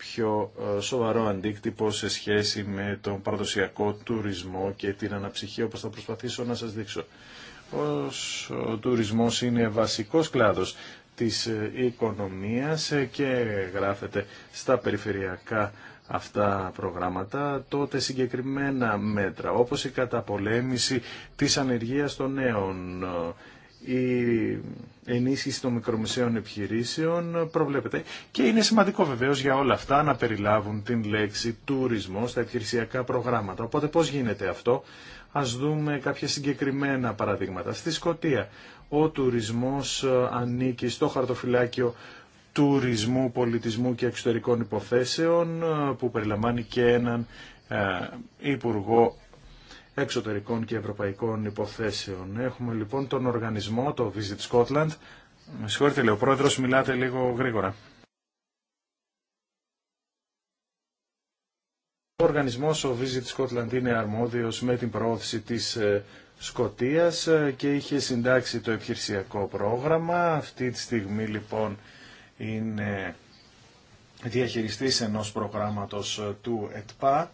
πιο ε, σοβαρό αντίκτυπο σε σχέση με τον παραδοσιακό τουρισμό και την αναψυχή όπως θα προσπαθήσω να σας δείξω. ο τουρισμός είναι βασικός κλάδος της ε, οικονομίας ε, και γράφεται στα περιφερειακά αυτά προγράμματα, τότε συγκεκριμένα μέτρα, όπως η καταπολέμηση της ανεργίας των νέων, η ενίσχυση των μικρομεσαίων επιχειρήσεων προβλέπεται. Και είναι σημαντικό βεβαίως για όλα αυτά να περιλάβουν την λέξη τουρισμό στα επιχειρησιακά προγράμματα. Οπότε πώς γίνεται αυτό. Ας δούμε κάποια συγκεκριμένα παραδείγματα. Στη Σκωτία ο τουρισμός ε, ανήκει στο χαρτοφυλάκιο τουρισμού, πολιτισμού και εξωτερικών υποθέσεων ε, που περιλαμβάνει και έναν ε, Υπουργό εξωτερικών και ευρωπαϊκών υποθέσεων. Έχουμε λοιπόν τον οργανισμό, το Visit Scotland. Με συγχωρείτε, λέει ο πρόεδρος, μιλάτε λίγο γρήγορα. Ο οργανισμός, ο Visit Scotland, είναι αρμόδιος με την προώθηση της ε, Σκοτίας ε, και είχε συντάξει το επιχειρησιακό πρόγραμμα. Αυτή τη στιγμή λοιπόν είναι διαχειριστής ενός προγράμματος ε, του ΕΤΠΑ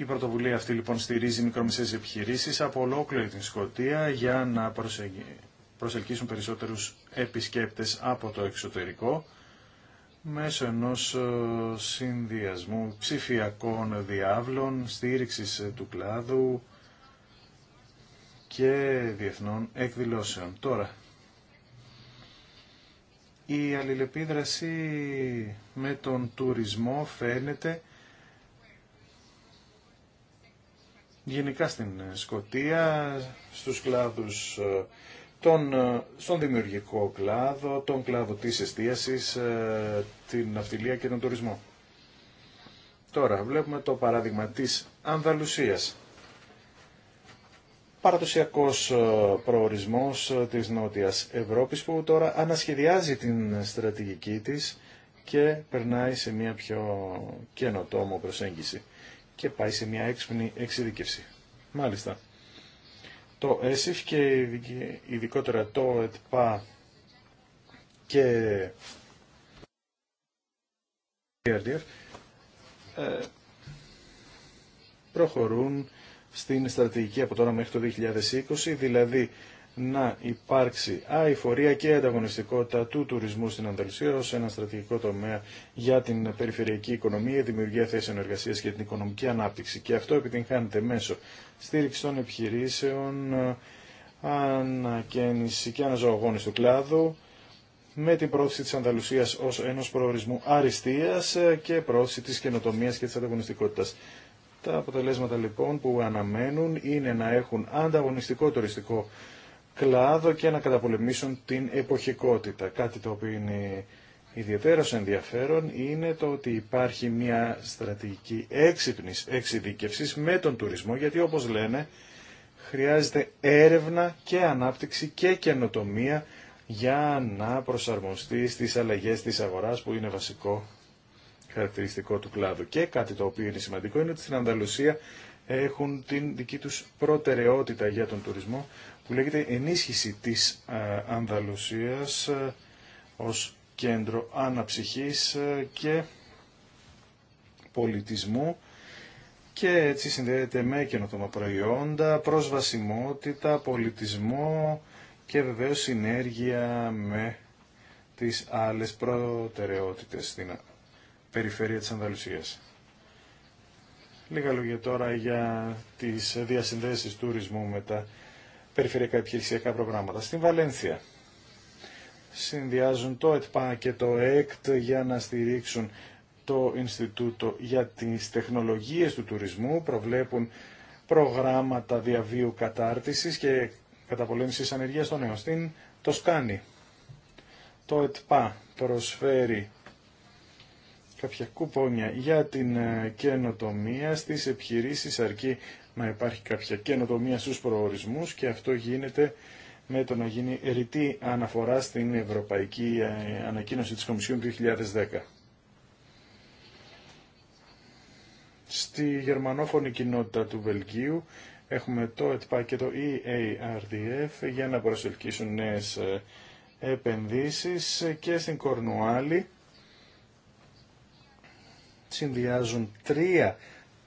η πρωτοβουλία αυτή λοιπόν στηρίζει μικρομεσαίες επιχειρήσεις από ολόκληρη την Σκοτία για να προσελκύσουν περισσότερους επισκέπτες από το εξωτερικό μέσω ενός ε, συνδυασμού ψηφιακών διάβλων, στήριξης ε, του κλάδου και διεθνών εκδηλώσεων. Τώρα, η αλληλεπίδραση με τον τουρισμό φαίνεται γενικά στην Σκοτία, στους κλάδους, ε, τον, ε, στον δημιουργικό κλάδο, τον κλάδο της εστίασης, ε, την ναυτιλία και τον τουρισμό. Τώρα βλέπουμε το παράδειγμα της Ανδαλουσίας. Παραδοσιακός προορισμός της Νότιας Ευρώπης που τώρα ανασχεδιάζει την στρατηγική της και περνάει σε μια πιο καινοτόμο προσέγγιση και πάει σε μια έξυπνη εξειδικευσή. Μάλιστα. Το ΕΣΥΦ και ειδικότερα το ΕΤΠΑ και RDF ε, προχωρούν στην στρατηγική από τώρα μέχρι το 2020, δηλαδή να υπάρξει αηφορία και ανταγωνιστικότητα του τουρισμού στην Ανταλουσία ως ένα στρατηγικό τομέα για την περιφερειακή οικονομία, δημιουργία θέσεων εργασία και την οικονομική ανάπτυξη. Και αυτό επιτυγχάνεται μέσω στήριξη των επιχειρήσεων, ανακαίνιση και αναζωογόνηση του κλάδου, με την πρόθεση της Ανταλουσίας ως ενός προορισμού αριστείας και πρόθεση της καινοτομίας και της ανταγωνιστικότητας. Τα αποτελέσματα λοιπόν που αναμένουν είναι να έχουν ανταγωνιστικό τουριστικό κλάδο και να καταπολεμήσουν την εποχικότητα. Κάτι το οποίο είναι ιδιαίτερο ενδιαφέρον είναι το ότι υπάρχει μια στρατηγική έξυπνη εξειδίκευση με τον τουρισμό, γιατί όπω λένε χρειάζεται έρευνα και ανάπτυξη και καινοτομία για να προσαρμοστεί στις αλλαγές της αγοράς που είναι βασικό χαρακτηριστικό του κλάδου. Και κάτι το οποίο είναι σημαντικό είναι ότι στην Ανταλουσία έχουν την δική τους προτεραιότητα για τον τουρισμό που λέγεται «Ενίσχυση της ε, Ανδαλουσίας ε, ως κέντρο αναψυχής ε, και πολιτισμού» και έτσι συνδέεται με καινοτόμα προϊόντα, προσβασιμότητα, πολιτισμό και βεβαίως συνέργεια με τις άλλες προτεραιότητες στην περιφέρεια της Ανδαλουσίας. Λίγα λόγια τώρα για τις διασυνδέσεις τουρισμού με τα περιφερειακά επιχειρησιακά προγράμματα. Στην Βαλένθια συνδυάζουν το ΕΤΠΑ και το ΕΚΤ για να στηρίξουν το Ινστιτούτο για τις τεχνολογίες του τουρισμού, προβλέπουν προγράμματα διαβίου κατάρτισης και καταπολέμησης ανεργίας των νέων. Στην Τοσκάνη το ΕΤΠΑ προσφέρει κάποια κουπόνια για την ε, καινοτομία στις επιχειρήσεις αρκεί να υπάρχει κάποια καινοτομία στους προορισμούς και αυτό γίνεται με το να γίνει ρητή αναφορά στην Ευρωπαϊκή ε, Ανακοίνωση της Κομισιόν 2010. Στη γερμανόφωνη κοινότητα του Βελγίου έχουμε το ΕΤΠΑ και το EARDF για να προσελκύσουν νέες ε, επενδύσεις και στην Κορνουάλη συνδυάζουν τρία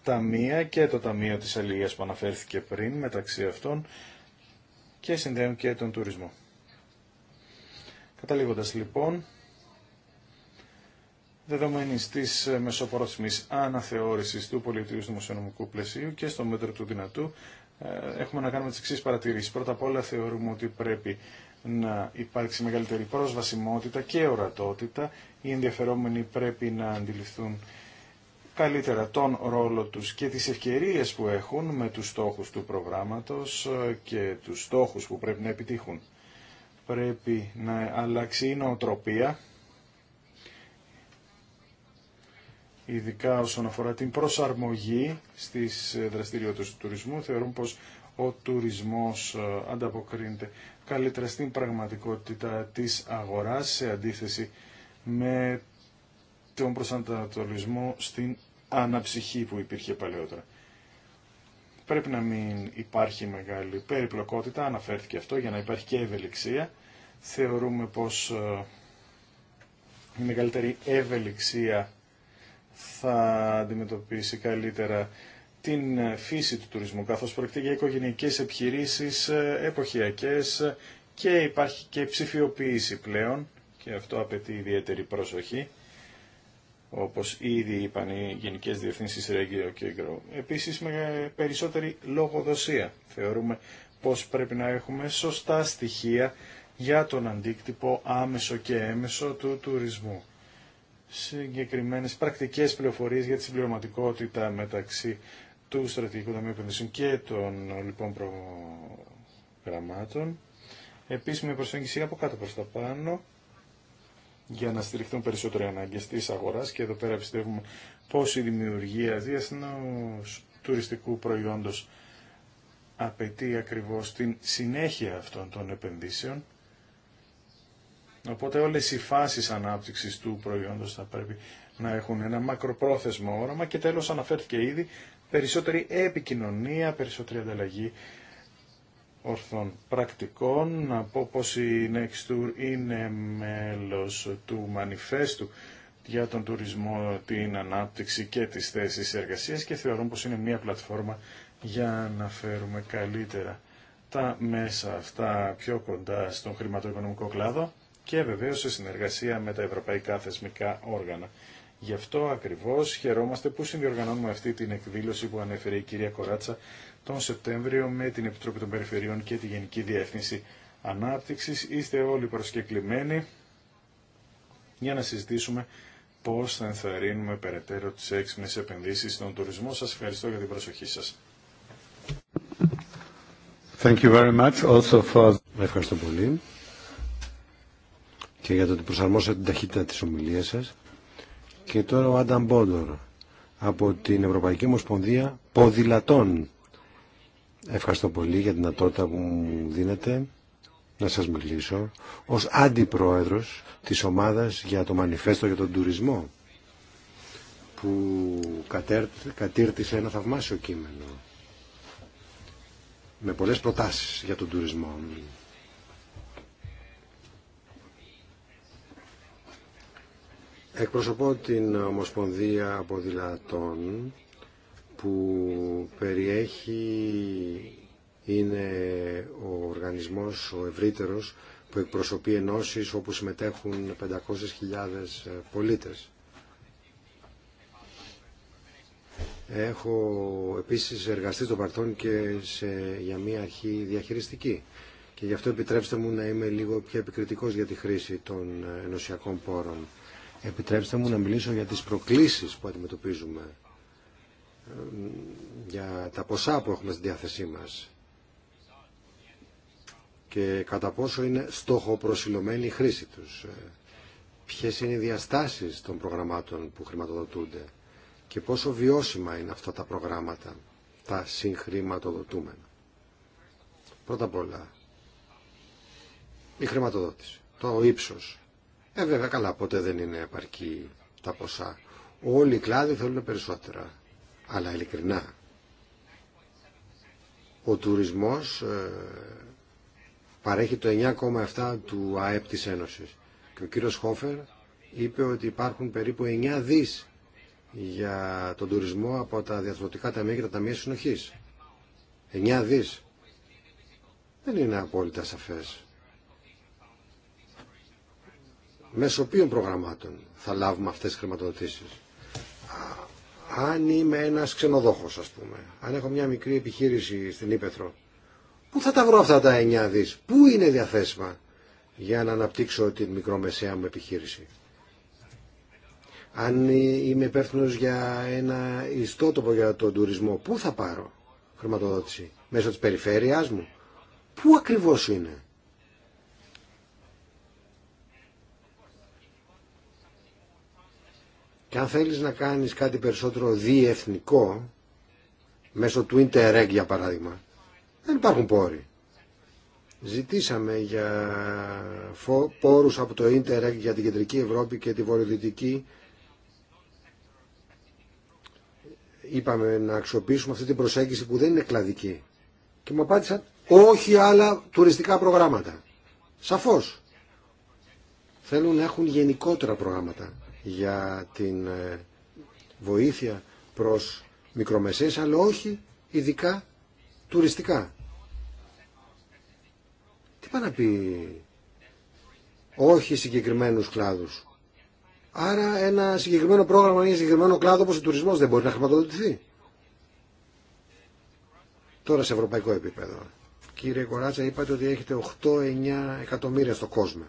ταμεία και το Ταμείο της Αλληλείας που αναφέρθηκε πριν μεταξύ αυτών και συνδέουν και τον τουρισμό. Καταλήγοντας λοιπόν, δεδομένης τη μεσοπρόθεσμης αναθεώρησης του πολιτικού δημοσιονομικού πλαισίου και στο μέτρο του δυνατού, ε, έχουμε να κάνουμε τις εξής παρατηρήσεις. Πρώτα απ' όλα θεωρούμε ότι πρέπει να υπάρξει μεγαλύτερη πρόσβασιμότητα και ορατότητα. Οι ενδιαφερόμενοι πρέπει να αντιληφθούν καλύτερα τον ρόλο τους και τις ευκαιρίες που έχουν με τους στόχους του προγράμματος και τους στόχους που πρέπει να επιτύχουν. Πρέπει να αλλάξει η νοοτροπία, ειδικά όσον αφορά την προσαρμογή στις δραστηριότητες του τουρισμού. Θεωρούν πως ο τουρισμός ε, ανταποκρίνεται καλύτερα στην πραγματικότητα της αγοράς σε αντίθεση με τον προσανατολισμό στην αναψυχή που υπήρχε παλαιότερα. Πρέπει να μην υπάρχει μεγάλη περιπλοκότητα, αναφέρθηκε αυτό, για να υπάρχει και ευελιξία. Θεωρούμε πως ε, η μεγαλύτερη ευελιξία θα αντιμετωπίσει καλύτερα την φύση του τουρισμού, καθώς πρόκειται για οικογενειακές επιχειρήσεις, ε, εποχιακές ε, και υπάρχει και ψηφιοποίηση πλέον και αυτό απαιτεί ιδιαίτερη προσοχή όπως ήδη είπαν οι Γενικές Διευθύνσεις Ρέγγιο και Γκρο. Επίσης με περισσότερη λογοδοσία. Θεωρούμε πως πρέπει να έχουμε σωστά στοιχεία για τον αντίκτυπο άμεσο και έμεσο του τουρισμού. Συγκεκριμένες πρακτικές πληροφορίες για τη συμπληρωματικότητα μεταξύ του Στρατηγικού Ταμείου Επενδύσεων και των λοιπόν προγραμμάτων. με προσέγγιση από κάτω προς τα πάνω για να στηριχθούν περισσότερο οι ανάγκε τη αγορά. και εδώ πέρα πιστεύουμε πώ η δημιουργία διεθνού τουριστικού προϊόντος απαιτεί ακριβώς την συνέχεια αυτών των επενδύσεων. Οπότε όλες οι φάσεις ανάπτυξης του προϊόντος θα πρέπει να έχουν ένα μακροπρόθεσμο όραμα και τέλος αναφέρθηκε ήδη περισσότερη επικοινωνία, περισσότερη ανταλλαγή ορθών πρακτικών. Να πω πως η Nextour είναι μέλος του Μανιφέστου για τον τουρισμό, την ανάπτυξη και τις θέσεις εργασίας και θεωρούν πως είναι μια πλατφόρμα για να φέρουμε καλύτερα τα μέσα αυτά πιο κοντά στον χρηματοοικονομικό κλάδο και βεβαίως σε συνεργασία με τα ευρωπαϊκά θεσμικά όργανα. Γι' αυτό ακριβώς χαιρόμαστε που συνδιοργανώνουμε αυτή την εκδήλωση που ανέφερε η κυρία Κοράτσα τον Σεπτέμβριο με την Επιτροπή των Περιφερειών και τη Γενική Διεύθυνση Ανάπτυξης. Είστε όλοι προσκεκλημένοι για να συζητήσουμε πώς θα ενθαρρύνουμε περαιτέρω τις έξυπνες επενδύσεις στον τουρισμό. Σας ευχαριστώ για την προσοχή σας. Thank you very much also for... Ευχαριστώ πολύ και για το ότι προσαρμόσατε την ταχύτητα της ομιλίας σας. Και τώρα ο Άνταμ Μπόντορ από την Ευρωπαϊκή Ομοσπονδία Ποδηλατών. Ευχαριστώ πολύ για την δυνατότητα που μου δίνετε να σας μιλήσω ως αντιπρόεδρος της ομάδας για το Μανιφέστο για τον τουρισμό που κατήρτισε ένα θαυμάσιο κείμενο με πολλές προτάσεις για τον τουρισμό. Εκπροσωπώ την Ομοσπονδία Ποδηλατών που περιέχει είναι ο οργανισμός ο ευρύτερος που εκπροσωπεί ενώσεις όπου συμμετέχουν 500.000 ε, πολίτες. Έχω επίσης εργαστεί το παρθόν και σε, για μια αρχή διαχειριστική και γι' αυτό επιτρέψτε μου να είμαι λίγο πιο επικριτικός για τη χρήση των ε, ενωσιακών πόρων. Επιτρέψτε μου να μιλήσω για τις προκλήσεις που αντιμετωπίζουμε ε, για τα ποσά που έχουμε στη διάθεσή μας και κατά πόσο είναι προσιλωμένη η χρήση τους. Ε, ποιες είναι οι διαστάσεις των προγραμμάτων που χρηματοδοτούνται και πόσο βιώσιμα είναι αυτά τα προγράμματα, τα συγχρηματοδοτούμενα. Πρώτα απ' όλα, η χρηματοδότηση, το ύψος. Ε, βέβαια, καλά, ποτέ δεν είναι επαρκή τα ποσά. Όλοι οι κλάδοι θέλουν περισσότερα αλλά ειλικρινά. Ο τουρισμός ε, παρέχει το 9,7 του ΑΕΠ της Ένωσης. Και ο κύριος Χόφερ είπε ότι υπάρχουν περίπου 9 δις για τον τουρισμό από τα διαθροτικά ταμεία και τα ταμεία συνοχής. 9 δις. Δεν είναι απόλυτα σαφές. Μέσω ποιων προγραμμάτων θα λάβουμε αυτές τις χρηματοδοτήσεις αν είμαι ένας ξενοδόχος ας πούμε, αν έχω μια μικρή επιχείρηση στην Ήπεθρο, πού θα τα βρω αυτά τα εννιά δις, πού είναι διαθέσιμα για να αναπτύξω την μικρομεσαία μου επιχείρηση. Αν είμαι υπεύθυνο για ένα ιστότοπο για τον τουρισμό, πού θα πάρω χρηματοδότηση, μέσω της περιφέρειάς μου, πού ακριβώς είναι. Και αν θέλεις να κάνεις κάτι περισσότερο διεθνικό, μέσω του Interreg για παράδειγμα, δεν υπάρχουν πόροι. Ζητήσαμε για πόρους από το Interreg για την Κεντρική Ευρώπη και τη Βορειοδυτική. Είπαμε να αξιοποιήσουμε αυτή την προσέγγιση που δεν είναι κλαδική. Και μου απάντησαν όχι άλλα τουριστικά προγράμματα. Σαφώς. Θέλουν να έχουν γενικότερα προγράμματα για την ε, βοήθεια προς μικρομεσαίες, αλλά όχι ειδικά τουριστικά. Τι πάει να πει όχι συγκεκριμένους κλάδους. Άρα ένα συγκεκριμένο πρόγραμμα ή ένα συγκεκριμένο κλάδο όπως ο τουρισμός δεν μπορεί να χρηματοδοτηθεί. Τώρα σε ευρωπαϊκό επίπεδο. Κύριε Κοράτσα είπατε ότι έχετε 8-9 εκατομμύρια στο κόσμο.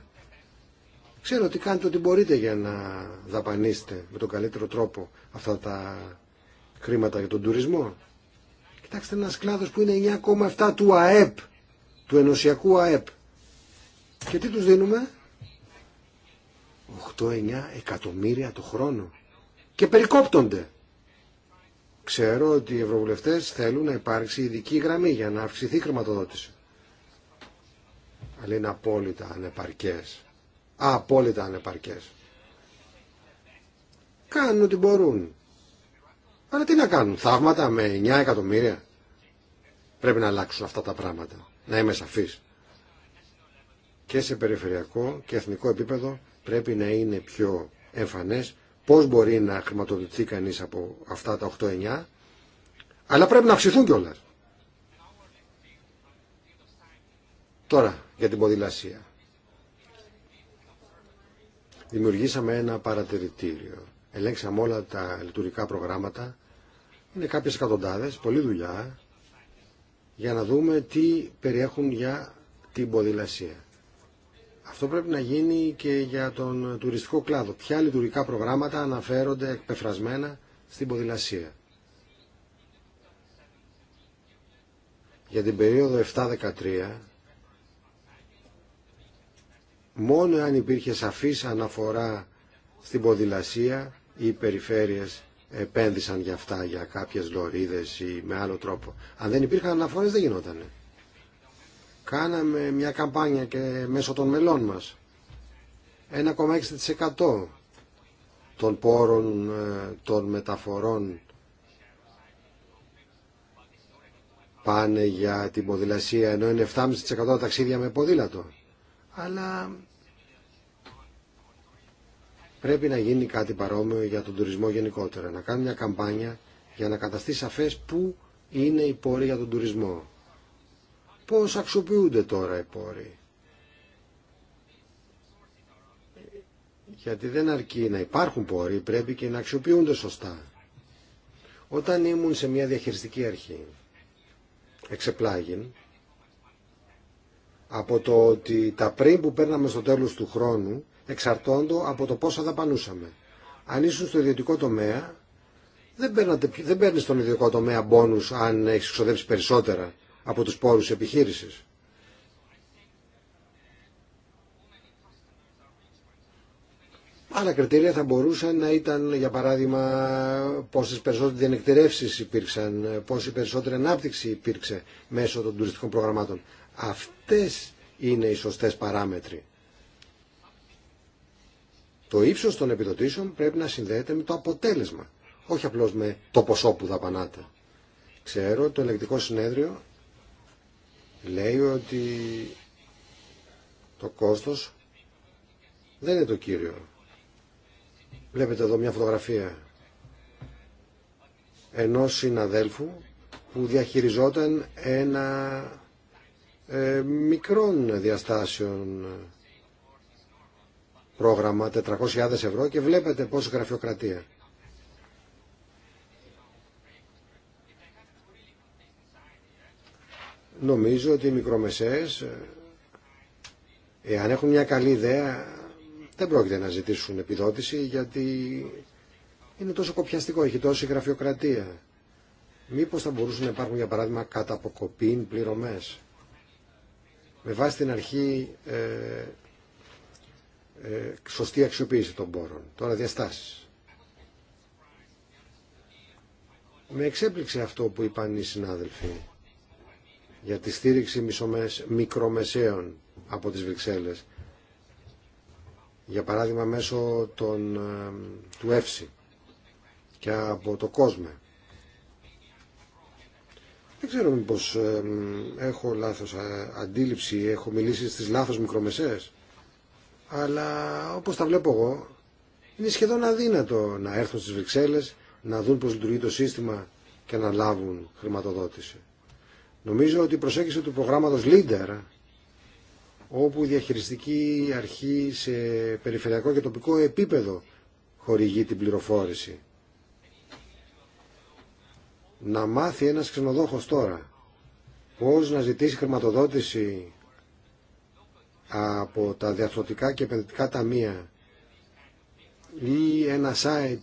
Ξέρω ότι κάνετε ό,τι μπορείτε για να δαπανίσετε με τον καλύτερο τρόπο αυτά τα χρήματα για τον τουρισμό. Κοιτάξτε ένας κλάδος που είναι 9,7 του ΑΕΠ, του ενωσιακού ΑΕΠ. Και τι τους δίνουμε? 8-9 εκατομμύρια το χρόνο. Και περικόπτονται. Ξέρω ότι οι ευρωβουλευτές θέλουν να υπάρξει ειδική γραμμή για να αυξηθεί η χρηματοδότηση. Αλλά είναι απόλυτα ανεπαρκές απόλυτα ανεπαρκές. Κάνουν ό,τι μπορούν. Αλλά τι να κάνουν, θαύματα με 9 εκατομμύρια. Πρέπει να αλλάξουν αυτά τα πράγματα, να είμαι σαφής. Και σε περιφερειακό και εθνικό επίπεδο πρέπει να είναι πιο εμφανές πώς μπορεί να χρηματοδοτηθεί κανείς από αυτά τα 8-9, αλλά πρέπει να αυξηθούν κιόλα. Τώρα για την ποδηλασία δημιουργήσαμε ένα παρατηρητήριο. Ελέγξαμε όλα τα λειτουργικά προγράμματα. Είναι κάποιες εκατοντάδε, πολλή δουλειά, για να δούμε τι περιέχουν για την ποδηλασία. Αυτό πρέπει να γίνει και για τον τουριστικό κλάδο. Ποια λειτουργικά προγράμματα αναφέρονται εκπεφρασμένα στην ποδηλασία. Για την περίοδο 7-13 μόνο αν υπήρχε σαφής αναφορά στην ποδηλασία οι περιφέρειες επένδυσαν για αυτά, για κάποιες λωρίδες ή με άλλο τρόπο. Αν δεν υπήρχαν αναφορές δεν γινόταν. Κάναμε μια καμπάνια και μέσω των μελών μας. 1,6% των πόρων ε, των μεταφορών πάνε για την ποδηλασία, ενώ είναι 7,5% τα ταξίδια με ποδήλατο αλλά πρέπει να γίνει κάτι παρόμοιο για τον τουρισμό γενικότερα. Να κάνει μια καμπάνια για να καταστεί σαφές πού είναι οι πόροι για τον τουρισμό. Πώς αξιοποιούνται τώρα οι πόροι. Γιατί δεν αρκεί να υπάρχουν πόροι, πρέπει και να αξιοποιούνται σωστά. Όταν ήμουν σε μια διαχειριστική αρχή, εξεπλάγιν, από το ότι τα πριν που παίρναμε στο τέλος του χρόνου εξαρτώνται από το πόσα δαπανούσαμε. Αν ήσουν στο ιδιωτικό τομέα, δεν, παίρνατε, δεν παίρνεις στον ιδιωτικό τομέα μπόνους αν έχεις ξοδέψει περισσότερα από τους πόρους επιχείρησης. Άλλα κριτήρια θα μπορούσαν να ήταν, για παράδειγμα, πόσες περισσότερες διανεκτηρεύσεις υπήρξαν, πόση περισσότερη ανάπτυξη υπήρξε μέσω των τουριστικών προγραμμάτων. Αυτές είναι οι σωστές παράμετροι. Το ύψος των επιδοτήσεων πρέπει να συνδέεται με το αποτέλεσμα, όχι απλώς με το ποσό που δαπανάτε. Ξέρω ότι το ελεκτικό συνέδριο λέει ότι το κόστος δεν είναι το κύριο. Βλέπετε εδώ μια φωτογραφία ενός συναδέλφου που διαχειριζόταν ένα ε, μικρών διαστάσεων πρόγραμμα 400.000 ευρώ και βλέπετε πόσο γραφειοκρατία. Νομίζω ότι οι μικρομεσαίες, εάν έχουν μια καλή ιδέα, δεν πρόκειται να ζητήσουν επιδότηση γιατί είναι τόσο κοπιαστικό, έχει τόση γραφειοκρατία. Μήπως θα μπορούσαν να υπάρχουν για παράδειγμα κατά αποκοπήν πληρωμές με βάση την αρχή ε, ε, σωστή αξιοποίηση των πόρων. Τώρα διαστάσεις. Με εξέπληξε αυτό που είπαν οι συνάδελφοι για τη στήριξη μικρομεσαίων από τις Βρυξέλλες. Για παράδειγμα μέσω των, ε, του ΕΦΣΙ και από το Κόσμε. Δεν ξέρω μήπως έχω λάθος ε, αντίληψη, έχω μιλήσει στις λάθος μικρομεσαίες. Αλλά όπως τα βλέπω εγώ, είναι σχεδόν αδύνατο να έρθουν στις Βρυξέλλες, να δουν πώς λειτουργεί το σύστημα και να λάβουν χρηματοδότηση. Νομίζω ότι η προσέγγιση του προγράμματος LEADER, όπου η διαχειριστική αρχή σε περιφερειακό και τοπικό επίπεδο χορηγεί την πληροφόρηση να μάθει ένας ξενοδόχος τώρα πώς να ζητήσει χρηματοδότηση από τα διαφθορτικά και επενδυτικά ταμεία ή ένα site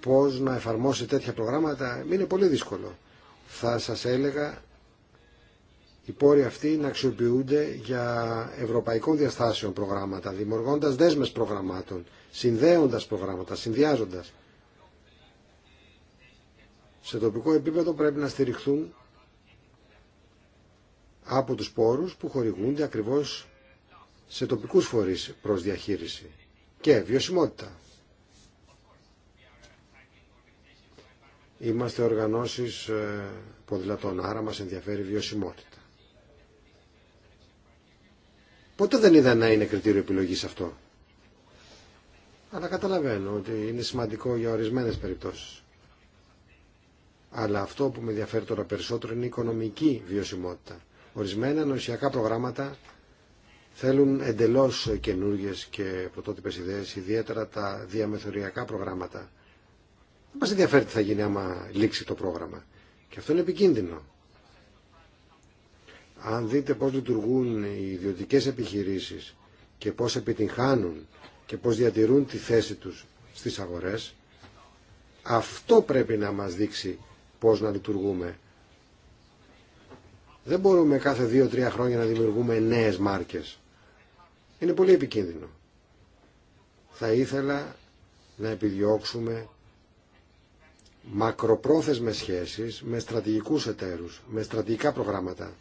πώς να εφαρμόσει τέτοια προγράμματα είναι πολύ δύσκολο. Θα σας έλεγα οι πόροι αυτοί να αξιοποιούνται για ευρωπαϊκών διαστάσεων προγράμματα, δημιουργώντας δέσμες προγραμμάτων, συνδέοντας προγράμματα, συνδυάζοντας σε τοπικό επίπεδο πρέπει να στηριχθούν από τους πόρους που χορηγούνται ακριβώς σε τοπικούς φορείς προς διαχείριση και βιωσιμότητα. Είμαστε οργανώσεις ε, ποδηλατών, άρα μας ενδιαφέρει βιωσιμότητα. Ποτέ δεν είδα να είναι κριτήριο επιλογής αυτό. Αλλά καταλαβαίνω ότι είναι σημαντικό για ορισμένες περιπτώσεις. Αλλά αυτό που με ενδιαφέρει τώρα περισσότερο είναι η οικονομική βιωσιμότητα. Ορισμένα νοσιακά προγράμματα θέλουν εντελώ καινούριε και πρωτότυπε ιδέε ιδιαίτερα τα διαμεθοριακά προγράμματα. Δεν μα ενδιαφέρει τι θα γίνει άμα λήξει το πρόγραμμα. Και αυτό είναι επικίνδυνο. Αν δείτε πώς λειτουργούν οι ιδιωτικές επιχειρήσεις και πώς επιτυγχάνουν και πώς διατηρούν τη θέση τους στις αγορές, αυτό πρέπει να μας δείξει πώς να λειτουργούμε. Δεν μπορούμε κάθε δύο-τρία χρόνια να δημιουργούμε νέες μάρκες. Είναι πολύ επικίνδυνο. Θα ήθελα να επιδιώξουμε μακροπρόθεσμες σχέσεις με στρατηγικούς εταίρους, με στρατηγικά προγράμματα.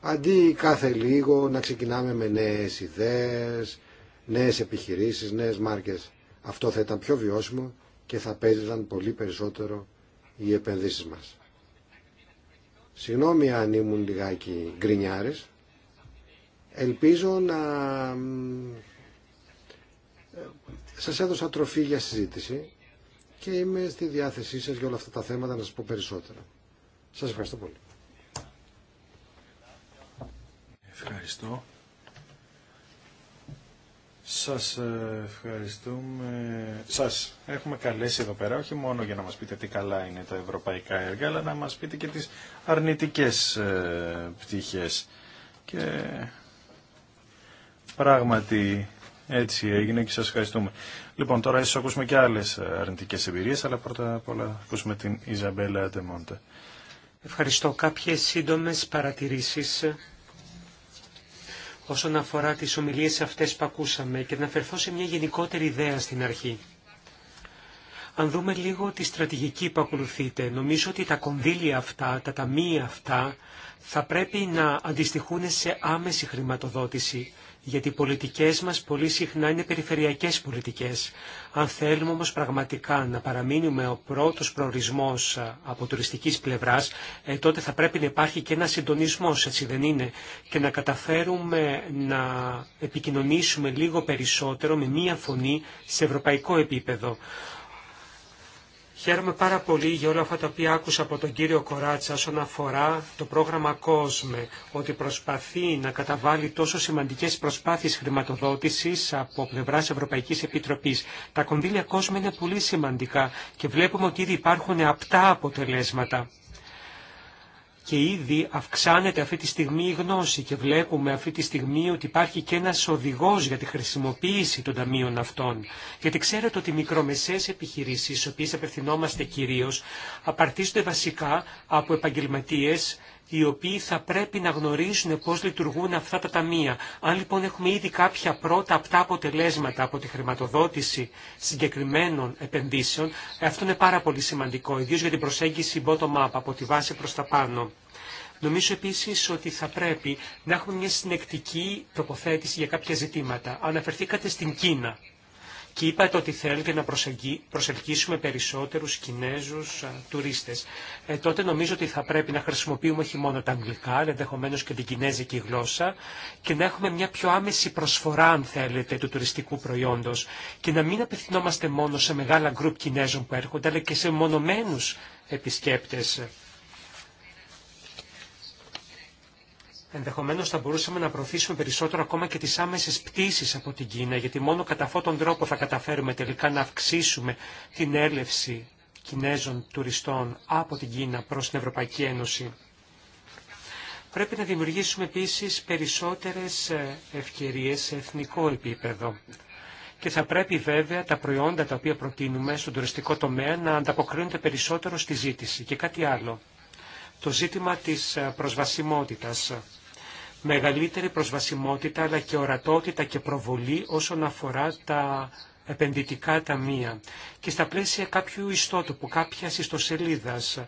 Αντί κάθε λίγο να ξεκινάμε με νέες ιδέες, νέες επιχειρήσεις, νέες μάρκες. Αυτό θα ήταν πιο βιώσιμο και θα παίζαν πολύ περισσότερο οι επενδύσεις μας. Συγγνώμη αν ήμουν λιγάκι γκρινιάρης. Ελπίζω να ε, σας έδωσα τροφή για συζήτηση και είμαι στη διάθεσή σας για όλα αυτά τα θέματα να σας πω περισσότερα. Σας ευχαριστώ πολύ. Ευχαριστώ. Σας ε, ευχαριστούμε. Σας έχουμε καλέσει εδώ πέρα, όχι μόνο για να μας πείτε τι καλά είναι τα ευρωπαϊκά έργα, αλλά να μας πείτε και τις αρνητικές ε, πτυχές. Και πράγματι έτσι έγινε και σας ευχαριστούμε. Λοιπόν, τώρα ίσως ακούσουμε και άλλες αρνητικές εμπειρίες, αλλά πρώτα απ' όλα ακούσουμε την Ιζαμπέλα Ντεμόντε. Ευχαριστώ. Κάποιες σύντομες παρατηρήσεις όσον αφορά τις ομιλίες αυτές που ακούσαμε και να αφαιρθώ σε μια γενικότερη ιδέα στην αρχή. Αν δούμε λίγο τη στρατηγική που ακολουθείτε, νομίζω ότι τα κονδύλια αυτά, τα ταμεία αυτά, θα πρέπει να αντιστοιχούν σε άμεση χρηματοδότηση γιατί οι πολιτικές μας πολύ συχνά είναι περιφερειακές πολιτικές. Αν θέλουμε όμως πραγματικά να παραμείνουμε ο πρώτος προορισμός από τουριστικής πλευράς, ε, τότε θα πρέπει να υπάρχει και ένα συντονισμός, έτσι δεν είναι, και να καταφέρουμε να επικοινωνήσουμε λίγο περισσότερο με μία φωνή σε ευρωπαϊκό επίπεδο. Χαίρομαι πάρα πολύ για όλα αυτά τα οποία άκουσα από τον κύριο Κοράτσα όσον αφορά το πρόγραμμα COSME, ότι προσπαθεί να καταβάλει τόσο σημαντικές προσπάθειες χρηματοδότησης από πλευράς Ευρωπαϊκής Επιτροπής. Τα κονδύλια COSME είναι πολύ σημαντικά και βλέπουμε ότι ήδη υπάρχουν απτά αποτελέσματα και ήδη αυξάνεται αυτή τη στιγμή η γνώση και βλέπουμε αυτή τη στιγμή ότι υπάρχει και ένας οδηγός για τη χρησιμοποίηση των ταμείων αυτών. Γιατί ξέρετε ότι οι μικρομεσαίες επιχειρήσεις, οι οποίες απευθυνόμαστε κυρίως, απαρτίζονται βασικά από επαγγελματίες οι οποίοι θα πρέπει να γνωρίζουν πώς λειτουργούν αυτά τα ταμεία. Αν λοιπόν έχουμε ήδη κάποια πρώτα απτά αποτελέσματα από τη χρηματοδότηση συγκεκριμένων επενδύσεων, αυτό είναι πάρα πολύ σημαντικό, ιδίως για την προσέγγιση bottom-up, από τη βάση προς τα πάνω. Νομίζω επίση ότι θα πρέπει να έχουμε μια συνεκτική τοποθέτηση για κάποια ζητήματα. Αναφερθήκατε στην Κίνα και είπατε ότι θέλετε να προσελκύσουμε περισσότερους Κινέζους τουρίστες. Ε, τότε νομίζω ότι θα πρέπει να χρησιμοποιούμε όχι μόνο τα αγγλικά, αλλά ενδεχομένω και την κινέζικη γλώσσα και να έχουμε μια πιο άμεση προσφορά, αν θέλετε, του τουριστικού προϊόντος και να μην απευθυνόμαστε μόνο σε μεγάλα γκρουπ Κινέζων που έρχονται, αλλά και σε μονομένους επισκέπτες. Ενδεχομένως θα μπορούσαμε να προωθήσουμε περισσότερο ακόμα και τις άμεσες πτήσεις από την Κίνα, γιατί μόνο κατά αυτόν τον τρόπο θα καταφέρουμε τελικά να αυξήσουμε την έλευση Κινέζων τουριστών από την Κίνα προς την Ευρωπαϊκή Ένωση. Πρέπει να δημιουργήσουμε επίσης περισσότερες ε, ευκαιρίες σε εθνικό επίπεδο. Και θα πρέπει βέβαια τα προϊόντα τα οποία προτείνουμε στον τουριστικό τομέα να ανταποκρίνονται περισσότερο στη ζήτηση. Και κάτι άλλο. Το ζήτημα της ε, προσβασιμότητας μεγαλύτερη προσβασιμότητα αλλά και ορατότητα και προβολή όσον αφορά τα επενδυτικά ταμεία και στα πλαίσια κάποιου ιστότοπου, κάποιας ιστοσελίδας,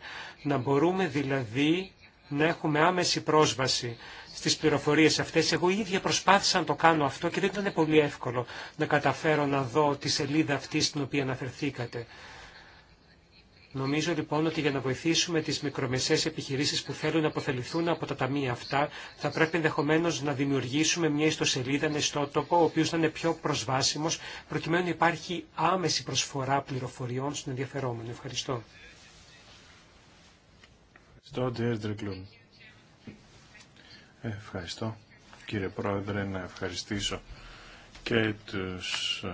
να μπορούμε δηλαδή να έχουμε άμεση πρόσβαση στις πληροφορίες αυτές. Εγώ ίδια προσπάθησα να το κάνω αυτό και δεν ήταν πολύ εύκολο να καταφέρω να δω τη σελίδα αυτή στην οποία αναφερθήκατε. Νομίζω λοιπόν ότι για να βοηθήσουμε τις μικρομεσαίες επιχειρήσεις που θέλουν να αποθεληθούν από τα ταμεία αυτά, θα πρέπει ενδεχομένω να δημιουργήσουμε μια ιστοσελίδα, ένα ιστότοπο, ο οποίος θα είναι πιο προσβάσιμος, προκειμένου να υπάρχει άμεση προσφορά πληροφοριών στον ενδιαφερόμενο. Ευχαριστώ. Ευχαριστώ, ε, κύριε Πρόεδρε, να ευχαριστήσω και τους ε,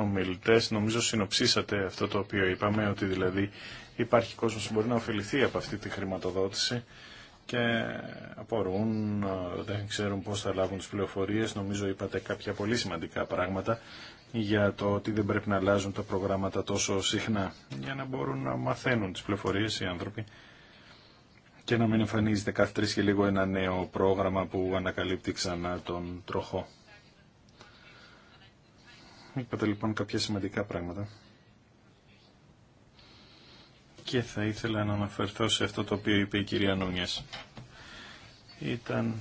ομιλητές. Νομίζω συνοψίσατε αυτό το οποίο είπαμε, ότι δηλαδή υπάρχει κόσμος που μπορεί να ωφεληθεί από αυτή τη χρηματοδότηση και απορούν, ε, δεν ξέρουν πώς θα λάβουν τις πληροφορίες. Νομίζω είπατε κάποια πολύ σημαντικά πράγματα για το ότι δεν πρέπει να αλλάζουν τα προγράμματα τόσο συχνά για να μπορούν να μαθαίνουν τις πληροφορίες οι άνθρωποι και να μην εμφανίζεται κάθε τρεις και λίγο ένα νέο πρόγραμμα που ανακαλύπτει ξανά τον τροχό. Είπατε λοιπόν κάποια σημαντικά πράγματα. Και θα ήθελα να αναφερθώ σε αυτό το οποίο είπε η κυρία Νούνιας. Ήταν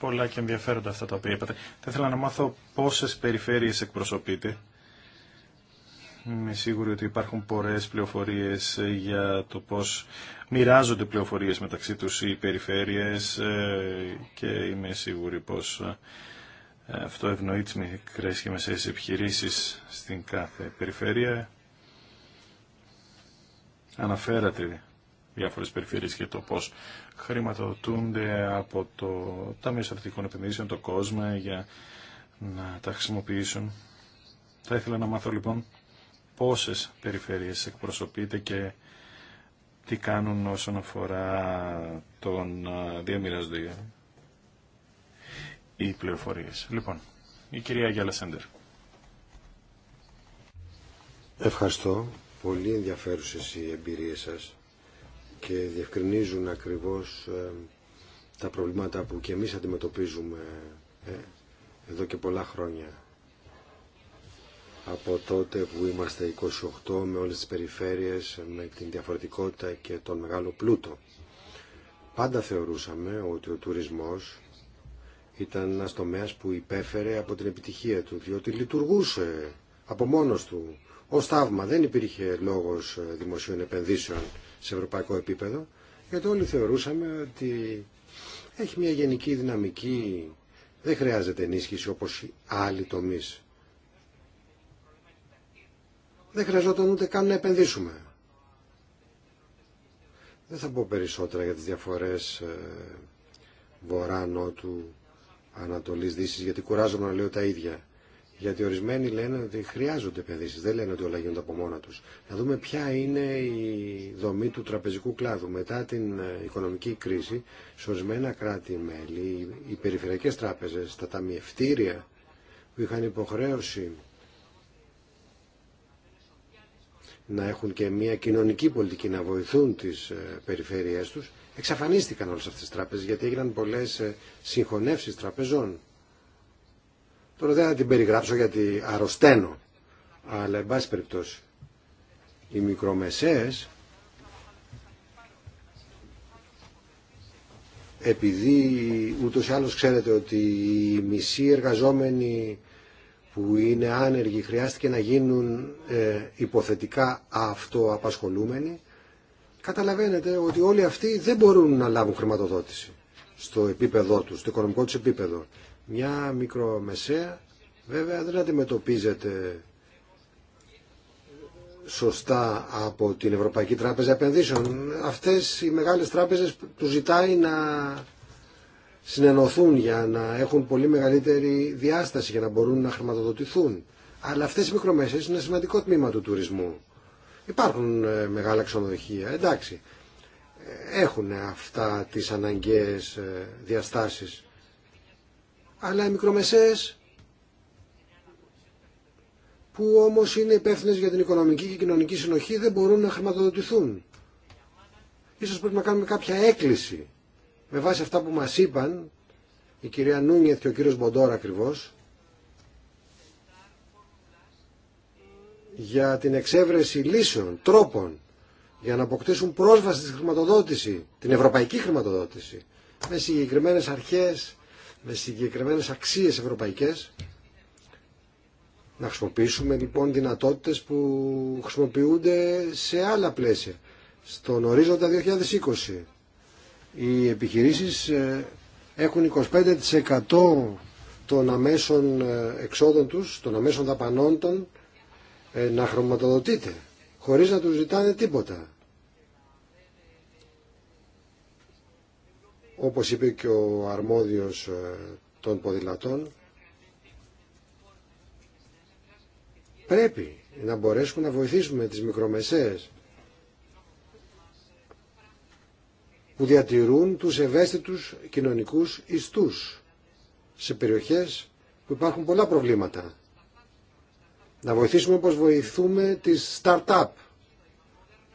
πολλά και ενδιαφέροντα αυτά τα οποία είπατε. Θα ήθελα να μάθω πόσες περιφέρειες εκπροσωπείτε. Είμαι σίγουρη ότι υπάρχουν πορές πληροφορίες για το πώς μοιράζονται πληροφορίες μεταξύ τους οι περιφέρειες ε, και είμαι σίγουρη πως ε, ε, αυτό ευνοεί τις μικρές και μεσαίες επιχειρήσεις στην κάθε περιφέρεια. Αναφέρατε διάφορες περιφέρειες και το πώς χρηματοδοτούνται από το Ταμείο Στρατηγικών Επενδύσεων, το κόσμο για να τα χρησιμοποιήσουν. Θα ήθελα να μάθω λοιπόν πόσες περιφέρειες εκπροσωπείτε και τι κάνουν όσον αφορά τον ε, διαμοιρασμό οι πληροφορίες. Λοιπόν, η κυρία Γιάλα Σέντερ. Ευχαριστώ. Πολύ ενδιαφέρουσες οι εμπειρίες σας και διευκρινίζουν ακριβώς ε, τα προβλήματα που και εμείς αντιμετωπίζουμε ε, εδώ και πολλά χρόνια. Από τότε που είμαστε 28 με όλες τις περιφέρειες, με την διαφορετικότητα και τον μεγάλο πλούτο. Πάντα θεωρούσαμε ότι ο τουρισμός ήταν ένας τομέας που υπέφερε από την επιτυχία του, διότι λειτουργούσε από μόνος του ως θαύμα. Δεν υπήρχε λόγος ε, δημοσίων επενδύσεων σε ευρωπαϊκό επίπεδο, γιατί όλοι θεωρούσαμε ότι έχει μια γενική δυναμική, δεν χρειάζεται ενίσχυση όπως άλλοι τομείς. Δεν χρειαζόταν ούτε καν να επενδύσουμε. Δεν θα πω περισσότερα για τις διαφορές ε, βορρά-νότου Ανατολής Δύσης, γιατί κουράζομαι να λέω τα ίδια. Γιατί ορισμένοι λένε ότι χρειάζονται επενδύσει, δεν λένε ότι όλα γίνονται από μόνα του. Να δούμε ποια είναι η δομή του τραπεζικού κλάδου. Μετά την ε, οικονομική κρίση, σε ορισμένα κράτη-μέλη, οι περιφερειακέ τράπεζε, τα ταμιευτήρια που είχαν υποχρέωση να έχουν και μια κοινωνική πολιτική, να βοηθούν τι ε, περιφέρειές τους, Εξαφανίστηκαν όλες αυτές τις τράπεζες γιατί έγιναν πολλές ε, συγχωνεύσεις τραπεζών. Τώρα δεν θα την περιγράψω γιατί αρρωσταίνω. Αλλά, εν πάση περιπτώσει, οι μικρομεσαίες, επειδή ούτως ή άλλως ξέρετε ότι οι μισοί εργαζόμενοι που είναι άνεργοι χρειάστηκε να γίνουν ε, υποθετικά αυτοαπασχολούμενοι, καταλαβαίνετε ότι όλοι αυτοί δεν μπορούν να λάβουν χρηματοδότηση στο επίπεδό τους, στο οικονομικό τους επίπεδο. Μια μικρομεσαία βέβαια δεν αντιμετωπίζεται σωστά από την Ευρωπαϊκή Τράπεζα Επενδύσεων. Αυτές οι μεγάλες τράπεζες του ζητάει να συνενωθούν για να έχουν πολύ μεγαλύτερη διάσταση για να μπορούν να χρηματοδοτηθούν. Αλλά αυτές οι μικρομεσαίες είναι ένα σημαντικό τμήμα του τουρισμού. Υπάρχουν ε, μεγάλα ξενοδοχεία, εντάξει, ε, έχουν αυτά τις αναγκαίες ε, διαστάσεις, αλλά οι μικρομεσαίες που όμως είναι υπεύθυνε για την οικονομική και κοινωνική συνοχή δεν μπορούν να χρηματοδοτηθούν. Ίσως πρέπει να κάνουμε κάποια έκκληση με βάση αυτά που μας είπαν η κυρία Νούνιεθ και ο κύριος Μποντόρα ακριβώς για την εξέβρεση λύσεων, τρόπων για να αποκτήσουν πρόσβαση στη χρηματοδότηση, την ευρωπαϊκή χρηματοδότηση, με συγκεκριμένες αρχές, με συγκεκριμένες αξίες ευρωπαϊκές. Να χρησιμοποιήσουμε λοιπόν δυνατότητες που χρησιμοποιούνται σε άλλα πλαίσια. Στον ορίζοντα 2020 οι επιχειρήσεις ε, έχουν 25% των αμέσων ε, εξόδων τους, των αμέσων δαπανών των, ε, να χρωματοδοτείτε χωρίς να τους ζητάνε τίποτα. Όπως είπε και ο αρμόδιος ε, των ποδηλατών, πρέπει να μπορέσουμε να βοηθήσουμε τις μικρομεσαίες που διατηρούν τους ευαίσθητους κοινωνικούς ιστούς σε περιοχές που υπάρχουν πολλά προβλήματα. Να βοηθήσουμε πως βοηθούμε τις start-up.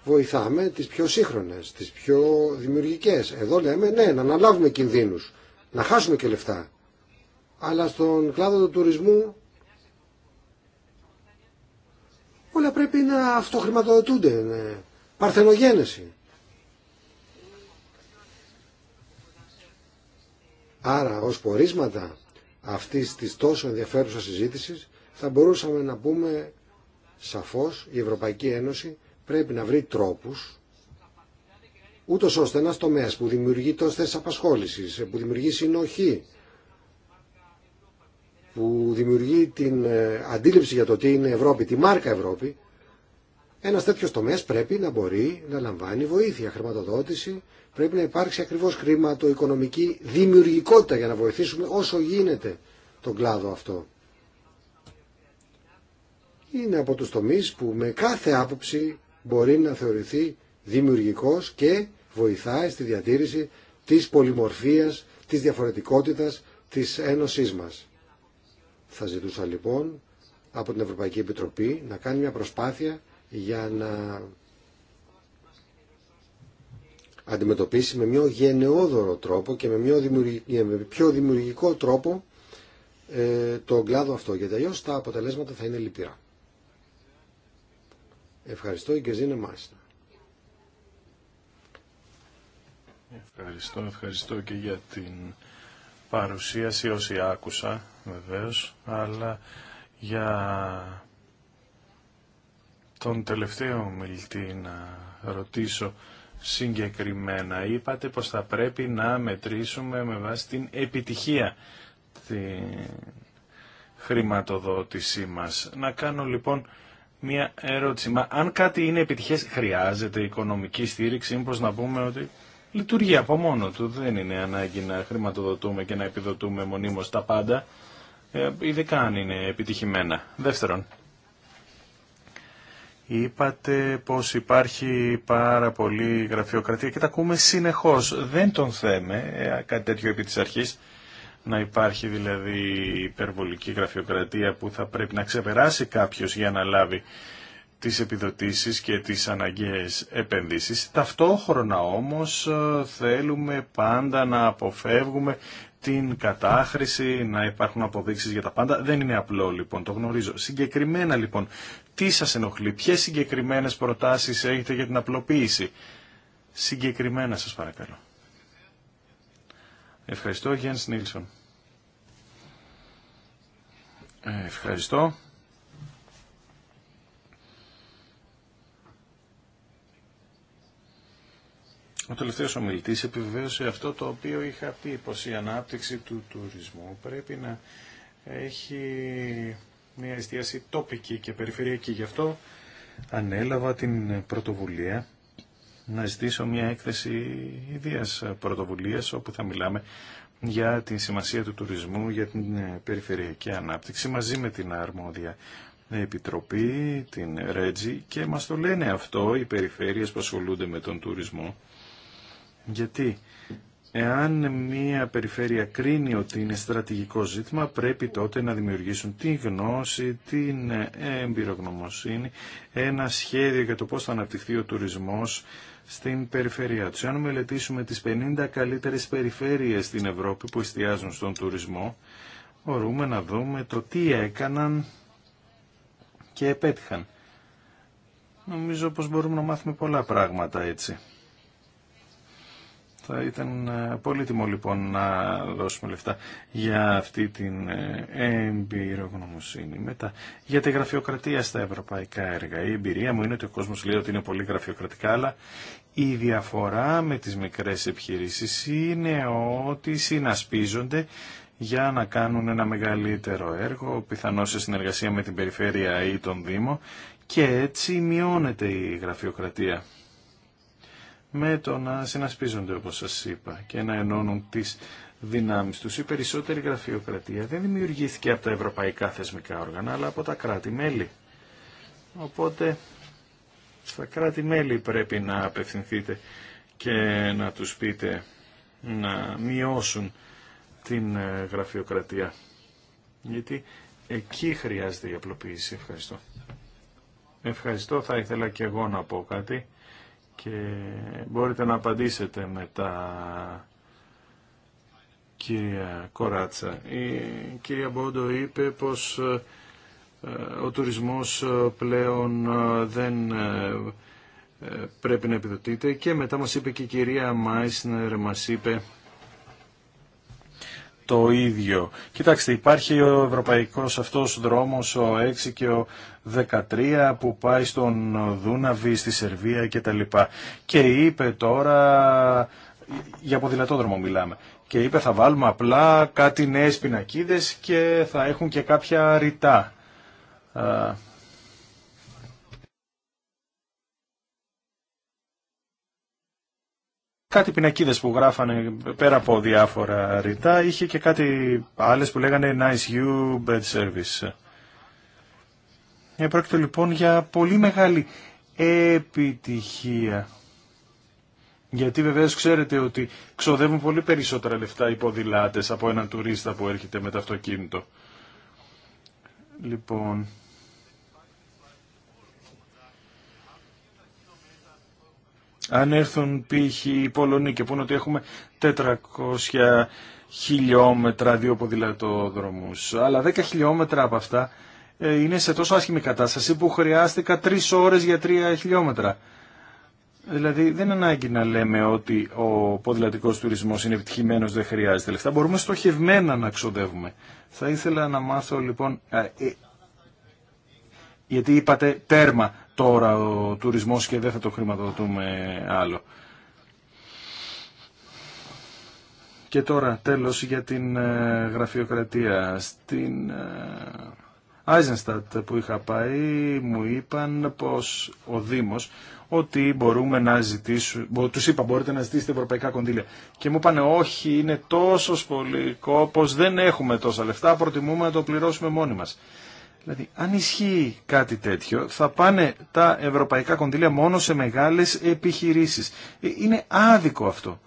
Βοηθάμε τις πιο σύγχρονες, τις πιο δημιουργικές. Εδώ λέμε ναι, να αναλάβουμε κινδύνους, να χάσουμε και λεφτά. Αλλά στον κλάδο του τουρισμού όλα πρέπει να αυτοχρηματοδοτούνται. Ναι. Παρθενογένεση. Άρα ως πορίσματα αυτής της τόσο ενδιαφέρουσας συζήτησης θα μπορούσαμε να πούμε σαφώς η Ευρωπαϊκή Ένωση πρέπει να βρει τρόπους ούτω ώστε ένα τομέα που δημιουργεί τόσε θέσει απασχόληση, που δημιουργεί συνοχή, που δημιουργεί την ε, αντίληψη για το τι είναι Ευρώπη, τη μάρκα Ευρώπη, ένα τέτοιο τομέα πρέπει να μπορεί να λαμβάνει βοήθεια, χρηματοδότηση, πρέπει να υπάρξει ακριβώ χρηματοοικονομική δημιουργικότητα για να βοηθήσουμε όσο γίνεται τον κλάδο αυτό είναι από τους τομείς που με κάθε άποψη μπορεί να θεωρηθεί δημιουργικός και βοηθάει στη διατήρηση της πολυμορφίας, της διαφορετικότητας της ένωσής μας. Θα ζητούσα λοιπόν από την Ευρωπαϊκή Επιτροπή να κάνει μια προσπάθεια για να αντιμετωπίσει με μια γενναιόδωρο τρόπο και με πιο δημιουργικό τρόπο ε, τον κλάδο αυτό, γιατί αλλιώς τα αποτελέσματα θα είναι λυπηρά. Ευχαριστώ και Ζήνε Ευχαριστώ, ευχαριστώ και για την παρουσίαση όσοι άκουσα βεβαίως, αλλά για τον τελευταίο μιλτή να ρωτήσω συγκεκριμένα. Είπατε πως θα πρέπει να μετρήσουμε με βάση την επιτυχία τη χρηματοδότησή μας. Να κάνω λοιπόν μία ερώτηση. Μα αν κάτι είναι επιτυχές, χρειάζεται οικονομική στήριξη, μήπως να πούμε ότι λειτουργεί από μόνο του. Δεν είναι ανάγκη να χρηματοδοτούμε και να επιδοτούμε μονίμως τα πάντα, ε, ειδικά αν είναι επιτυχημένα. Δεύτερον, είπατε πως υπάρχει πάρα πολύ γραφειοκρατία και τα ακούμε συνεχώς. Δεν τον θέμε ε, κάτι τέτοιο επί της αρχής να υπάρχει δηλαδή υπερβολική γραφειοκρατία που θα πρέπει να ξεπεράσει κάποιος για να λάβει τις επιδοτήσεις και τις αναγκαίες επενδύσεις. Ταυτόχρονα όμως ε, θέλουμε πάντα να αποφεύγουμε την κατάχρηση, να υπάρχουν αποδείξεις για τα πάντα. Δεν είναι απλό λοιπόν, το γνωρίζω. Συγκεκριμένα λοιπόν, τι σας ενοχλεί, ποιες συγκεκριμένες προτάσεις έχετε για την απλοποίηση. Συγκεκριμένα σας παρακαλώ. Ευχαριστώ, Γιάννη Νίλσον. Ε, ευχαριστώ. Ο τελευταίο ομιλητής επιβεβαίωσε αυτό το οποίο είχα πει, πω. η ανάπτυξη του τουρισμού πρέπει να έχει μια εστίαση τοπική και περιφερειακή. Γι' αυτό ανέλαβα την πρωτοβουλία να ζητήσω μια έκθεση ιδίας πρωτοβουλίας όπου θα μιλάμε για τη σημασία του τουρισμού, για την περιφερειακή ανάπτυξη μαζί με την αρμόδια επιτροπή, την Ρέτζη και μας το λένε αυτό οι περιφέρειες που ασχολούνται με τον τουρισμό. Γιατί εάν μια περιφέρεια κρίνει ότι είναι στρατηγικό ζήτημα πρέπει τότε να δημιουργήσουν τη γνώση, την εμπειρογνωμοσύνη, ένα σχέδιο για το πώς θα αναπτυχθεί ο τουρισμός στην περιφερειά του. Αν μελετήσουμε τις 50 καλύτερες περιφέρειες στην Ευρώπη που εστιάζουν στον τουρισμό, μπορούμε να δούμε το τι έκαναν και επέτυχαν. Νομίζω πως μπορούμε να μάθουμε πολλά πράγματα έτσι. Θα ήταν ε, πολύτιμο λοιπόν να δώσουμε λεφτά για αυτή την ε, εμπειρογνωμοσύνη. Μετά, για τη γραφειοκρατία στα ευρωπαϊκά έργα. Η εμπειρία μου είναι ότι ο κόσμος λέει ότι είναι πολύ γραφειοκρατικά, αλλά η διαφορά με τις μικρές επιχειρήσεις είναι ότι συνασπίζονται για να κάνουν ένα μεγαλύτερο έργο, πιθανώς σε συνεργασία με την περιφέρεια ή τον Δήμο και έτσι μειώνεται η γραφειοκρατία με το να συνασπίζονται όπως σας είπα και να ενώνουν τις δυνάμεις τους. Η περισσότερη γραφειοκρατία δεν δημιουργήθηκε από τα ευρωπαϊκά θεσμικά όργανα αλλά από τα κράτη-μέλη. Οπότε στα κράτη-μέλη πρέπει να απευθυνθείτε και να τους πείτε να μειώσουν την ε, γραφειοκρατία. Γιατί εκεί χρειάζεται η απλοποίηση. Ευχαριστώ. Ευχαριστώ. Θα ήθελα και εγώ να πω κάτι και μπορείτε να απαντήσετε μετά κυρία Κοράτσα. Η κυρία Μπόντο είπε πως ε, ο τουρισμός ε, πλέον ε, δεν πρέπει να επιδοτείται και μετά μας είπε και η κυρία Μάισνερ μας είπε το ίδιο. Κοιτάξτε, υπάρχει ο ευρωπαϊκός αυτός δρόμος, ο 6 και ο 13 που πάει στον Δούναβη, στη Σερβία κτλ. Και είπε τώρα, για ποδηλατόδρομο μιλάμε, και είπε θα βάλουμε απλά κάτι νέες πινακίδες και θα έχουν και κάποια ρητά. κάτι πινακίδες που γράφανε πέρα από διάφορα ρητά, είχε και κάτι άλλες που λέγανε Nice You Bed Service. Ε, πρόκειται λοιπόν για πολύ μεγάλη επιτυχία. Γιατί βεβαίω ξέρετε ότι ξοδεύουν πολύ περισσότερα λεφτά οι ποδηλάτες από έναν τουρίστα που έρχεται με το αυτοκίνητο. Λοιπόν, Αν έρθουν π.χ. οι Πολωνοί και πούν ότι έχουμε 400 χιλιόμετρα δύο ποδηλατόδρομους, αλλά 10 χιλιόμετρα από αυτά ε, είναι σε τόσο άσχημη κατάσταση που χρειάστηκα 3 ώρες για τρία χιλιόμετρα. Δηλαδή δεν ανάγκη να λέμε ότι ο ποδηλατικός τουρισμός είναι επιτυχημένος, δεν χρειάζεται λεφτά. Μπορούμε στοχευμένα να ξοδεύουμε. Θα ήθελα να μάθω λοιπόν, ε, γιατί είπατε τέρμα τώρα ο τουρισμός και δεν θα το χρηματοδοτούμε άλλο. Και τώρα τέλος για την ε, γραφειοκρατία. Στην Άιζενστατ που είχα πάει μου είπαν πως ο Δήμος ότι μπορούμε να ζητήσουμε, τους είπα μπορείτε να ζητήσετε ευρωπαϊκά κονδύλια. Και μου είπαν όχι είναι τόσο σπολικό πως δεν έχουμε τόσα λεφτά, προτιμούμε να το πληρώσουμε μόνοι μας. Δηλαδή, αν ισχύει κάτι τέτοιο, θα πάνε τα ευρωπαϊκά κονδύλια μόνο σε μεγάλες επιχειρήσεις. Ε, είναι άδικο αυτό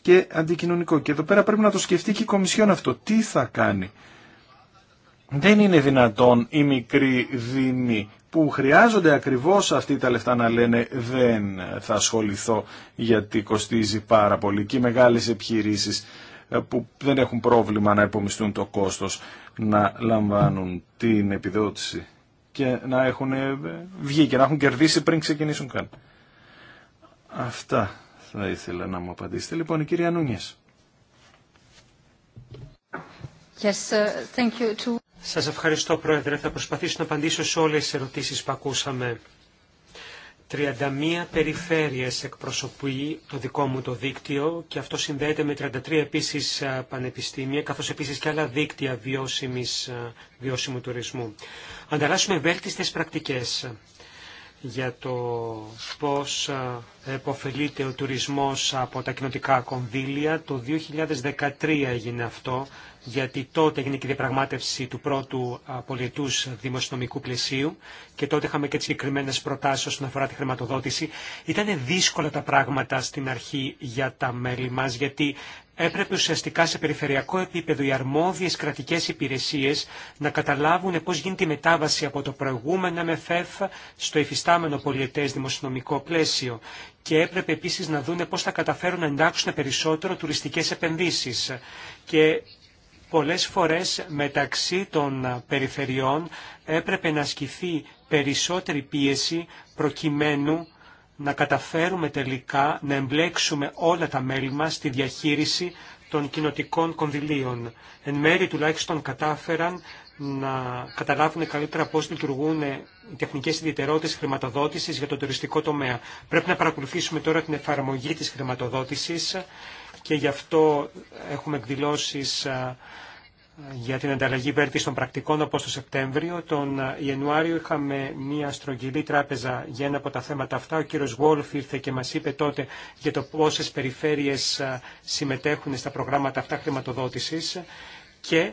και αντικοινωνικό. Και εδώ πέρα πρέπει να το σκεφτεί και η Κομισιόν αυτό. Τι θα κάνει. Δεν είναι δυνατόν οι μικροί δήμοι που χρειάζονται ακριβώς αυτή τα λεφτά να λένε δεν θα ασχοληθώ γιατί κοστίζει πάρα πολύ και οι μεγάλες επιχειρήσεις που δεν έχουν πρόβλημα να υπομισθούν το κόστος να λαμβάνουν την επιδότηση και να έχουν ε, βγει και να έχουν κερδίσει πριν ξεκινήσουν καν. Αυτά θα ήθελα να μου απαντήσετε. Λοιπόν, η κυρία Νούνιες. Yes, thank you Σας ευχαριστώ Πρόεδρε. Θα προσπαθήσω να απαντήσω σε όλες τις ερωτήσεις που ακούσαμε. 31 περιφέρειες εκπροσωπεί το δικό μου το δίκτυο και αυτό συνδέεται με 33 επίσης πανεπιστήμια καθώς επίσης και άλλα δίκτυα βιώσιμης, βιώσιμου τουρισμού. Ανταλλάσσουμε βέλτιστες πρακτικές για το πώς επωφελείται ο τουρισμός από τα κοινοτικά κονδύλια. Το 2013 έγινε αυτό γιατί τότε έγινε και η διαπραγμάτευση του πρώτου πολιετού δημοσιονομικού πλαισίου και τότε είχαμε και τι συγκεκριμένε προτάσει όσον αφορά τη χρηματοδότηση. Ήταν δύσκολα τα πράγματα στην αρχή για τα μέλη μα, γιατί έπρεπε ουσιαστικά σε περιφερειακό επίπεδο οι αρμόδιες κρατικές υπηρεσίες να καταλάβουν πώς γίνεται η μετάβαση από το προηγούμενο MFF στο υφιστάμενο πολιετές δημοσιονομικό πλαίσιο και έπρεπε επίσης να δούνε πώς θα καταφέρουν να εντάξουν περισσότερο τουριστικές επενδύσεις. Και πολλές φορές μεταξύ των περιφερειών έπρεπε να ασκηθεί περισσότερη πίεση προκειμένου να καταφέρουμε τελικά να εμπλέξουμε όλα τα μέλη μας στη διαχείριση των κοινοτικών κονδυλίων. Εν μέρη τουλάχιστον κατάφεραν να καταλάβουν καλύτερα πώς λειτουργούν οι τεχνικές ιδιαιτερότητες χρηματοδότησης για το τουριστικό τομέα. Πρέπει να παρακολουθήσουμε τώρα την εφαρμογή της χρηματοδότησης και γι' αυτό έχουμε εκδηλώσεις για την ανταλλαγή βέλτιστων των πρακτικών όπως το Σεπτέμβριο. Τον Ιανουάριο είχαμε μια στρογγυλή τράπεζα για ένα από τα θέματα αυτά. Ο κύριος Γουόλφ ήρθε και μας είπε τότε για το πόσες περιφέρειες συμμετέχουν στα προγράμματα αυτά χρηματοδότησης και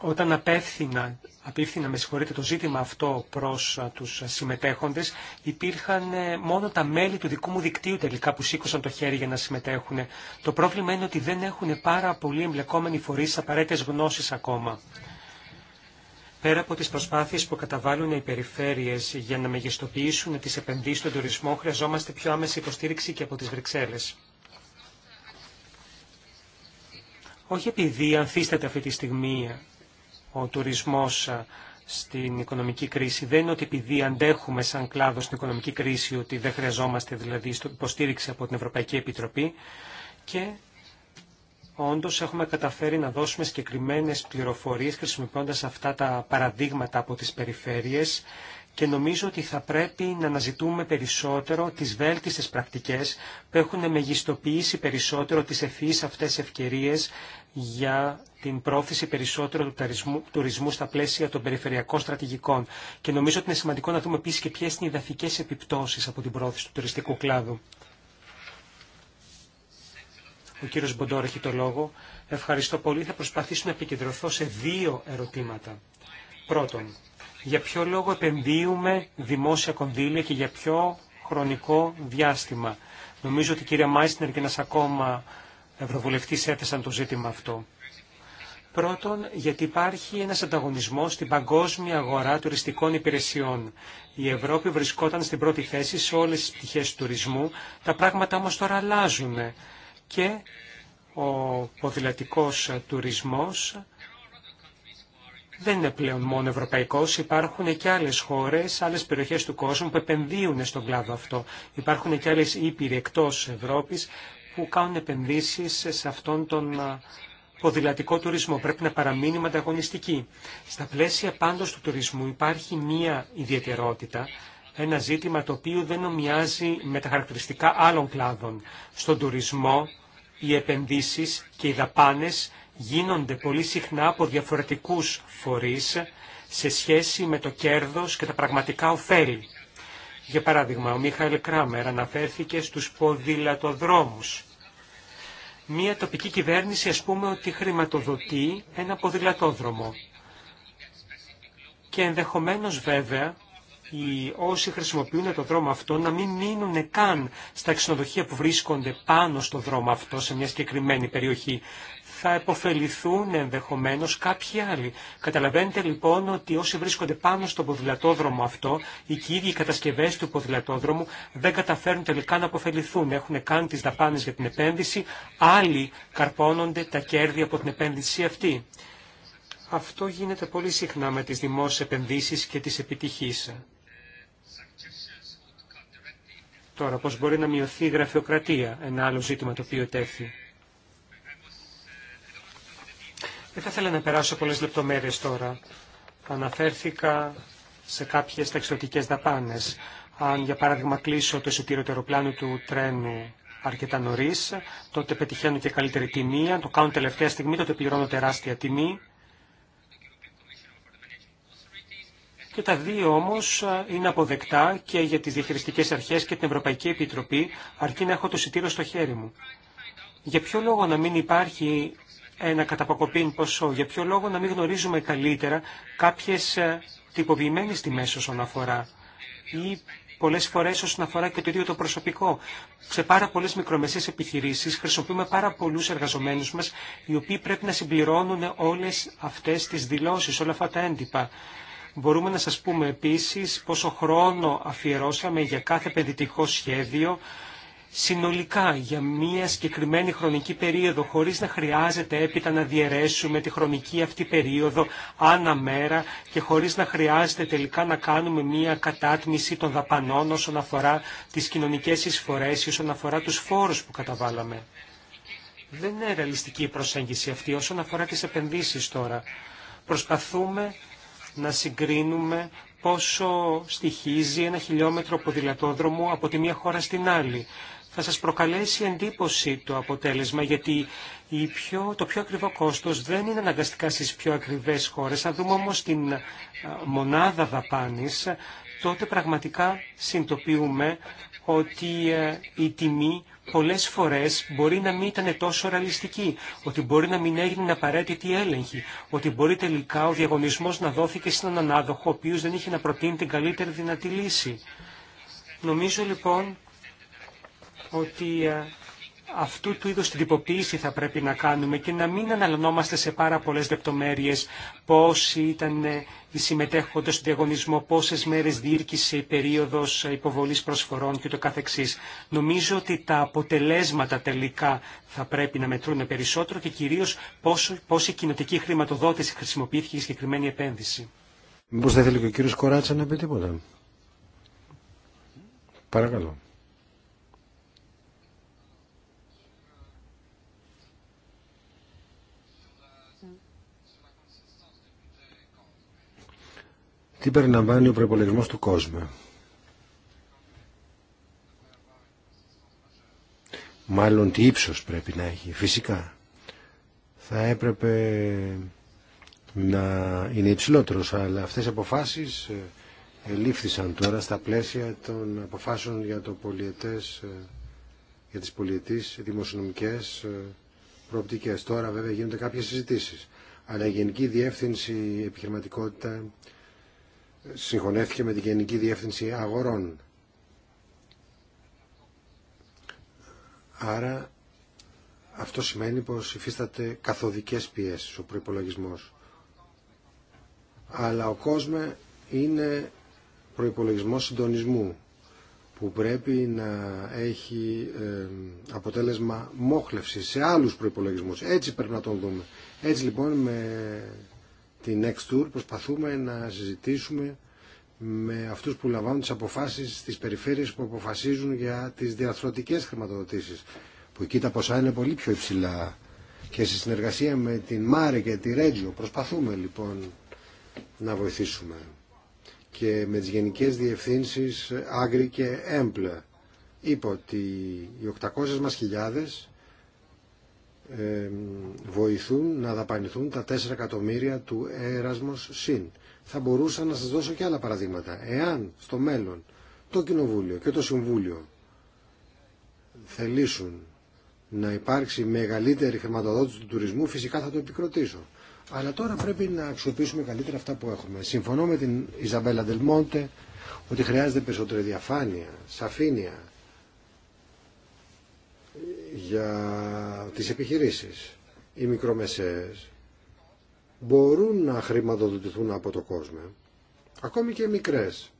όταν απεύθυνα, με συγχωρείτε, το ζήτημα αυτό προς τους συμμετέχοντες, υπήρχαν ε, μόνο τα μέλη του δικού μου δικτύου τελικά που σήκωσαν το χέρι για να συμμετέχουν. Το πρόβλημα είναι ότι δεν έχουν πάρα πολλοί εμπλεκόμενοι φορείς απαραίτητες γνώσεις ακόμα. Πέρα από τις προσπάθειες που καταβάλουν οι περιφέρειες για να μεγιστοποιήσουν τις επενδύσεις στον τουρισμό, χρειαζόμαστε πιο άμεση υποστήριξη και από τις Βρυξέλλες. Όχι επειδή ανθίσταται αυτή τη στιγμή ο τουρισμός ε, στην οικονομική κρίση. Δεν είναι ότι επειδή αντέχουμε σαν κλάδο στην οικονομική κρίση ότι δεν χρειαζόμαστε δηλαδή υποστήριξη από την Ευρωπαϊκή Επιτροπή και όντως έχουμε καταφέρει να δώσουμε συγκεκριμένε πληροφορίες χρησιμοποιώντας αυτά τα παραδείγματα από τις περιφέρειες και νομίζω ότι θα πρέπει να αναζητούμε περισσότερο τις βέλτιστες πρακτικές που έχουν μεγιστοποιήσει περισσότερο τις ευφυείς αυτές ευκαιρίες για την πρόθεση περισσότερο του τουρισμού, τουρισμού στα πλαίσια των περιφερειακών στρατηγικών. Και νομίζω ότι είναι σημαντικό να δούμε επίσης και ποιες είναι οι δαφικές επιπτώσεις από την πρόθεση του τουριστικού κλάδου. Ο κύριος Μποντόρ έχει το λόγο. Ευχαριστώ πολύ. Θα προσπαθήσω να επικεντρωθώ σε δύο ερωτήματα. Πρώτον, για ποιο λόγο επενδύουμε δημόσια κονδύλια και για ποιο χρονικό διάστημα. Νομίζω ότι η κυρία Μάισνερ και ένας ακόμα ευρωβουλευτής έθεσαν το ζήτημα αυτό. Πρώτον, γιατί υπάρχει ένας ανταγωνισμός στην παγκόσμια αγορά τουριστικών υπηρεσιών. Η Ευρώπη βρισκόταν στην πρώτη θέση σε όλες τις πτυχές του τουρισμού. Τα πράγματα όμως τώρα αλλάζουν και ο ποδηλατικός τουρισμός δεν είναι πλέον μόνο ευρωπαϊκός, υπάρχουν και άλλες χώρες, άλλες περιοχές του κόσμου που επενδύουν στον κλάδο αυτό. Υπάρχουν και άλλες ήπειροι εκτός Ευρώπης που κάνουν επενδύσεις σε αυτόν τον ποδηλατικό τουρισμό. Πρέπει να παραμείνει ανταγωνιστική. Στα πλαίσια πάντως του τουρισμού υπάρχει μία ιδιαιτερότητα, ένα ζήτημα το οποίο δεν ομοιάζει με τα χαρακτηριστικά άλλων κλάδων. Στον τουρισμό οι επενδύσεις και οι δαπάνες γίνονται πολύ συχνά από διαφορετικούς φορείς σε σχέση με το κέρδος και τα πραγματικά ωφέλη. Για παράδειγμα, ο Μίχαελ Κράμερ αναφέρθηκε στους ποδηλατοδρόμους. Μία τοπική κυβέρνηση ας πούμε ότι χρηματοδοτεί ένα ποδηλατόδρομο. Και ενδεχομένως βέβαια οι όσοι χρησιμοποιούν το δρόμο αυτό να μην μείνουν καν στα ξενοδοχεία που βρίσκονται πάνω στο δρόμο αυτό σε μια συγκεκριμένη περιοχή θα επωφεληθούν ενδεχομένως κάποιοι άλλοι. Καταλαβαίνετε λοιπόν ότι όσοι βρίσκονται πάνω στον ποδηλατόδρομο αυτό, οι ίδιοι οι κατασκευές του ποδηλατόδρομου δεν καταφέρουν τελικά να αποφεληθούν. Έχουν κάνει τις δαπάνες για την επένδυση, άλλοι καρπώνονται τα κέρδη από την επένδυση αυτή. Αυτό γίνεται πολύ συχνά με τις δημόσιες επενδύσεις και τις επιτυχίες. Τώρα, πώς μπορεί να μειωθεί η γραφειοκρατία, ένα άλλο ζήτημα το οποίο τέθη. Δεν θα ήθελα να περάσω πολλές λεπτομέρειες τώρα. Αναφέρθηκα σε κάποιες ταξιδιωτικές δαπάνες. Αν για παράδειγμα κλείσω το εισιτήριο του αεροπλάνου του τρένου αρκετά νωρί, τότε πετυχαίνω και καλύτερη τιμή. Αν το κάνω τελευταία στιγμή, τότε πληρώνω τεράστια τιμή. Και τα δύο όμως είναι αποδεκτά και για τις διαχειριστικές αρχές και την Ευρωπαϊκή Επιτροπή, αρκεί να έχω το εισιτήριο στο χέρι μου. Για ποιο λόγο να μην υπάρχει ένα καταποκοπήν ποσό. Για ποιο λόγο να μην γνωρίζουμε καλύτερα κάποιες ε, τυποποιημένες τιμές όσον αφορά ή πολλές φορές όσον αφορά και το ίδιο το προσωπικό. Σε πάρα πολλές μικρομεσαίες επιχειρήσεις χρησιμοποιούμε πάρα πολλούς εργαζομένους μας οι οποίοι πρέπει να συμπληρώνουν όλες αυτές τις δηλώσεις, όλα αυτά τα έντυπα. Μπορούμε να σας πούμε επίσης πόσο χρόνο αφιερώσαμε για κάθε επενδυτικό σχέδιο, συνολικά για μία συγκεκριμένη χρονική περίοδο, χωρίς να χρειάζεται έπειτα να διαιρέσουμε τη χρονική αυτή περίοδο ανά μέρα και χωρίς να χρειάζεται τελικά να κάνουμε μία κατάτμιση των δαπανών όσον αφορά τις κοινωνικές εισφορές ή όσον αφορά τους φόρους που καταβάλαμε. Δεν είναι ρεαλιστική η προσέγγιση αυτή όσον αφορά τις επενδύσεις τώρα. Προσπαθούμε να συγκρίνουμε πόσο στοιχίζει ένα χιλιόμετρο ποδηλατόδρομου από τη μία χώρα στην άλλη θα σας προκαλέσει εντύπωση το αποτέλεσμα, γιατί η το πιο ακριβό κόστος δεν είναι αναγκαστικά στις πιο ακριβές χώρες. Αν δούμε όμως την ε, μονάδα δαπάνης, τότε πραγματικά συντοποιούμε ότι ε, η τιμή πολλές φορές μπορεί να μην ήταν τόσο ραλιστική. ότι μπορεί να μην έγινε απαραίτητη έλεγχη, ότι μπορεί τελικά ο διαγωνισμός να δόθηκε σε έναν ανάδοχο ο οποίος δεν είχε να προτείνει την καλύτερη δυνατή λύση. Νομίζω λοιπόν ότι ε, αυτού του είδους την τυποποίηση θα πρέπει να κάνουμε και να μην αναλωνόμαστε σε πάρα πολλές λεπτομέρειες πώς ήταν ε, οι συμμετέχοντες στον διαγωνισμό, πόσες μέρες διήρκησε η περίοδος ε, υποβολής προσφορών και το καθεξής. Νομίζω ότι τα αποτελέσματα τελικά θα πρέπει να μετρούν περισσότερο και κυρίως πόσο, πόση κοινοτική χρηματοδότηση χρησιμοποιήθηκε η συγκεκριμένη επένδυση. Μήπως δεν θέλει και ο κύριος Κοράτσα να πει τίποτα. Παρακαλώ. τι περιλαμβάνει ο προπολογισμό του κόσμου. Μάλλον τι ύψος πρέπει να έχει, φυσικά. Θα έπρεπε να είναι υψηλότερος, αλλά αυτές οι αποφάσεις ε, ελήφθησαν τώρα στα πλαίσια των αποφάσεων για, το πολιετές, ε, για τις πολιετής δημοσιονομικές ε, προοπτικές. Τώρα βέβαια γίνονται κάποιες συζητήσεις, αλλά η Γενική Διεύθυνση Επιχειρηματικότητα συγχωνεύτηκε με την Γενική Διεύθυνση Αγορών. Άρα αυτό σημαίνει πως υφίσταται καθοδικές πιέσεις ο προϋπολογισμός. Αλλά ο κόσμος είναι προϋπολογισμός συντονισμού που πρέπει να έχει αποτέλεσμα μόχλευση σε άλλους προϋπολογισμούς. Έτσι πρέπει να τον δούμε. Έτσι λοιπόν με την Next Tour προσπαθούμε να συζητήσουμε με αυτούς που λαμβάνουν τις αποφάσεις στις περιφέρειες που αποφασίζουν για τις διαρθρωτικές χρηματοδοτήσεις που εκεί τα ποσά είναι πολύ πιο υψηλά και στη συνεργασία με την Μάρε και τη Ρέτζιο προσπαθούμε λοιπόν να βοηθήσουμε και με τις γενικές διευθύνσεις Άγρι και Έμπλε είπα ότι οι 800 μας χιλιάδες ε, βοηθούν να δαπανηθούν τα 4 εκατομμύρια του έρασμος ΣΥΝ. Θα μπορούσα να σας δώσω και άλλα παραδείγματα. Εάν στο μέλλον το Κοινοβούλιο και το Συμβούλιο θελήσουν να υπάρξει μεγαλύτερη χρηματοδότηση του τουρισμού, φυσικά θα το επικροτήσω. Αλλά τώρα πρέπει να αξιοποιήσουμε καλύτερα αυτά που έχουμε. Συμφωνώ με την Ιζαμπέλα Ντελμόντε ότι χρειάζεται περισσότερη διαφάνεια, σαφήνεια, για τις επιχειρήσεις, οι μικρομεσαίες, μπορούν να χρηματοδοτηθούν από το κόσμο, ακόμη και οι μικρές.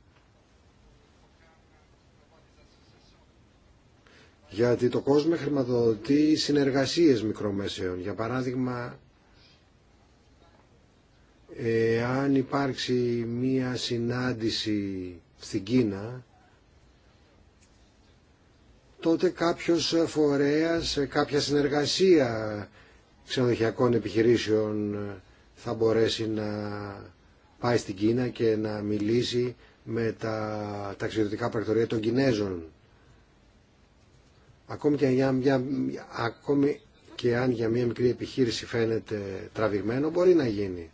Γιατί το κόσμο χρηματοδοτεί συνεργασίες μικρομεσαίων. Για παράδειγμα, αν υπάρξει μία συνάντηση στην Κίνα τότε κάποιος φορέας, ε, κάποια συνεργασία ξενοδοχειακών επιχειρήσεων ε, θα μπορέσει να πάει στην Κίνα και να μιλήσει με τα ταξιδιωτικά πρακτορία των Κινέζων. Ακόμη και, για μια, ακόμη και αν για μια μικρή επιχείρηση φαίνεται τραβηγμένο, μπορεί να γίνει.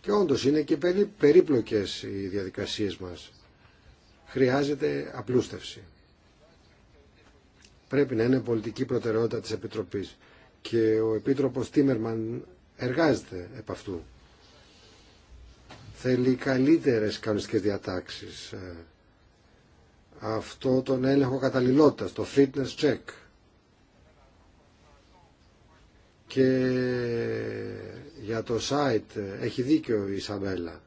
Και όντως είναι και περίπλοκες οι διαδικασίες μας. Χρειάζεται απλούστευση πρέπει να είναι πολιτική προτεραιότητα της Επιτροπής. Και ο Επίτροπος Τίμερμαν εργάζεται επ' αυτού. Θέλει καλύτερες κανονιστικές διατάξεις. Ε, αυτό τον έλεγχο καταλληλότητας, το fitness check. Και για το site ε, έχει δίκιο η Σαμπέλα.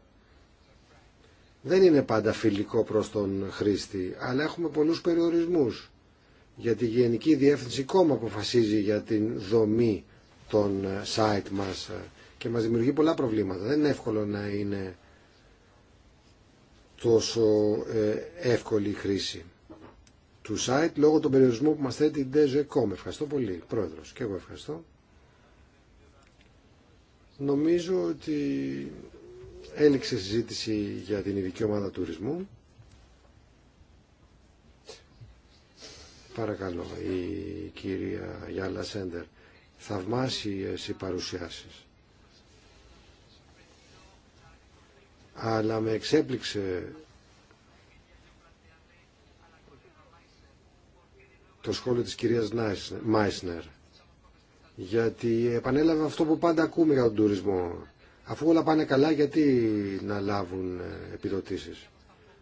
Δεν είναι πάντα φιλικό προς τον χρήστη, αλλά έχουμε πολλούς περιορισμούς γιατί η Γενική Διεύθυνση κόμμα αποφασίζει για την δομή των ε, site μας ε, και μας δημιουργεί πολλά προβλήματα. Δεν είναι εύκολο να είναι τόσο ε, εύκολη η χρήση του site λόγω των περιορισμών που μας θέτει η DGCOM. Ευχαριστώ πολύ, Πρόεδρος. Και εγώ ευχαριστώ. Νομίζω ότι έληξε συζήτηση για την ειδική ομάδα τουρισμού. Παρακαλώ, η κυρία Γιάλα Σέντερ. Θαυμάσιες οι παρουσιάσεις. Αλλά με εξέπληξε το σχόλιο της κυρίας Μάισνερ. Γιατί επανέλαβε αυτό που πάντα ακούμε για τον τουρισμό. Αφού όλα πάνε καλά, γιατί να λάβουν ε, επιδοτήσεις.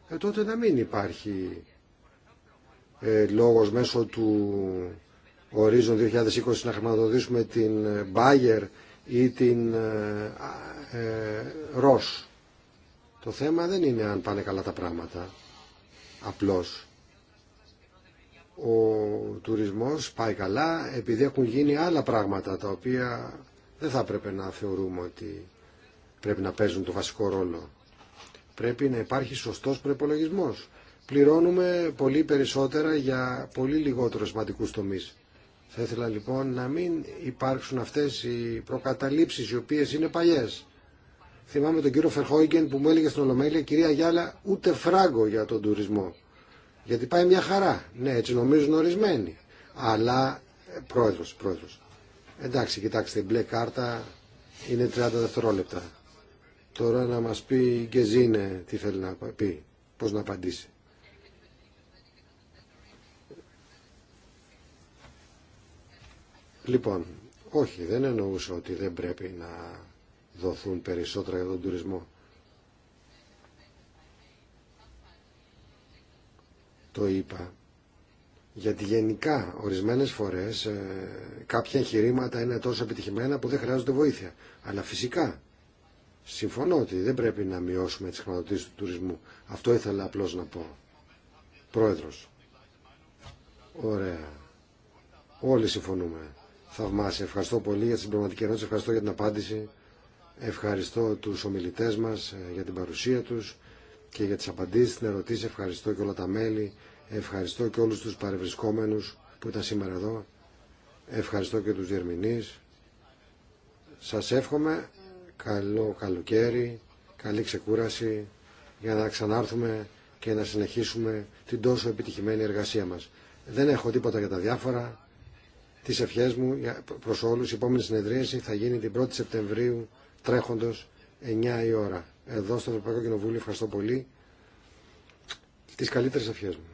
Ε, τότε να μην υπάρχει ε, λόγος μέσω του Horizon 2020 να χρηματοδοτήσουμε την ε, Bayer ή την ε, Ross. Το θέμα δεν είναι αν πάνε καλά τα πράγματα. Απλώς. Ο τουρισμός πάει καλά επειδή έχουν γίνει άλλα πράγματα τα οποία δεν θα πρέπει να θεωρούμε ότι πρέπει να παίζουν το βασικό ρόλο. Πρέπει να υπάρχει σωστός προπολογισμό πληρώνουμε πολύ περισσότερα για πολύ λιγότερο σημαντικού τομεί. Θα ήθελα λοιπόν να μην υπάρξουν αυτές οι προκαταλήψεις οι οποίες είναι παλιές. Θυμάμαι τον κύριο Φερχόγγεν που μου έλεγε στην Ολομέλεια «Κυρία Γιάλα, ούτε φράγκο για τον τουρισμό». Γιατί πάει μια χαρά. Ναι, έτσι νομίζουν ορισμένοι. Αλλά, ε, πρόεδρος, πρόεδρος. Εντάξει, κοιτάξτε, η μπλε κάρτα είναι 30 δευτερόλεπτα. Τώρα να μας πει η Γκεζίνε τι θέλει να πει, πώς να απαντήσει. Λοιπόν, όχι, δεν εννοούσα ότι δεν πρέπει να δοθούν περισσότερα για τον τουρισμό. Το είπα. Γιατί γενικά ορισμένες φορές ε, κάποια εγχειρήματα είναι τόσο επιτυχημένα που δεν χρειάζονται βοήθεια. Αλλά φυσικά συμφωνώ ότι δεν πρέπει να μειώσουμε τις χρηματοδοτήσεις του τουρισμού. Αυτό ήθελα απλώς να πω. Πρόεδρος. Ωραία. Όλοι συμφωνούμε. Θαυμάσια. Ευχαριστώ πολύ για την συμπληρωματική ερώτηση. Ευχαριστώ για την απάντηση. Ευχαριστώ τους ομιλητές μας ε, για την παρουσία τους και για τις απαντήσεις την ερωτήση. Ευχαριστώ και όλα τα μέλη. Ευχαριστώ και όλους τους παρευρισκόμενους που ήταν σήμερα εδώ. Ευχαριστώ και τους διερμηνείς. Σας εύχομαι καλό καλοκαίρι, καλή ξεκούραση για να ξανάρθουμε και να συνεχίσουμε την τόσο επιτυχημένη εργασία μας. Δεν έχω τίποτα για τα διάφορα τις ευχές μου προς όλους. Η επόμενη συνεδρίαση θα γίνει την 1η Σεπτεμβρίου τρέχοντος 9 η ώρα. Εδώ στο Ευρωπαϊκό Κοινοβούλιο ευχαριστώ πολύ. Τις καλύτερες ευχές μου.